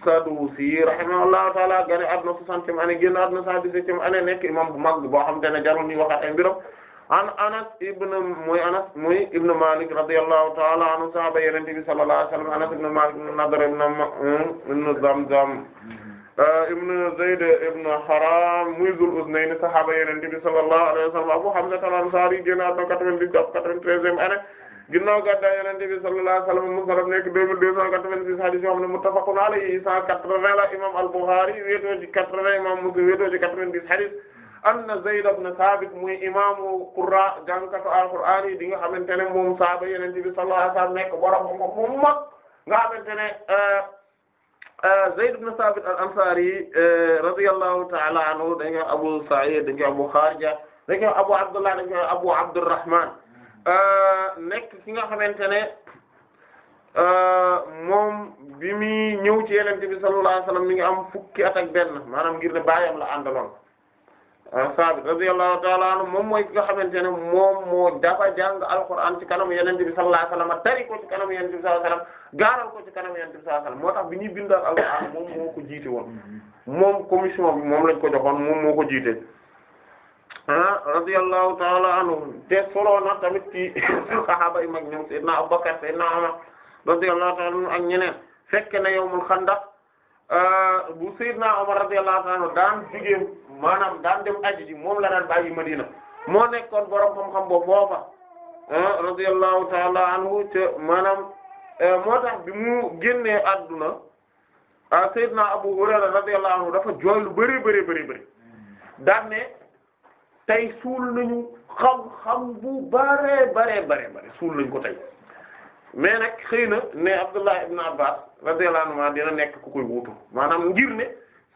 as-Saduusi rahimahullahu ta'aala gane àdduna 60e année génn àdduna 117e année nekk imaam bu mag boo xam te ne jarul ñuy waxaat ay mbiram an Anas ibn muy Anas muy ibn Malik radiyallahu ta'aala anhu sahaaba Yonent bi sallallahu alayhi wa sallam Anas ibn Malik ibn Nadr ibn Zamzam Euh, ibn Zayd ibn Haram muy Zul Uznayn sahaaba Yonent bi sallallahu alayhi wa sallam Abu Hamza al-Ansari génn àdduna 98 ak 93e année ginnaaw gàddaay Yonent bi sallallahu alayhi wa sallam musnad nekk 2286 hadith yoo xam ne muttafaqun alayhi 180 la imam al-Bukhari wéetoo ci imam Muslim wéetoo ci 90 anna Zayd ibn Thabit muy imaamu qurra jàngkatu al-Qur'aan yi di nga xamante nga xamante ne euh, Euh, Zayd ibn Sabit al-Ansari euh, radiyallahu ta'ala anhu dañ koy Abu Sa'id dañ koy Abu Kharija dañ koy Abu Abdullah dañ koy Abu Abdurrahman euh, nekk ki nga xamante ne moom bi muy ñëw ci Yonent bi sallallahu alayhi wasallam mi ngi am fukki at ak benn maanaam ngir ne baayam la àndaloon. Saabit radiyallahu ta'ala anhu moom mooy ki nga xamante ne moom moo dafa jàng alquran ci kanamu Yonent bi sallallahu alayhi wasallam tari ko ci kanamu Yonent bi sallallahu alayhi wasallam gaaral ko ci kanamu Yonent bi sallallahu alayhi wasallam moo tax bi ñuy bindal alquran moom moo ko jiite woon moom commission bi moom lañ ko joxoon moom moo ko jiite ah radiyallahu ta'ala anhu te solo na tamit ci sahaaba yi mag ñoom Seydina Abubakar Seydina Umar radiyallahu ta'ala anhu ak ñeneen fekk na yawmul Xandaq ah, bu Seydina Umar radiyallahu ta'ala anhu daan jigéen maanaam daan dem aji ji moom la daan bàyyi Madina moo nekkoon borom xam-xam boobu foofa ah, radiyallahu ta'ala anhu maanaam eh, moo tax bi mu génnee adduna ah, Seydina Abu Hurayra radiyallahu anhu dafa jooy lu bëree bëri bëri bëri daan ne tey suul nañu xam-xam bu bëree bëree bëri bëri suul nañ ko tey mais nag xëy na ne Abdullah ibn Abbas radiyallahu anhu dina nekk ku koy wuutu maanaam ngir ne.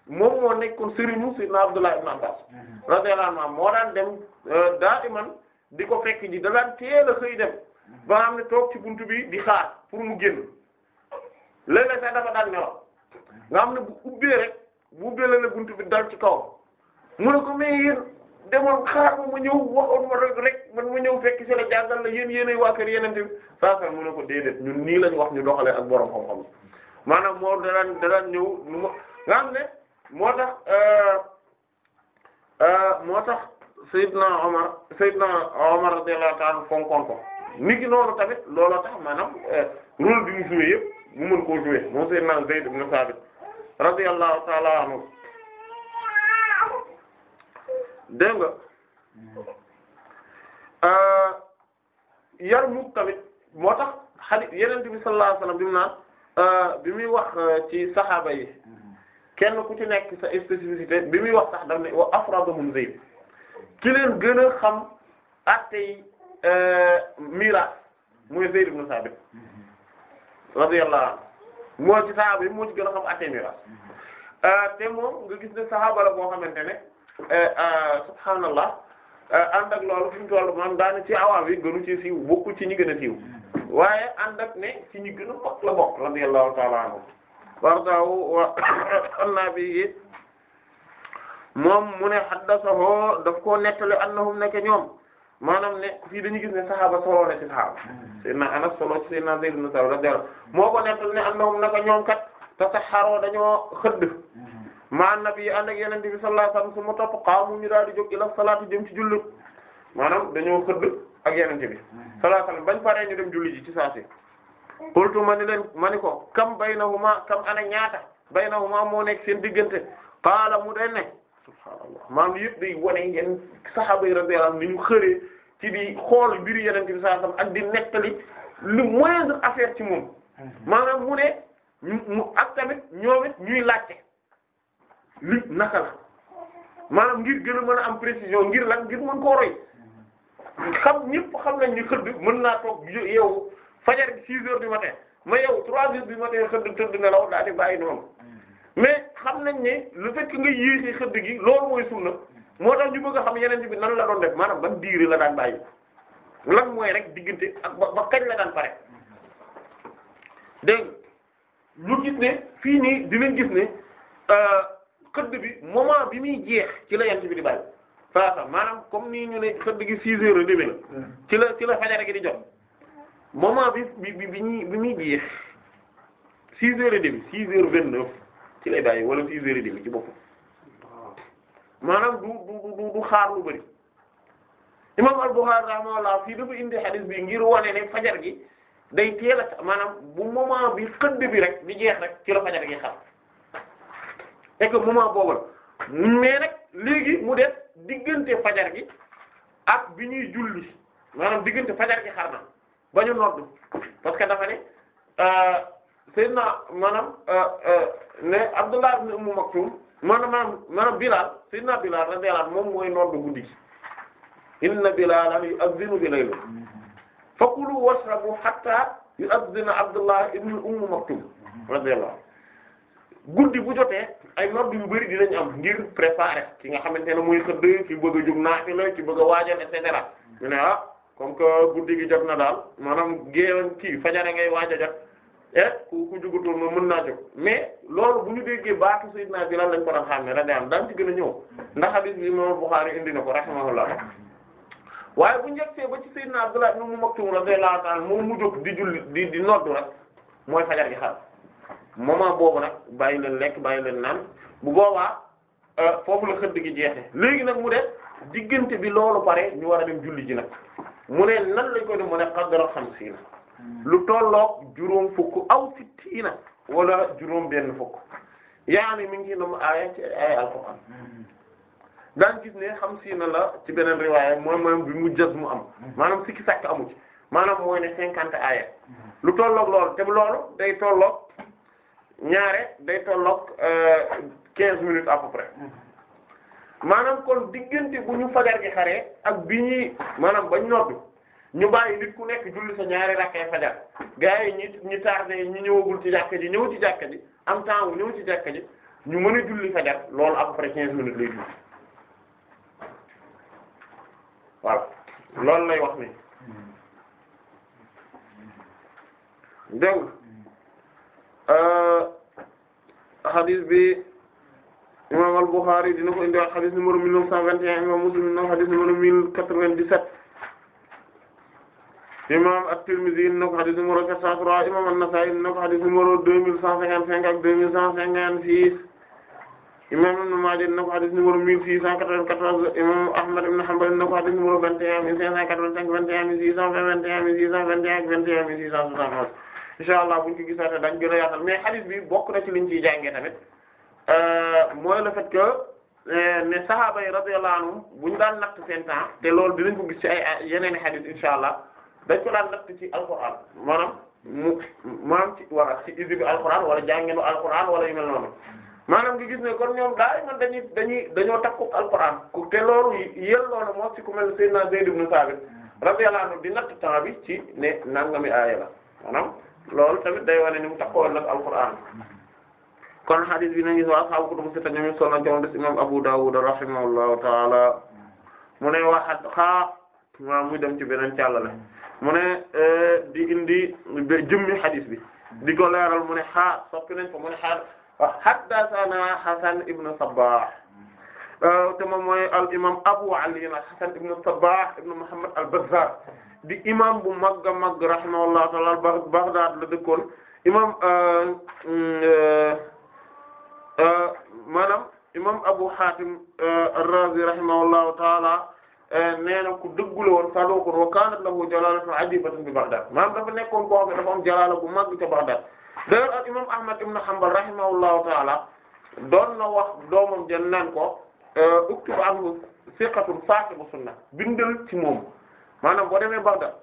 moom moo nekkoon sëriñu Seydina Abdullah ibn Abbas mhm. radiyallahu maam moo daan dem euh, daa man di ko fekk ji da daan teel a xëy dem mhm. ba nga xam ne toog ci bunt bi di xaar pour mu génn léeg-léeg sax dafa daan nelaw mhm. nga xam ne bu ubbee rek bu ubbee la ne buntu bi dal ci kaw mu ne ko mais yéen demoon xaar ma ma ñëw waxoon ma rek man ma ñëw fekk si la jàngal la yéen yéenay waa kër yeneen tamit saa saa mu ne ko déedéet ñun nii lañ wax ñu doxalee ak borom xam-xam maanaam moo da daan da daan xam ne. moo tax euh, euh, moo tax Seydina Omar Seydina Omar radiyallahu ta'ala fonkoon ko niki noonu looloo tax maanaam euh, rôle bi mu joué yëpp mu mën koo joué moom Seydina Zayd ibn Sabit radiyallahu ta'ala anhu dégg nga Yarmuk tamit moo tax xali Yonent bi sallallahu alayhi wasallam bi mu naan bi muy wax ci saxaaba yi kenn ku ci nekk sa spécificité bi muy wax sax daf ne wa afraduhum Zayd ki leen gën a xam attey euh, miraas mooy Zayd ibn Sabit radiyallahu anhu moo ci sahaaba yi moo ci gën a xam attey miraas euh, te moom nga gis ne sahaaba la boo xamante ne euh, subhaanallah ànd ak loolu fi mu toll moom daana ci awaam gënu ci siiw bokku ci ñi gën a siiw mm. waaye ànd ak ne ci ñi gën a mag la bokk radiyallahu ta'ala anhu wardahu wa annabi moom mu ne haddathahu daf koo nettale annahum nekk ñoom maanaam ne fii dañu gis ne sahaaba solo na ci sahaaba sayyidina Anas solo ci sayyidina Zayd ibn Sabit radiyallahu moo ko nettal ne annahum naka ñoom kat tasaharoo dañoo xëdd ma annabi ànd ak yenente bi sallallahu alayhi topp qaamu ñu daal di jóg ila salaati jëm ci julli maanaam dañoo xëdd ak yenente bi sallallahu alayhi wasallam bañ paree ñu dem julli ji ci saasi qultu ma ni leen ma ni ko kam baynahuma kam ana ñaata baynahuma moo nekk seen diggante qaala mu den ne subhaanallah maam yëpp day wane yeen sahaaba yi radiyallahu anhum ñu xëree ci di xool mbiri yeneen bi sallallahu alayhi wasallam ak di nettali lu moindre affaire ci moom maanaam mu ne mu ak tamit ñoom ñuy laajte li naka la maanaam ngir gën mën am précision ngir lan ngir mën koo xam nañ ni xëdd mën naa toog yeewu fajar bi six heures du matin ma yow trois heures du matin xëdd tëdd nelaw daa di bàyyi noonu mais xam nañ ne lu fekk que nga yéexee xëdd gi loolu mooy sunna moo tax ñu bëgg a xam yeneen bi nan la doon def maanaam ban diir la daan bàyyi lan mooy rek diggante ak ba kañ la daan pare dégg ñu gis ne fii nii dinañ gis ne euh, xëdd bi moment bi muy jeex ci la yent bi di bàyyi. saa maanaam comme nii ñu ne xëdd gi hmm. ci la ci la fajar gi di jot moment bi bi bi ñuy bi muy jeex six heures et demie six heures vingt ci lay bàyyi wala six heures et demie ci boppam maanaam du du du du xaar lu bari imam al-Bukhari rahimahullah fii dafa indi hadith bi ngir wane ne fajar gi day teel maanaam bu moment bi xëdd bi rek di jeex rek ci la fajar gi xar et que moment boobu la mais léegi mu def diggante fajar gi ak bi ñuy julli maanaam diggante fajar gi xar na bañu noddu parce que dafa ne euh, sayyidna maanaam euh, euh, ne Abdullah ibn Umm Maktum maanaam maanaam Bilal sayyidna Bilal radiyallahu moom mooy noddu guddi gi inna Bilalan yu'adhdhinu bi layl fakulu washrabu hatta yu'adhdhina Abdullah ibn Umm Maktum radiyallahu guddi bu jotee ay nodd yu bari dinañ am ngir préparer ki nga xamante ne muy xëdd ki bëgg a jóg ki bëgg a waajal et ne ah comme que guddi gi jot na daal maanaam géej kii fajara ngay waaj a jot et eh, ku ku jugutul mën naa jóg mais loolu bu ñu déggee baatu sayyidina Bilaal lañ ko doon xàmmee radiyallahu daan ci gën a ñëw ndax hadith bi Imam Bukhari indi na ko rahimahullah waaye bu njëkkee ba ci sayyidina Abdullah ibn Maktum radiyallahu ta'ala moom mu jóg di julli di di noddu rek mooy fajar gi xaal moment boobu nag bàyyi leen lekk bàyyi leen naan bu boobaa euh, foofu la xëdd gi jeexee léegi nag mu dee diggante bi loolu pare ñu war a dem julli ji nag. mu ne nan lañ koy def mu ne qadra xamsiina lu tollook juróom fukk aw sittiina wala juróom benn fukk yaani mi ngi nam aaya ci ay alxuraan daan gis ne xamsiina la ci beneen riwaaya mooy mooy bi mu am maanaam sikki sàkk amu ci maanaam mooy ne cinquante aaya lu tolloog loolu te loolu day tolloog ñaare day tolloog euh, quinze minutes à peu maanaam kon diggante bu ñu fajar gi xaree ak bi ñuy maanaam bañ noddu ñu bàyyi nit ku nekk julli sa ñaari rakkee fajar gars yi ñi ñi tardé ñi ñëwagul ci jàkka ji ñëw ci jàkka ji am temps wu ñëw ci jàkka ji ñu mën a julli fajar loolu à peu près quinze lay julli waaw loolu lay wax ni dégg euh, hadith bi imam al-Bukhari dina ko indi hadith numéro 1921 imam Muslim dina ko hadith numéro 1097 imam at-Tirmidhi dina ko hadith numéro 403 imam an-Nasa'i dina ko hadith numéro 2155 ak 2156 imam Ibn Maaja dina ko hadith numéro 1694 imam Ahmad ibn Hanbal dina ko hadith numéro 21 1585 21 621 21 621 ak 21 660 inshallah buñ ko gisaatee dañ gën a yaatal mais hadith bi bokk na ci liñ ciy jàngee tamit Euh, mooy le fait que euh, ne sahaaba yi radiyallahu anhum bu ñu daan natt seen temps te loolu dinañ ko gis ci ay yeneen i hadith insha allah dañ ko daan natt ci alquran maanaam mu maanaam ci wala ci izibi alquran wala jànginu alquran wala yu mel noonu maanaam nga gis ne kon ñoom daay man dañuy dañuy dañoo takku alquran te loolu yelloo na moo ci ku mel Seydina Zayd ibn Sabit radiyallahu anhu di natt temps bi ci ne nangami aaya la maanaam loolu tamit day wane ni mu takkuwoon nag alquran. kon hadith bi nañu waa ashaabu kutubu sitta ñoom it solo ñoom des imam Abu Dawud rahimahullahu ta'ala mu ne waa xa maa dem ci beneen càllale mu ne e, di indi jëmmi hadith bi di ko mu ne xaa soppi nañ ko mu ne xaar wax haddathana Hasan ibn Sabbah e, te moom mooy al imam Abu Ali al-Hasan ibn Sabbah ibn Muhammad al-Bazzar di imam bu mag a mag rahimahullahu ta'ala Baghdad la dëkkoon imam. E, mm, Euh, maanaam imam Abu Hatim euh, ar-Razi rahimahullahu taala euh, nee na ku dëggu la woon saduqun wa kanat lahu jalalatun ajibatun bi Baghdad maanaam dafa nekkoon koo xam ne dafa am jalaala bu màgg ca Baghdad d'ailleurs ak imam Ahmad ibn Hanbal rahimahullahu taala doon na wax doomam jan naan ko uktub anhu siqatun sahibu sunna bindal ci moom maanaam boo demee Baghdad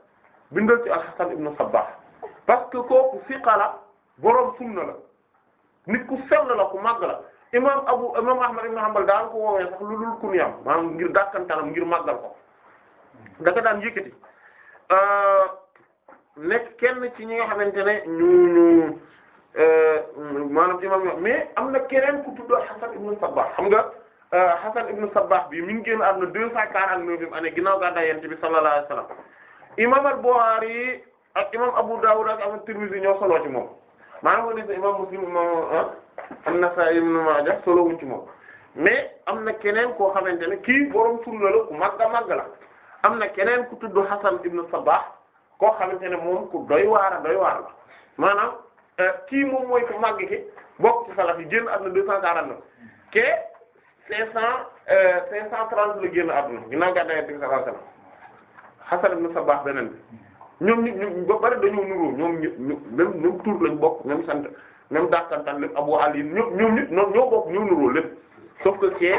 bindal ci al-Hasan ibn Sabbah parce que kooku siqa la boroom sunna la nit ku sell la ku màgg la imam abu imam ahmad ibn hanbal daan ko woowee sax lu dul kunyaam maanaam ngir dàkkantalam ngir màggal ko dafa daan yëkkati euh, nekk kenn ci ñi nga xamante ne ñu ñu euh, maanaam imam mais am na keneen ku tudd Hasan ibn Sabbah xam nga euh, Hasan ibn Sabbah bi mi ngi génn am na deux cent quarante-neuvième année ginnaaw gàddaay Yonent bi sallallahu alayhi wasallam imam al ak imam Abu Dawud ak imam Tirmidhi ñoo solo ci moom maanaam hadith imam Muslim imam ah, an-Nasa'i Maaja solo wuñ ci moom mais am na keneen koo xamante ne kii borom sunna la ku màgga màgg la am na keneen ku tudd Hasan ibn Sabah koo xamante ne moom ku doy waar doy waar la maanaam eh, kii moom mooy ku màgg ki bokk ci salaf yi génn àdduna deux cent quarante-neuf ke cinq cent eh, cinq cent trente la génn àdduna ginnaaw gàddaay Yonent bi sallallahu alayhi wasallam Hasan ibn Sabah beneen bi ñoom ñi ñu ba bari dañoo nuroo ñoom ñëpp tur lañ bokk même sant même dàqantaan lépp Abu Ali ñoom ñoom ñëpp ñoom ñoo bokk ñoo nuroo lépp sauf que kee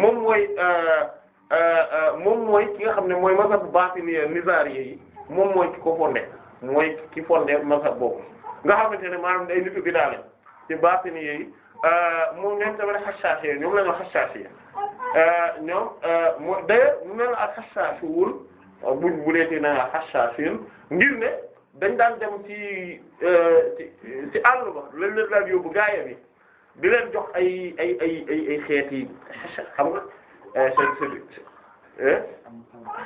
moom mooy euh, euh, euh, moom mooy ki nga xam ne mooy mazhab baatiniya nizariya yi moom mooy ki ko fondé mooy ki fondé mazhab boobu nga xamante ne maanaam day nitu bi daal ci baatiniya yi moom ñoom tamit xasaasiya ñoom la ñu xasaasiya ñoom mu d'ailleurs mu mel ne ak xasaasiwul. bu bu deeti na xashasin ngir ne dañ daan dem ci euh, ci ci àll ba lañ bu daan bi di leen jox ay ay ay ay ay xeet yi xam nga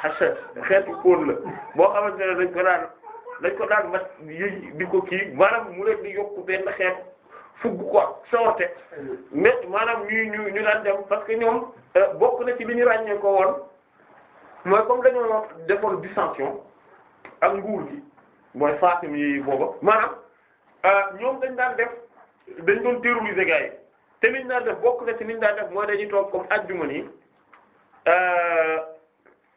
xasha xeetu kóon la boo xamante ne dañ ko daan dañ ko daan mat di ko kii maanaam mu leen di yokku benn xeet fugg ko sorte mais maanaam ñuy ñu ñu daan dem parce que ñoom euh, bokk na ci li ñu ràññee ko woon mooy comme dañoo defoon dissension ak nguur gi mooy Fatim yi booba maanaam euh, ñoom dañ daan def dañ doon terroriser gars yi te liñ daan def bokk na ci liñ daan def mooy dañuy toog comme àjjuma nii euh,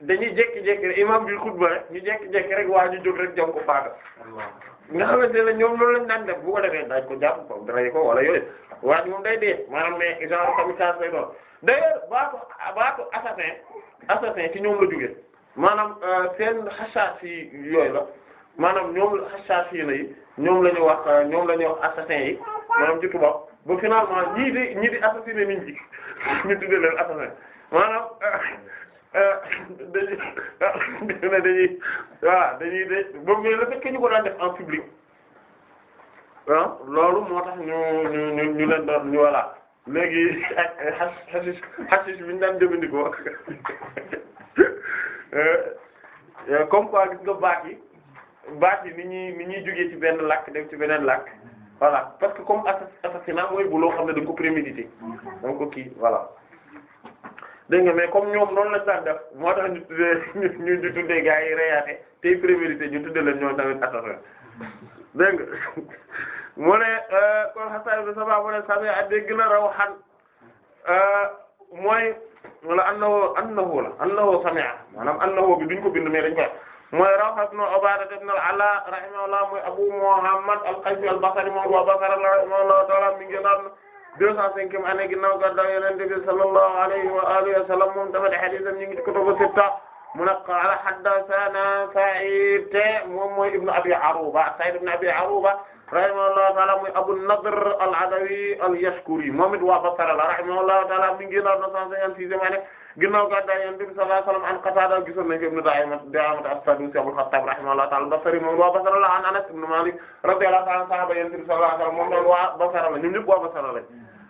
dañuy jékki-jékki rek imam bi xutba rek ñu jékki-jékki rek waa ñu jóg rek jam ko faata nga xamante ne ñoom loolu lañ daan def bu ko defee daañ ko jàpp ko danañ ko wala yooyu waaye moom day dee maanaam mais genre kamikaze lay doon d'ailleurs baatu baatu assassin assassin ci ñoom la jóge maanaam euh, seen xasaas yi yooyu la maanaam ñoom xasaas yi na yi ñoom la wax euh, ñoom la ñu wax assassin yi maanaam ci tubaab ba finalement ñii di ñii di assassiné nit ñi <laughs> ñu tuddee leen assassin maanaam euh, dañuy dañuy waaw dañuy de ba mais le fait que ñu ko daan def en public ah loolu moo tax ñu ñu ñu léegi xasis xasis bi ñu daan jëfandikoo <laughs> euh, comme quoi gis nga baat yi baat yi ni ñuy ni ñuy jógee ci benn làkk dem ci beneen làkk voilà parce que comme assassinat mooy bu loo xam ne dañ ko prémédité donc ko kii voilà dégg nga mais comme ñoom noonu la daan def moo tax ñu tuddee ñu ñu tuddee gars yi reyaate tey prémédité ñu tuddee leen ñoom tamit assassin dégg nga <laughs> mu ne euh, kon Hasan ibn Sabaa mu ne sami a dégg na Rawhan euh, mooy wala annahu annahu la annahu sami'a maanaam annahu bi duñ ko bind mais dañ koy mooy Rawha ibn Ubaada ibn al-Ala rahimahullah mooy Abu Muhammad al-Qaysi al-Basri moom wa Basra rahimahullahu ta'ala mi ngi naan deux cent cinquième année ginnaaw gàddaay Yonent bi sallallahu alayhi wa alihi wa sallam moom dafa di hadiisam ñu ngi ci kutubu sitta mu ne qaala haddathana Sa'iid moom mooy ibn Abi Aruuba Sa'iid ibn Abi Aruuba rahimahullahu taala muy Abu Nadr al-Adawi al-Yashkuri moom it waa Basra la rahimahullahu taala mi ngi génnoon 956 année ginnaaw gàddaay Yonent bi sallallahu alayhi wa sallam an Qatada gisoon nañu ko Ibn Da'imata as-Sadusi Abul Khattab rahimahullahu taala al-Basri moom waa Basra la an Anas ibn Malik radiyallahu taala anhu sahaba Yonent bi sallallahu alayhi wa sallam moom doon waa Basra la ñoom ñëpp waa Basra la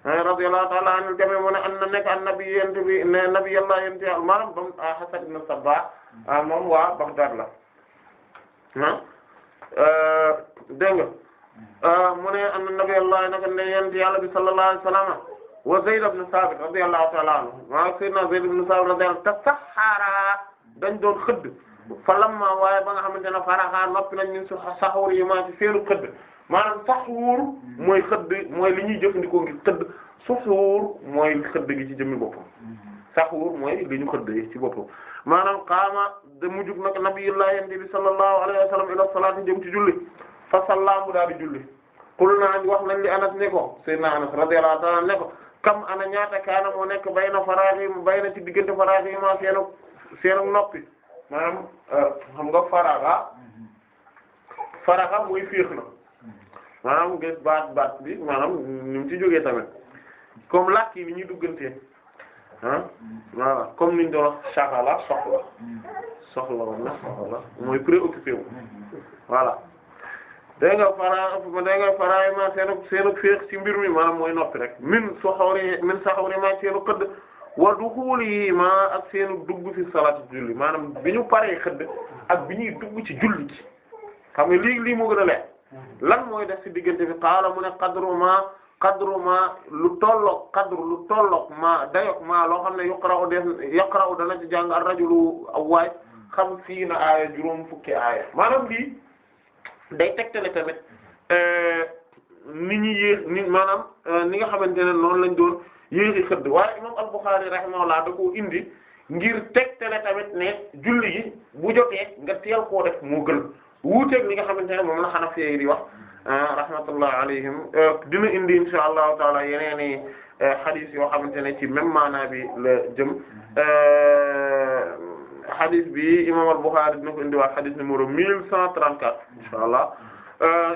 eh, radiyallahu taala anhu jami mu ne an na nekk an nabi Yonent bi ne nabi yàlla Yonent yàlla maanaam bam ah, Hasan ibn Sabbah ah, moom waa Baghdad la ah eh, dégg nga Ah, mu ne anna nabiyallah naka ne yonent yàlla bi sallallahu alayhi wa sallam wa Zayd ibn Sabit radiyallahu ta'ala anhu wa sayyidina Zayd ibn Sabit radiyallahu tasaxaara dañ doon xëdd fa lamma waaye ba nga xamante ne faraxaa noppi nañ ñun su saxuur yi maa ci féeru xëdd maanaam saxuur mooy xëdd mooy li ñuy jëfandikoo ngir xëdd saxuur mooy xëdd gi ci jëmmi boppam saxuur mooy li ñu xëdd ci boppam maanaam qaama de mujjug nag nabiyullah yonent bi sallallahu alayhi wa sallam ila salaati jëm ci julli fa salla mu daal di julli qul naa wax nañ li anas ne ko sayyidina anas radiyallahu ta'ala ne ko kam ana ñaata kaana moo nekk bayna faraaxi bayna ci diggante faraaxi ma seenu seenu noppi maanaam euh, xam nga faraxa faraxa muy fiix na maanaam gis baat baat bi maanaam ni mu ci jógee tamit comme làkk yi ni ñuy duggantee ah voilà comme niñ doon wax shaghala soxla soxla woon na dégg nga faraay ma seenu seenu féex ci mbir mi maanaam mooy noppi rek min soxawri min soxawri ma seenu këdd wa duxuuli ma ak seenu dugg fi salaat julli maanaam bi ñu paree xëdd ak bi ñuy dugg ci julli ci xam nga lii lii moo gën a leer lan mooy def ci diggante bi xaala mu ne qadru ma qadru ma lu tolloog qadru lu tolloog ma dayok ma loo xam ne yuqra'u def yaqra'u dana ci jàng ar-rajulu aw waay xam fii na aaya juróom fukki aaya maanaam lii day tegtale tamit euh, ni ñuy yéex ni maanaam euh, ni nga xamante ne noonu lañ doon yéexi xëdd waaye imam al-Bukhari rahimahullah da koo indi ngir tegtale tamit ne julli gi bu jotee nga teel koo mu moo gën wuuteeg li nga xamante ne moom la Hanafi yi di wax euh, rahmatullah alayhim dina indi insha allahu taala yeneeni xadiis yoo xamante ne ci même bi la jëm xadis bi imam al-Bukhari dina ko indiwaat xadis numéro 1134 insha Allah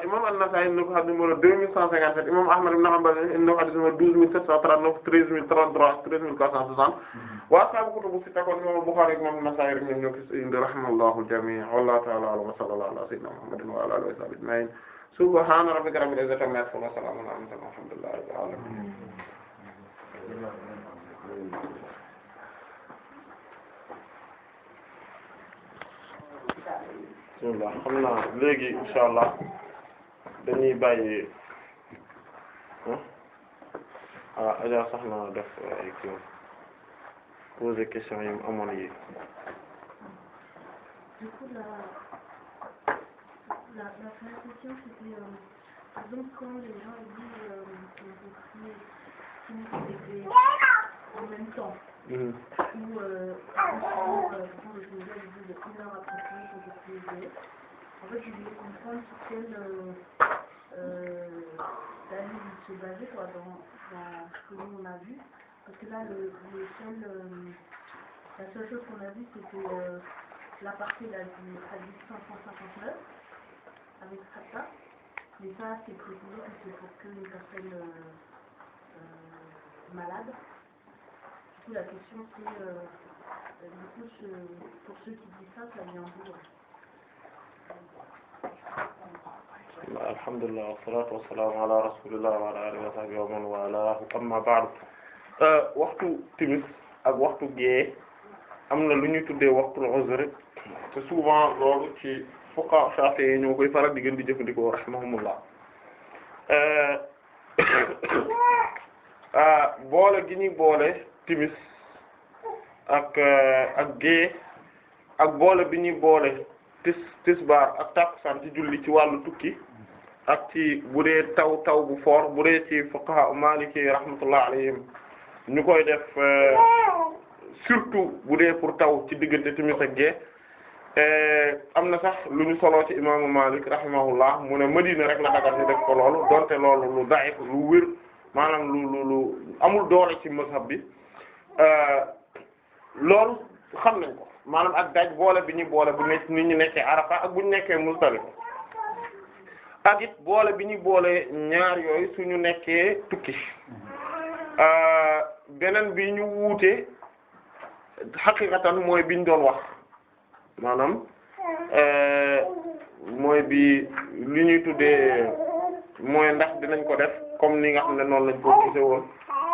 imam an-Nasa'i dina ko xadis numéro 2157 imam Ahmad ibn Hanbal dina ko xadis numéro 12739 13033 13460 wa ashaabu kutubu sitta kon imam al-Bukhari ak imam an-Nasa'i rek ñoo ko indi rahimahumullahu al-jami' wallahu ta'ala a'lam wa sallallahu ala sayyidina Muhammadin wa ala alihi wa sahbihi ajma'in subhana rabbika rabbil izzati amma yasifun wa salamun ala al-mursalin walhamdulillahi rabbil alamin bismillah léegi insha allah dañuy bàyyi ah Adja sax na def euh, ay kii question yi mu en fait, je voulais comprendre sur quelle euh, valeur il se basait quoi, dans, dans ce que nous on a vu. Parce que là, le, le la seule qu'on a vue, c'était euh, la partie là, du hadith 559 avec Hatta. Mais ça, c'est pour, pour que les personnes malades coup, la question c'est, euh, du coup, ce, pour ceux qui disent ça, ça vient d'où alhamdulillah wassalatu wassalamu ala rasulillah wa ala alihi wa sahbihi wa man wala amma ba'd euh, waxtu timis ak waxtu gée am na lu ñuy tuddee waxtul uzr te souvent loolu ci fuqa shafi yi ñoo koy faral di gën di jëfandikoo rahimahumullah euh, <coughs> <coughs> ah, boole gi ñuy boole timis ak euh, ak gée ak boole bi ñuy boole tis tisbaar ak takkusaan ci julli ci wàllu tukki ak ci bu dee taw taw bu fort bu dee ci fuqaha maliki rahmatullah alayhim ñu koy def euh, surtout bu dee pour taw ci diggante timis ak gée euh, am na sax lu ñu soloo ci imaamu Malik rahimahullah mu ne Madina rek la dagal ñu def ko loolu donte loolu lu daif lu wér maanaam lu lu lu amul doole ci mazhab bi Euh, loolu xam nañ ko maanaam ak daj boole bi ñu boole bu nekk nit ñu nekkee Arafa ak bu ñu nekkee Muzdalifa ak it boole bi ñuy boole ñaar yooyu ñu nekkee tukki euh, beneen bi ñu wuute xaqiqatan mooy biñ doon wax maanaam euh, mooy bi li ñuy tuddee mooy ndax dinañ ko def comme ni nga xam ne noonu lañ ko gisee woon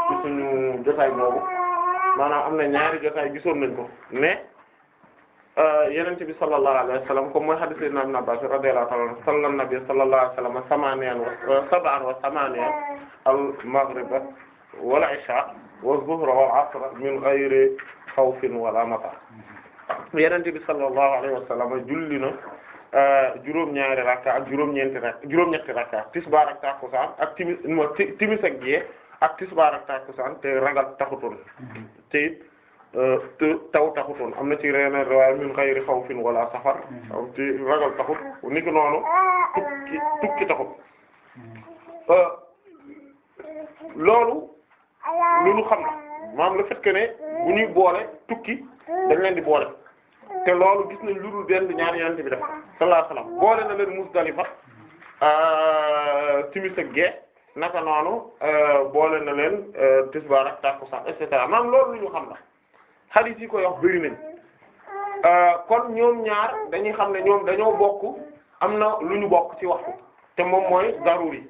ci suñu jotaay boobu maanaam am na ñaari jotaay gisoon nañ ko mais euh, yenente bi sallallahu alayhi wa sallam comme mooy hadith sayyidina ibn Abbas radiyallahu ta'ala anhu sallan nabi sallallahu alayhi wa sallam samaaniyan wa euh, sab'an wa samaaniyan al maghriba wal isha wa zuhra wal asra min ghayri khawfin wala matar yenente bi sallallahu alayhi wa sallam julli na euh, juróom-ñaari rakka ak juróom-ñeenti rakka juróom-ñetti rakka tisbaar ak takkusaan ak timis timis ak gée ak tisbaar ak takkusaan te ragal taxutoon te it euh, taw taxutoon am na ci reena waaye min xayri xawfin wala safar am mm-hmm. ci ragal taxut ni ki noonu tukki tukki taxut mm-hmm. euh, loolu loolu xam na maanaam le fait que ne boole tukki dañ leen di boole te loolu gis nañ lu dul benn ñaari yonent bi def sallallahu alayhi wasallam boole na leen Muzdalifa euh, timis ak gee naka noonu euh, boole na leen euh, tisbaar ak takkusaan et cetera maanaam loolu lu ñu xam na hadith yi ko wax bëri nañ euh, kon ñoom ñaar dañuy xam ne ñoom dañoo bokk am na lu ñu bokk ci waxtu te moom mooy daruri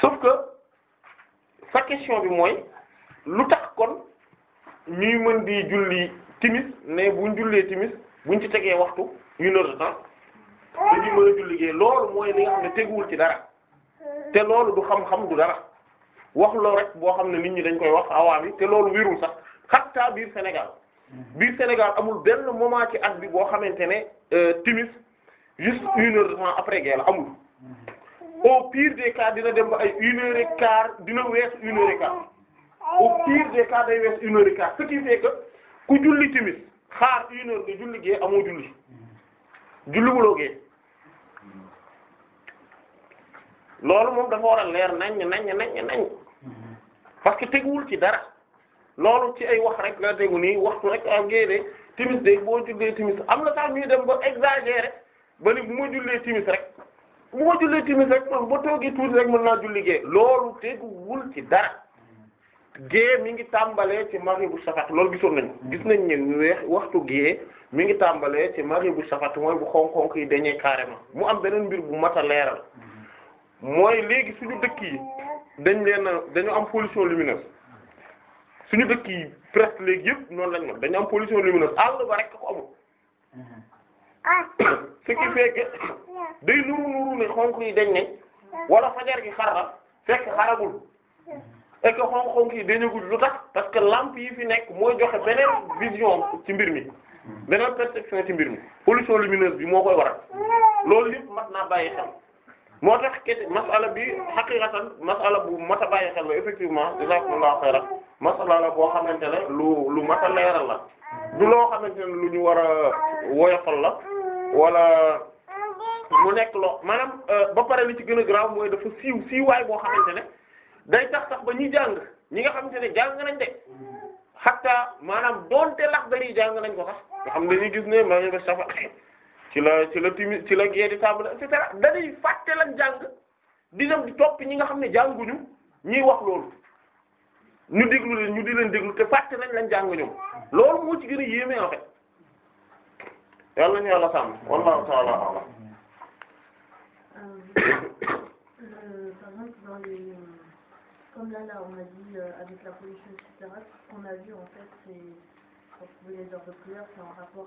sauf que sa question bi mooy lu tax kon ñuy mën di julli timis ne buñ jullee timis buñ ci tegee waxtu une heure de temps dañuy mën a julligee loolu mooy li xam ne teguwul ci dara te loolu du xam-xam du dara wax loo rek boo xam ne nit ñi dañ koy wax awaa bi te loolu wirul sax xattaa biir Sénégal mhm. biir Sénégal amul benn moment ci at bi boo xamante ne euh, timis juste une heure de temps après guerre la amul mhm. au pire des cas dina dem ba ay une heure et dina wees une heure et quart au pire des cas day wees une heure et quart ce qui fait ku julli timis xaar une heure nga julli gee amoo julli mhm. julli wuloo gee loolu moom dafa war a leer naññ naññ naññ parce que teguwul ci dara loolu ci ay wax rek la tegu nii waxtu rek a génne timis de boo jullee timis am na sax ñuy dem ba exagéré ba ni bu ma jullee timis rek bu ma jullee timis rek man ba toogee tuuti rek mën naa julli gée loolu teguwul ci dara gée mi ngi tàmbalee ci maghribu safat loolu gisoon nañu gis nañ ne weex waxtu gée mi ngi tàmbalee ci bu safat mooy bu xonk-xonk yi dañee carrément mu am beneen mbir bu mat a leeral mooy léegi suñu dëkk yi dañ leen dañu am pollution lumineuse suñu dëkk yi presque léegi yëpp noonu lañ mën dañu am pollution lumineuse àll ba rek ko amul <coughs> ce qui fait <coughs> day nuru nuru ne xonk yi dañ ne wala fajar gi xar la fekk xaragul et que xonk-xonk yi dañagul lu tax parce que lampe yi fi nekk mooy joxe beneen vision ci mbir mi beneen perception ci mbir mi pollution lumineuse bi moo koy waral loolu yëpp mat naa bàyyi xel moo tax kese masala bi xaqiqatan masala bu mat a bàyyi xel la effectivement jazakumullahu xayran masala la boo xamante ne lu lu mat a leeral la du loo xamante ne lu ñu war a woyofal la wala mu nekk loo maanaam euh, ba pare li ci gën a grave mooy dafa siiw siiwaay boo xamante ne day tax tax ba ñuy jàng ñi nga xamante ne jàng nañ de xataa maanaam doonte lax dañuy jàng nañ ko sax nga xam ne dañuy gis ne ma ba safa ci la ci la timi ci la gée di tàmbale et cetera fàtte la jàng di dem di topp ñi nga xam ne jànguñu ñuy wax loolu ñu déglu leen ñu di leen déglu te fàtte nañ lañ jàng loolu moo ci yéeme en la pollution, etc., ce qu'on a vu, en fait, c'est, quand vous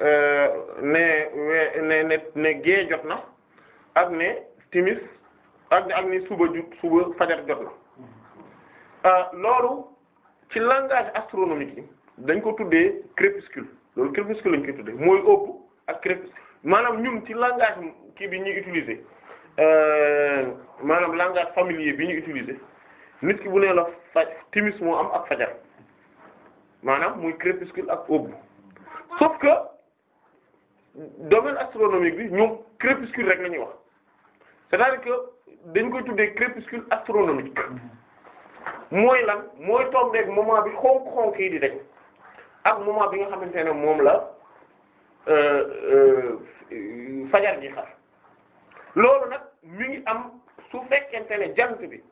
ne ne ne ne jot na ak ne timis ak ak ne suba jut suba fajar jot na mm-hmm. euh, loolu ci langage astronomique yi dañ ko tudde crépuscule loolu crépuscule lañ koy tuddee mooy ëpp ak crépuscule maanaam ñun ci langage kii bi ñuy utiliser euh, maanaam langage familier bi ñuy utiliser nit ki bu nee la faj timis moo am ak fajar maanaam muy crépuscule ak ëpp sauf que domaine astronomique bi ñoom crépuscule rek la ñuy wax c'est-à-dire que dañ koy tuddee crépuscule astronomique mooy lan mooy toog rek moment bi xonk-xonk yi di def ak moment bi nga xamante ne moom la euh, euh, fajar gi xar loolu nag mi ngi am su fekkente ne jant bi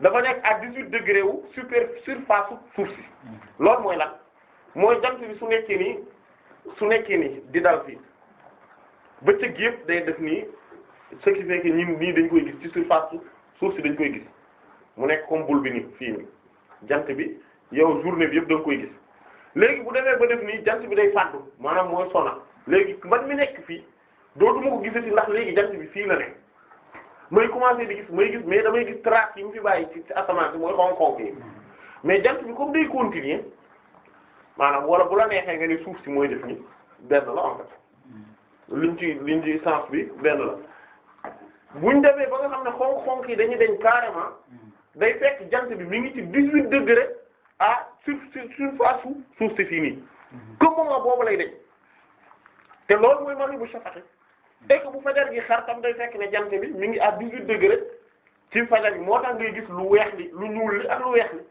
dafa nekk à dix-huit wu super surface suuf si loolu mooy lan mooy jant bi su nekkee nii. su nekkee ni di dal fii bëccëg yëpp day def nii ce qui ñii que nii dañ koy gis ci surface suuf si dañ koy gis mu nekk comme boule bi nii fii nii jant bi yow journée bi yëpp da koy gis léegi bu demee ba def nii jant bi day fàddu maanaam mooy sona léegi man mi nekk fii doo dootuma ko gisati ndax léegi jant bi fii la ne may commencé di gis may gis mais damay gis trace yi mu fi bàyyi ci asamaan si mooy xonk-xonk yi mais jant bi comme day continuer maanaam wala bu la neexee nga ni suuf si mooy def ni benn la en fait liñ ci liñ ci sens bi benn la bu ñu demee ba nga xam ne xonk-xonk yi dañuy dañ carrément day fekk jant bi mi ngi ci dix-huit degré a sur surface su suuf si fii nii comme moment boobu lay dañ te loolu mooy mari bu safati et que bu fajar gi xar tam day fekk ne jant bi mi ngi à dix-huit degré ci fajar gi moo tax ngay gis lu weex li lu ñuul li ak lu weex li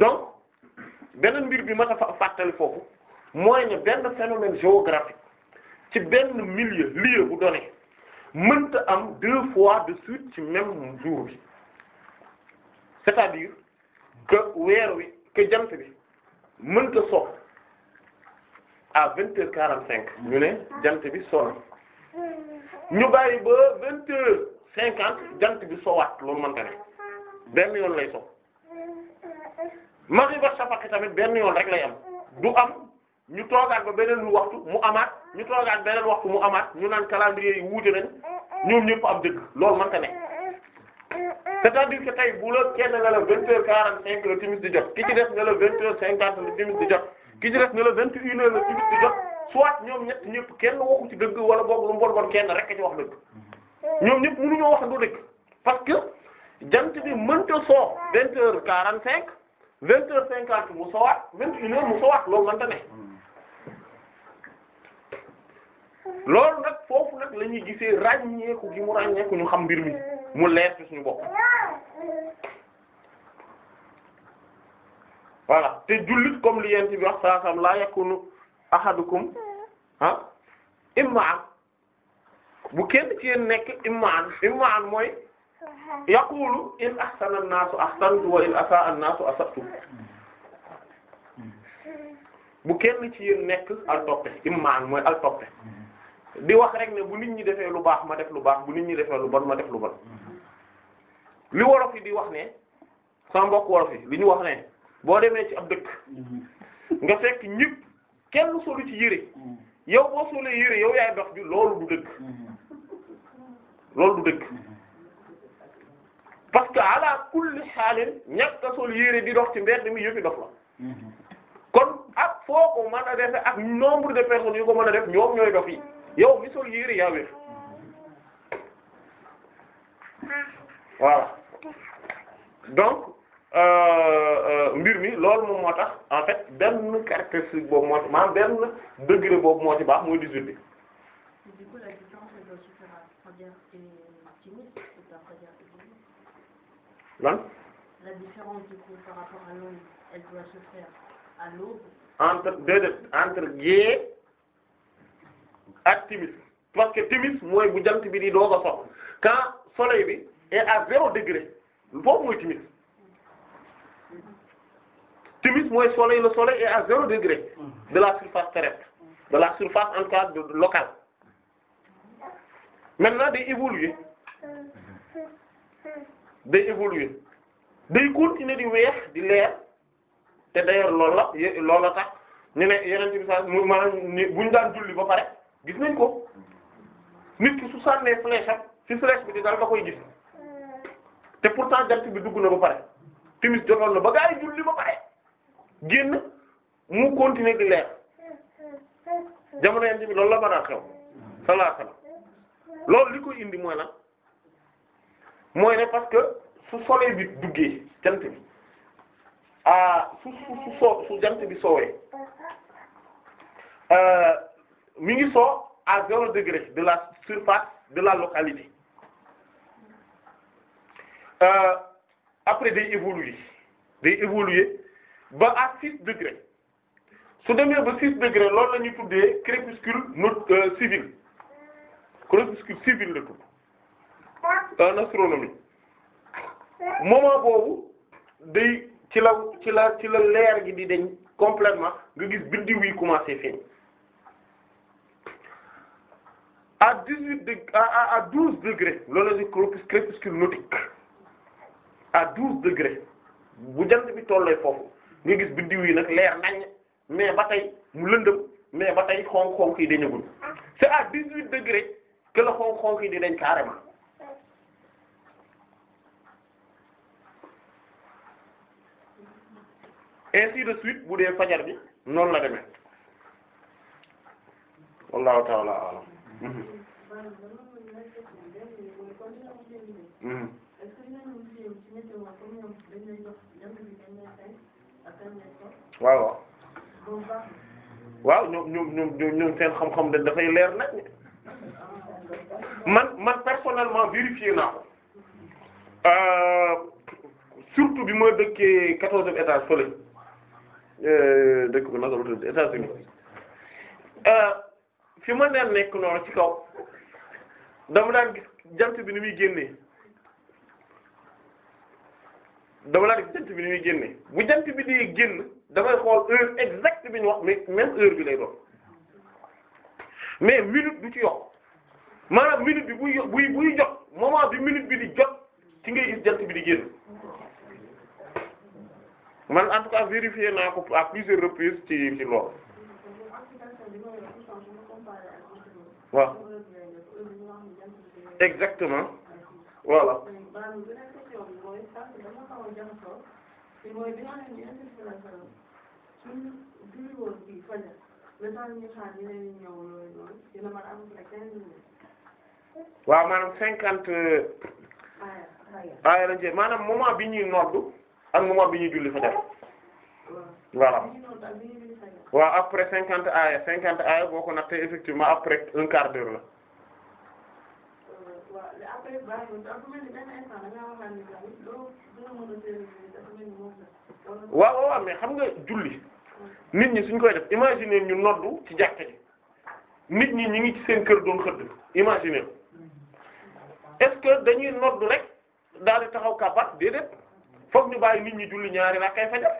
donc beneen mbir bi ma a fàttali foofu mooy ne benn phénomène géographique ci benn milieu lieu bu donné mënta am deux fois de suite ci même jour bi c'est-à-dire que weer wi que jant bi mënta so a vingt heures quarante cinq ñu ne jant bi so na ñu bàyyi ba vingt heures cinquante jant bi sowaat loolu mënta ne benn yoon lay so magriba ki tamit benn yoon rek lay am du am ñu toogaat ba beneen waxtu mu amaat ñu toogaat beneen waxtu mu amaat ñu naan calendrier yi wuute nañ ñoom ñëpp am dëgg loolu man ta ne c'est-à-dire que tey bu la kenn ne la vingt heures quarante cinq la timis di jot ki ci def ne la vingt heures cinquante la timis jot ki ci def ne la vingt une heures la timis soit ñoom ñett ñëpp kenn waxu ci dëgg wala boobu lu mbon bon kenn rek a ci wax dëgg ñoom ñëpp mënuñoo wax du dëgg parce que jant bi mënta soo vingt heures quarante cinq vingt heures cinquante mu sowaat vingt une heures mu sowaat loolu mënta loolu nag foofu nag la gisee ràññeeku gi mu ràññeeku ñu xam mbir mi mu leer ci suñu bopp voilà te jullit comme li yent bi wax saa laa yakunu ahadukum ah bu kenn ci yeen nekk imma an mooy yaqulu in ahsana an-naasu ahsantu wa in asaa an-naasu asa'tu bu kenn ci yéen nekk al toppe immaan mooy al toppe di wax rek ne bu nit ñi defee lu baax ma def lu baax bu nit ñi defee lu bon ma def lu bon li wolof yi di wax ne sama mbokk wolof yi li ñu wax ne boo demee ci ab dëkk nga fekk ñëpp kenn solu ci yére yow boo solee yére yow yaay dox ju loolu du dëgg loolu du dëkk parce que ala kulli xaalin ñàkk a sol yére di dox ci mbedd mi yëfi dox la kon ak foo ko mën a defe ak nombre de personnes yu ko mën a def ñoom ñooy dox yi yow mi sol yére yaa wér voilà donc euh, euh, mbir mi loolu moom moo tax en fait benn caractéristique boobu moo maanaam benn degré boobu moo ci baax mooy 18 bi. lan. la différence du entre déedéet ak timis parce que timis mooy bu jant bi di doog a soleil bi est à zéro degré foofu mooy timis timis mooy soleil le soleil est à zéro degré de la surface terrestre de la surface en cas de locale maintenant day évoluer day évoluer day continuer di weex di leer te d'ailleurs loolu la loolu la tax ñu ne yeneen ci message mu maanaam ni buñ daan julli ba pare gis nañ ko nit ki su sànnee flèche am ci flèche bi di dal nga koy gis te pourtant jant bi dugg na ba pare timis jotoon na ba gaa yi julli ba pare génn mu continuer di leer jamono yenn bi loolu la mën a xew salaasala loolu li koy indi mooy nag. mooy ne parce que su soleil bi duggee jant bi ah su su soo su jant bi soowee euh, mu ngi soo à zéro degré de la surface de la localité euh, après day évoluer day évoluer ba à six degrés su demee ba six degré loolu la ñuy tuddee crépuscule not euh, civil crépuscule civil la tudd en astronomie moment boobu day ci la ci la ci la leer gi di deñ completement nga gis biddiw yi commencé feeñ à dix-huit deg à à douze degrés loolu la ñu crépuscule bu jant bi tollee foofu nga gis biddiw yi nag leer nañ mais ba tey mu lëndëm mais ba tey xonk-xonk yi ñëgul c'est à dix-huit degrés que la xonk-xonk yi di dañ carrément ainsi de suite bu dee fajar bi noonu la demee wallahu ta'ala a'lam waaw waaw ñoom ñoom ñoom ñoom seen xam-xam dañ dafay leer nag man man personnellement vérifié naa ko euh, surtout bi ma dëkkee quatorzième étage fële Euh, dëkk bu naka la tudd États-Unis euh, fi ma neen nekk noonu ci kaw dama daan gis jant bi ni muy génne dama daan gis jant bi ni muy génnee bu jant bi di génn damay xool heure bi ñu wax mais même heure bi lay doon mais minute du ci yokk maanaam minute bi buy buy buy jot moment bi minute bi di jot ci ngay gis jant bi di génn. man en tout cas vérifié naa ko à plusieurs reprises ci ci loolu wa exactement voilà waaw maanaam cinquante aaya lañ ci maanaam moment bi ñuy noddu ak moment bi ñuy julli fajar voilà waaw après cinquante aaya cinquante aaya boo ko nattee effectivement après un quart d'heure la waaw waaw mais xam nga julli nit ñi suñ koy def imaginer ñu noddu ci jàkka nit ñi ñi ngi ci kër doon xëdd imaginer est que dañuy noddu rek daal di taxaw kàbbat déedéet foog ñu bàyyi nit ñi julli ñaari rakkay fajar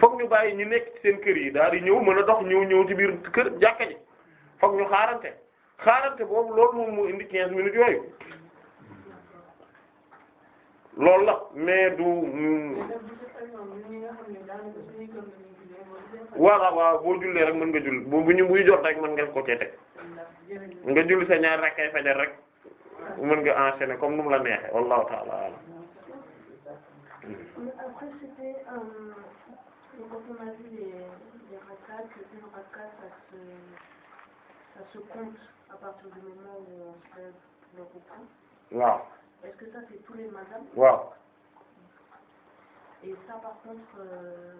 foog ñu bàyyi ñu nekk ci seen kër yi daal di ñëw mën a dox ñëw ñëw ci biir kër jàkka ji foog ñu xaarante xaarante boobu loolu moom moo indi 15 minutes yooyu loolu la mais du. Mm. voilà waaw boo jullee rek mën nga julli bu ñu buy jot rek mën nga ko cee teg nga julli sa ñaari rakkay fajar rek mën nga enchaîner comme nu mu la neexee wallahu ta'ala Mais euh, après, c'était, euh, a que ça c'est tous les matins. waaw. et ça par contre euh,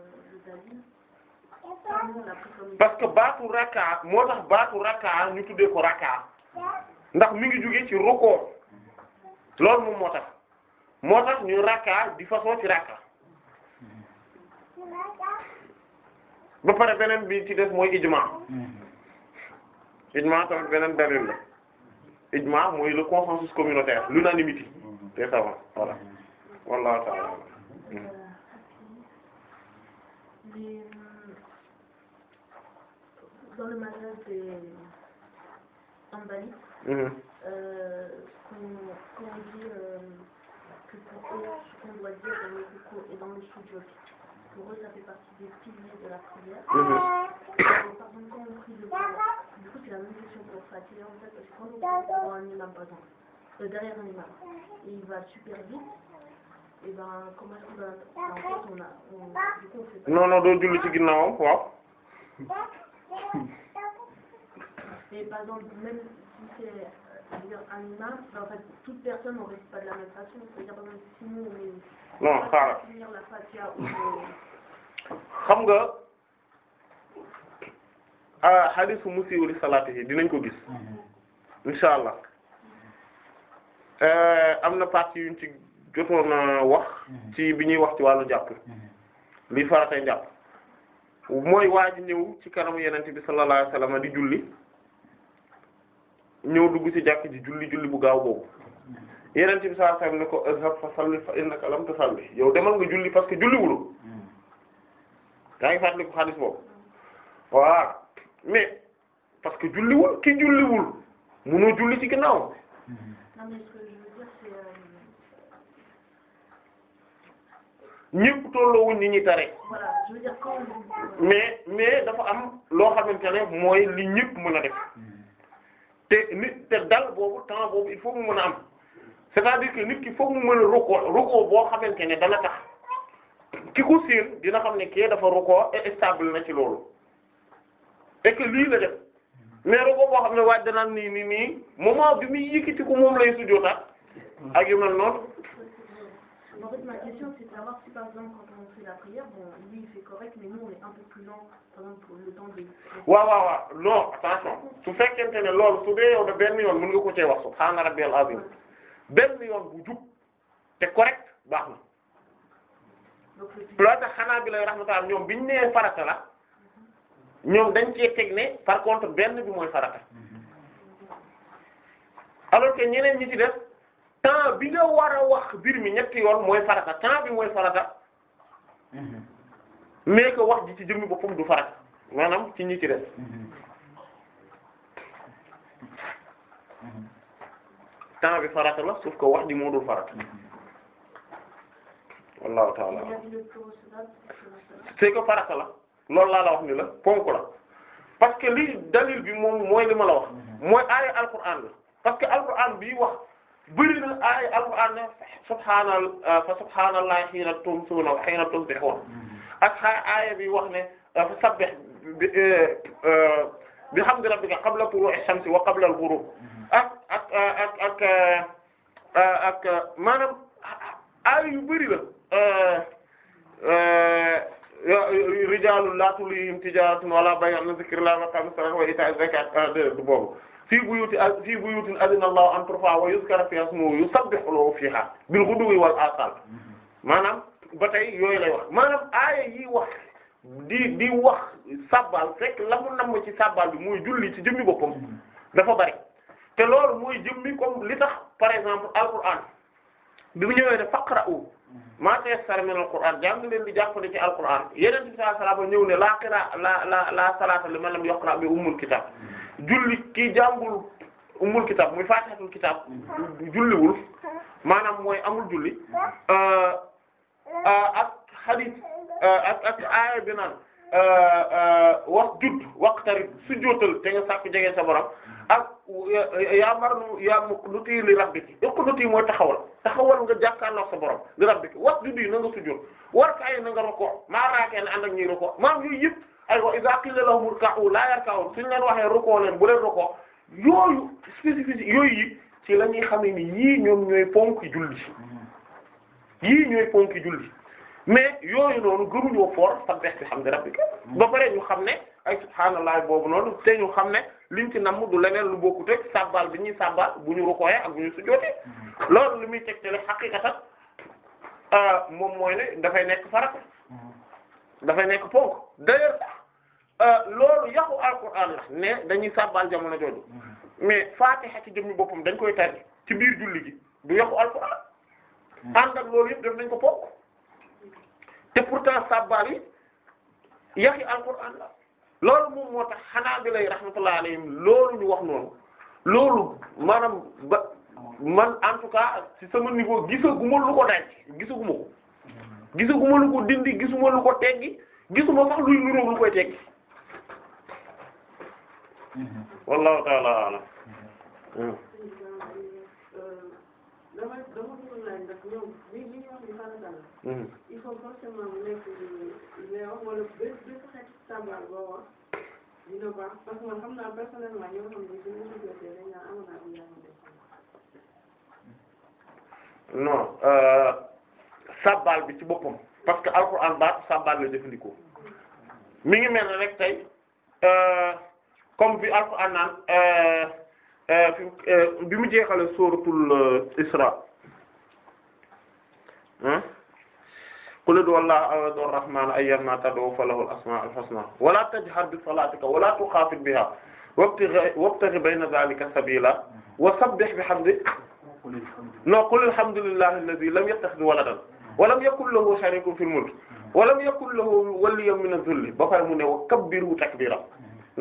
que baatu rakka moo tax baatu rakka ñu tuddee ko rakka ndax mi ngi jógee ci record loolu moom moo tax. moo tax ñu rakka di façon ci rakka ba pare beneen bi ci def mooy ijma ijma tamit beneen dalil la ijma mooy le consensus communautaire l'unanimité c'est ça voilà wallahu ta'ala dans ce qu'on doit dire dans le ruku et dans le sujud. Pour eux, ça fait partie des piliers de la prière. Mm-hmm. Par contre, quand on prie le Coran, du la même question pour Fatiha en fait, parce que quand on prie devant un imam, par exemple, euh, derrière un imam, et il va super vite, et ben comment est-ce qu'on va... En fait, on a... On, du coup, on fait pas... Non, non, doo julli ci ginnaawam cest euh, xam nga ah hadisu musiiw li salaati dinañ ko gis. Mhm. insha allah euh, am na partie yuñ ci jotoon a wax. Mhm. ci bi ñuy wax ci wàllu jàpp. Mhm. li faratay jàpp mooy waa ji ñëw ci kanamu yonent bi sallallahu alayhi wasallam di julli. ñëw dugg ci jàkk ji julli julli bu gaaw boobu yeneen ci bi saa saam ne ko izhab fa salli fa innaka lam tusalli yow demal nga julli parce que julli wulu yaa ngi fàttali ko xaalis boobu waaw mais parce que julliwul ki julliwul mënoo julli ci ginnaaw ñëpp tolloowuñ ni ñuy tare mais mais dafa am loo xamante ne mooy li ñëpp mën a def te nit te dal boobu temps boobu il faut mu mun a am c'est-à-dire que nit ki foog mu mën a rukkoo rukkoo boo xamante ne dana tax ki ko séen dina xam ne kii dafa rukkoo et stable na ci loolu et que lii la def mais rukkoo boo xam ne waaj danaan nii nii nii moment bi muy yëkkati ko moom lay sujjóotaat ak yu mel noonu Mais en fait, ma question, c'est de savoir waaw waaw non attention su fekkente ne lool su dee yow de benn yoon mën nga ko cee wax subhaana rabbiyal azim benn yoon bu jub te correct baax na. loolu tax xanaa bi lay rahmatullah ñoom biñ nee farata la ñoom dañ cee teg ne par contre benn bi mooy farata mhm. alors que ñeneen ñi ci def. temps bi nga war wax mbir mi ñetti yoon mooy farata temps bi mooy farata mhm. mais que wax ji ci jëmmi boppam du farata maanaam ci ñi ci des mhm. temps bi farata la sauf que wax ji moo dul farata mhm. wallahu taala c'est que la lool laa la wax ni la ponk la parce que li dalil bi moom mooy li ma la wax mooy aaya alquran la parce que alquran bii wax bëri na ay alquran ne subhaanal euh, fa subhaanallahi hiina tumsuuna wa hiina tusbihuuna mm-hmm. ak xaa aaya bi wax ne euh, fa sabbih bi euh, hamdi rabbika qabla tuluu'i shamsi wa qabla al-ghuruub mm-hmm. ak ak ak ak ak maanaam aaya yu bëri la rijaalun laa tulhiihim tijaaratun wa laa bay'un an dhikrillahi wa iqaamis salaati wa iitaa'iz zakaati boobu fii buyuti fii buyutin adina Allahu an turfa wa yuzkara fiha ismuhu yusabbihu lahu fiha bil ghuduwwi wal asal maanaam ba tey yooyu lay wax maanaam aaya yi wax di di wax sabbal fekk la mu namm ci sabbal bi muy julli ci jëmmi boppam dafa bari te loolu mooy jëmmi comme li tax par exemple alquran bi mu ñëwee ne faqra'u ma tayassara min alquran jàng leen di jàppale ci alquran yeneen bi sallallahu alayhi wasallam ñëw ne laa qira la la la salata liman lam yaqra bi ummul kitab julli kii jàngul umul kitaab muy faatihatul kitaab julliwul maanaam mooy amul julli euh, ak hadith euh, ak ak aaya bi naan euh, wasjud waqtarib sujjóotal te nga sàkku jege sa borom ak yaa marnu yaa muqnuti li rabbiki iqnuti mooy taxawal taxawal nga jàkkaarloo sa borom li rabbiki wasjud yi na nga sujjóot warkaay na nga roko maa raakee ne ak ñuy roko maam yooyu yëpp ay wa iza qila lahum irka'u la yarka'un suñ leen waxee rukoo leen bu leen rukoo yooyu spécifique yooyu yi ci la ñuy xamee ni yii ñoom ñooy ponk julli yii ñooy ponk julli mais yooyu noonu gëmuñoo fort sabbih bihamdi rabbika ba pare ñu xam ne ay subhaanallah boobu noonu te ñu xam ne liñ ci namm du leneen lu bokkut ak sabbal bi ñuy sabbal bu ñu rukooyee ak bu ñu sujjootee loolu teg muy tegtale xaqiqatan euh, moom mooy ne dafay nekk farata mm-hmm. dafay nekk ponk Euh, loolu yàqu alquran la ne dañuy sàbbal jamono jooju mais Fatiha ci jëmmi boppam dañ koy tari ci biir julli gi bu yàqu alquran ànd ak loolu yëpp def nañ ko pokk te pourtant sàbbal yi yàqi alquran la loolu moom moo tax xanaa bi lay rahmatullah alayhim loolu ñu wax noonu loolu maanaam ba man en tout cas ci sama niveau gisaguma lu ko denc gisaguma ko lu ko dindi gisuma lu ko teggi gisuma sax luy niróo lu koy teggi wallahu taala alam hmm. dama dama doon laaj ndax ñoom li li ñu wax ni farata mu nekk mais man xam naa personnellement ñoo euh, bi ci boppam parce que alxuraan baat sàbbaal la jëfandikoo mi ngi mel ne comme fi Alxuraan naan euh, euh, euh, bi mu jeexale sóoratul Isra qul ud'u Allaha aw ud'u Rahmaana ayyammaa tad'uu falahu al-asmaa'ul husnaa wa laa tajhar bi salaatika wa laa tuxaafit bihaa wabtaghi bayna dhaalika sabiilaa wa sabbih bihamdi no qul alhamdulillaahi alladhii lam yattakhidh waladan wa lam yakun lahu shariikun fil mulki wa lam yakun lahu waliyyun mina dhulli ba pare mu ne wa kabbirhu takbiiraa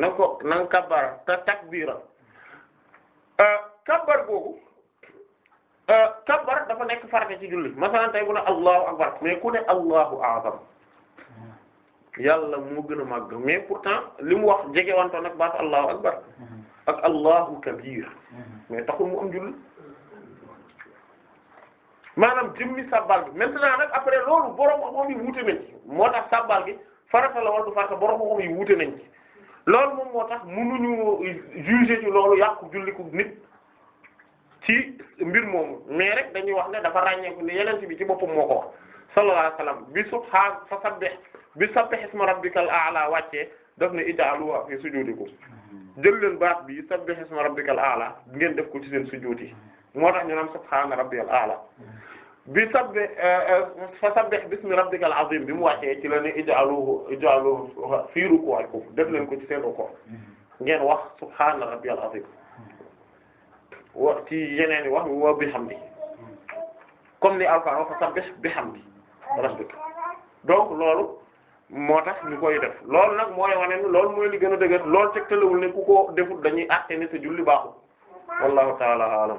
na ko na nga ta te takbira euh, kabbar boobu euh, kabbar dafa nekk farata ci julli masalan tey bu ne allahu akbar mais ku ne allahu azam yàlla moo gën a màgg mais pourtant li mu wax jege wantoon ak baatu allahu akbar ak allahu kabir mais taxul mu am julli maanaam jëmmi sabbal gi maintenant nag après loolu borom xam yi wuute nañ moo tax sabbal gi farata la wala du farata borom xam yi wuute nañ loolu moom moo tax mënuñu juger ci loolu yàqu julliku nit ci mbir moomu mais rek dañuy wax ne dafa ràññeeku ne yeneen bi ci boppam ko wax sallallahu bi subha fa sabbih bi sabbih isma rabbikal a'la wàccee daf ne ij'aluha fi sujudikum jël leen baat bi sabbih isma rabbikal a'la ngeen def ko ci seen sujuudi moo tax ñu naan subhaana rabbiyal a'la bi sabbi eh, eh, fa sabbih bismi rabbikal azim bi mu wàccee ci la ne ij'aluhu ij'aluhu fi ruku'ikum def leen ko ci seen ruku' ngeen wax subhaana rabbiyal azim wax ci yeneen i wax wa bihamdi comme ni alquran fa bi bihamdi rabbik donc loolu moo tax ñu koy def loolu nag moo wane ni loolu mooy li gën a dëgër loolu tegtalawul ne ku ko defut dañuy àtte ne sa julli baaxul wallahu ta'ala a'lam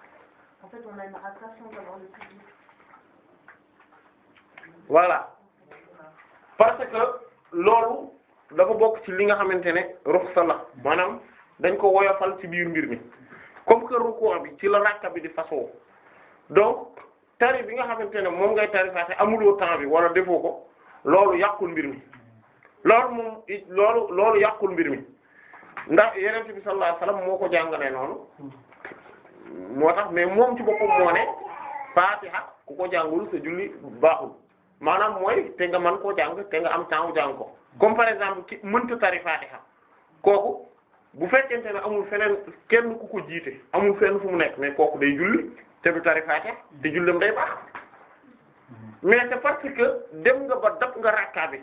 En fait, a une rata sans Parce que loolu dafa bokk ci li nga xamante ne ruxsa la maanaam dañ ko woyofal ci biir mbir mi comme que ruku bi ci la rakka bi di fasoo donc tari bi nga xamante ne moom ngay tari faate amuloo temps bi wala defoo ko loolu yàqul mbir mi loolu moom loolu yàqul mbir mi ndax yeneen bi sallallahu alayhi moo ko jàngalee noonu moo tax mais moom ci boppam moo ne Fatiha ku ko jàngul sa julli baaxul maanaam mooy te nga man koo jàng te nga am temps jàng ko comme par exemple ki mënta tari Fatiha kooku bu fekkente ne amul feneen kenn ku ko jiite amul fenn fu mu nekk mais kooku day julli te du tari Fatiha te jullam day baax mais c'est parce dem nga ba dab nga rakkaa bi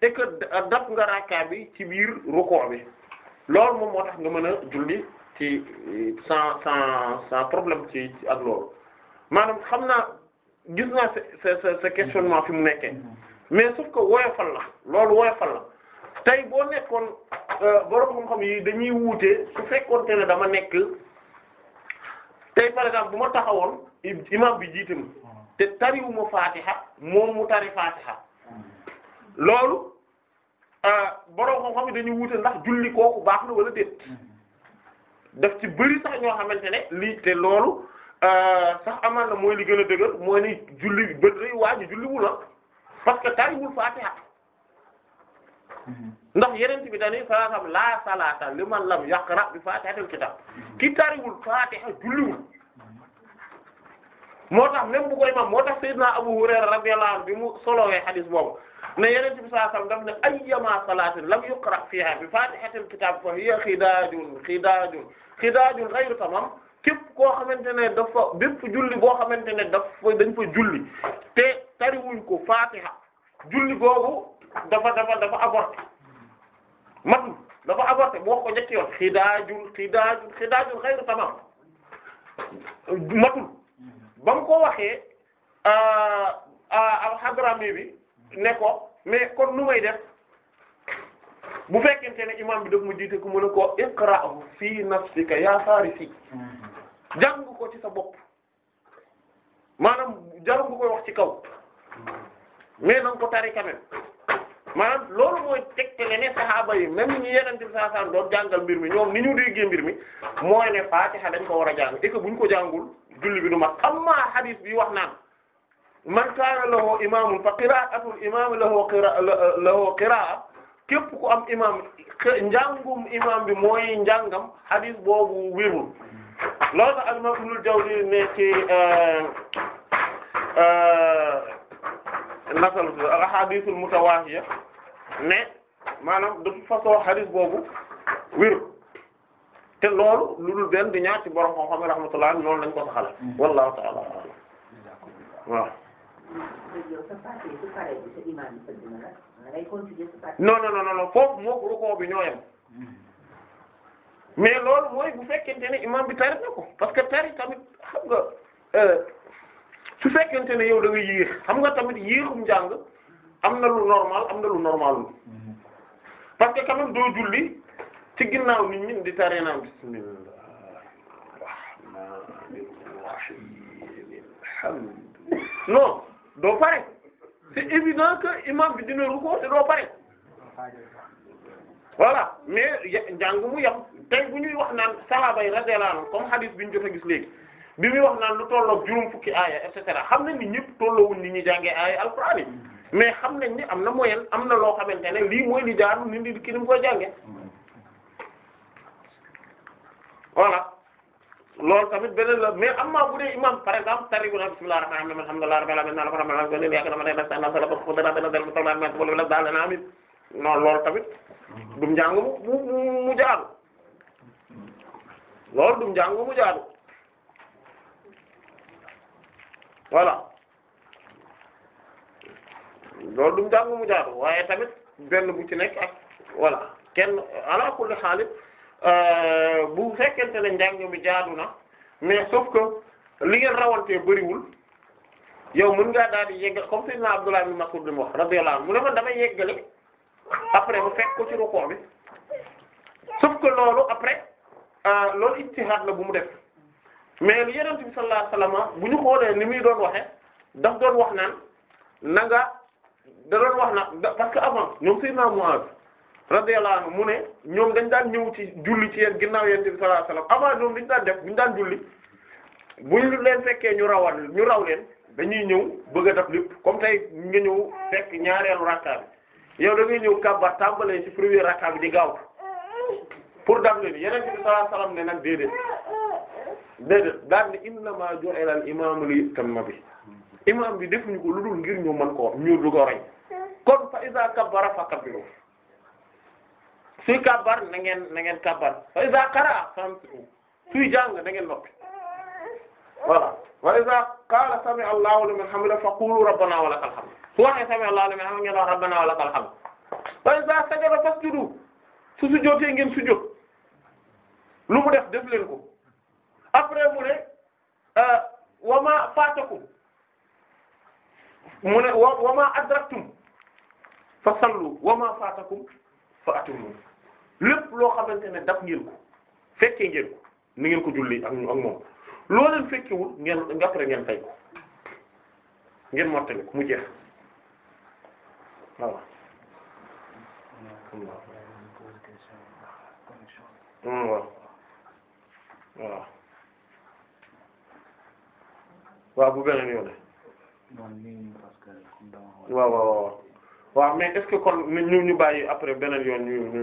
te que dab nga rakkaa bi ci biir rukkoo bi loolu moom moo tax nga mën a julli ci sans sans sans problème ci ak loolu maanaam xam naa gis naa sa sa sa questionnement fi mu nekkee mais sauf que woyofal la loolu woyofal la tey boo nekkoon euh, borom xam-xam yi dañuy wuute su te ne dama nekk tey par exemple bu ma taxawoon imam bi jiite ma te tariwuma Fatiha moom mu tari Fatiha loolu euh, borom xam-xam yi dañuy wuute ndax julli kooku baax na wala déet. daf ci bëri sax ñoo xamante ne lii te loolu euh, sax amaan na mooy li gën a dëgër mooy ni julli bët day waaji julliwu la ah, parce que tariwul Fatiha mm-hmm. ndax yeneen bi dañuy salaatam laa salaata liman lam yaqra bi Fatihatil kitab ki tariwul Fatiha julliwul moo tax même bu ko moo tax Seydina Abu Hurayra radiyallahu anhu bi mu solowee hadith boobu ne yeneen bi sallallahu alayhi ne ayyama salaatin lam yuqra fiha bi Fatihatil kitab fa hiya xidaajun xidaajun xidaajul xayru tamam képp koo xamante ne dafa bépp julli boo xamante ne dafa dañ fa julli te tariwuñ ko fatiha julli googu dafa dafa dafa avorté matu dafa avorté bu ko njëkk yoon xidaajul xidaajul xidaajul xayru tamam matul ba mu ko waxee euh, euh, alxadrami bi ne ko mais kon nu may def bu fekkente ne imam bi daf mu jiite ku mën a koo iqra'hu fii nafsika yaa farisi mm-hmm. jàng ko ci sa bopp maanaam jarum bu wax ci kaw mais na nga ko tari quand même maanaam loolu mooy tegtale ne saxaaba yi même ñi yeneen bi saa saa doon jàngal mbir mi ñoom ni ñu déggee mbir mi mooy ne Faatiha dañ ko war a jàng et que buñ ko jàngul julli bi du mat amma bi wax naan man kaana lahu imaamun fa qira'atul imaam lahu qira'a képp ku am imaam njàngum imaam bi mooy njàngam hadith boobu wérul loolu tax al-imaam Ibnul Jawzi ne ci euh, euh, nasal ahadithul ne maanaam de toute façon hadith boobu wérul te loolu lu dul benn di ñaar ci borom xam-xam yi ko saxal hmm. wallahu ta'ala waaw non non non foofu moo rukkoo bi ñoo mais loolu mooy bu fekkente ne imam bi tari na que tari tamit xam nga euh, su fekkente ne yow da nga yéex xam nga tamit yéexum njàng am na lu normal am na lu normal parce que quand même doo julli ci ginnaaw nit ñi di tari naan bismillah rahmanir non doo pare c'est évident que imam bi dina rukkoo te doo pare voilà mais njàng mu yam tey bu ñuy wax naan sahaaba yi radiyallahu comme hadith bi ñu jot a gis léegi bi muy wax naan lu tolloog juróom fukki aaya et cetera xam nañ ni ñëpp tolloowuñ ni ñuy jàngee aaya alquran mais xam nañ ni am na moyen am na loo xamante ne lii mooy li jaar nit ñi ni mu koy jànge loolu tamit beneen la mais am maa bu dee imam par exemple tari bu na bismillah rahmaani rahiim alhamdulillah rabbil alamin arrahmanirrahim yàgg na ma day nasta nasa la ko dana dana del mu tala ma wala la daal dana amit non loolu tamit du njàng mu mu jaadu loolu du njàng mu jaadu voilà loolu du njàng mu jaadu waaye tamit benn bu ci nekk ak voilà kenn ala kulli xaalis Euh, bu fekkente ne njàng mi jaadu na mais sauf que li ngeen rawantee bariwul yow mun ngaa daal di yeggal comme sayyidna Abdullah ibn Mas'ud mu wax radiyallahu mu ne man damay yeggale après mu fekk ko ci rukkoo bi sauf que loolu après euh, loolu ijtihaad la bu mu def mais li Yonent bi sallallahu alayhi bu ñu xoolee ni muy doon waxee daf doon wax naan na nga da doon wax na parce que avant ñoom sayyidna Mu'adh radiyallahu anhu mu ne ñoom dañ daan ñëw ci julli ci yeen ginnaaw yeen bi sallallahu alayhi wasallam avant ñoom liñ daan def buñu daan julli buñu leen fekkee ñu rawal ñu raw leen dañuy ñëw bëgg a def lépp comme tey nga ñëw fekk ñaareelu rakka yow dangay ñëw kàbbar tàmbalee ci premier rakka bi di gaaw pour daf leen yeneen bi sallallahu alayhi wasallam ne nag déedéet déedéet daan na innama ju'ila al imaamu i yutamma bi imaam bi defuñu ko lu dul ngir ñu mën koo ñu du ko roy kon suy kàbbar na ngeen na ngeen kàbbar wa iza qara famtu suy jàng na ngeen noppi voilà wa iza qala sami allahu liman hamida faqulu rabbana wa lakal hamd su waxee sami allahu liman hamida ngeen wax rabbana wa lakal hamd wa iza sajada fasjudu su sujjóotee ngeen sujjóot lu mu def def leen ko après mu ne euh, wa ma fatakum mu ne wa ma adraktum fa sallu wa ma fatakum fa atimmu lépp loo xamante ne daf ngeen ko fekkee ngeen ko ni ngeen ko julli ak moom loo fekkewul ngeen ngappare ngeen fay ko ngeen mottali mu jeex hmm, waaw waaw waaw waaw bu beneen yoon waaw waaw waaw mais est-ce que kon ñu après beneen yoon ñu ñu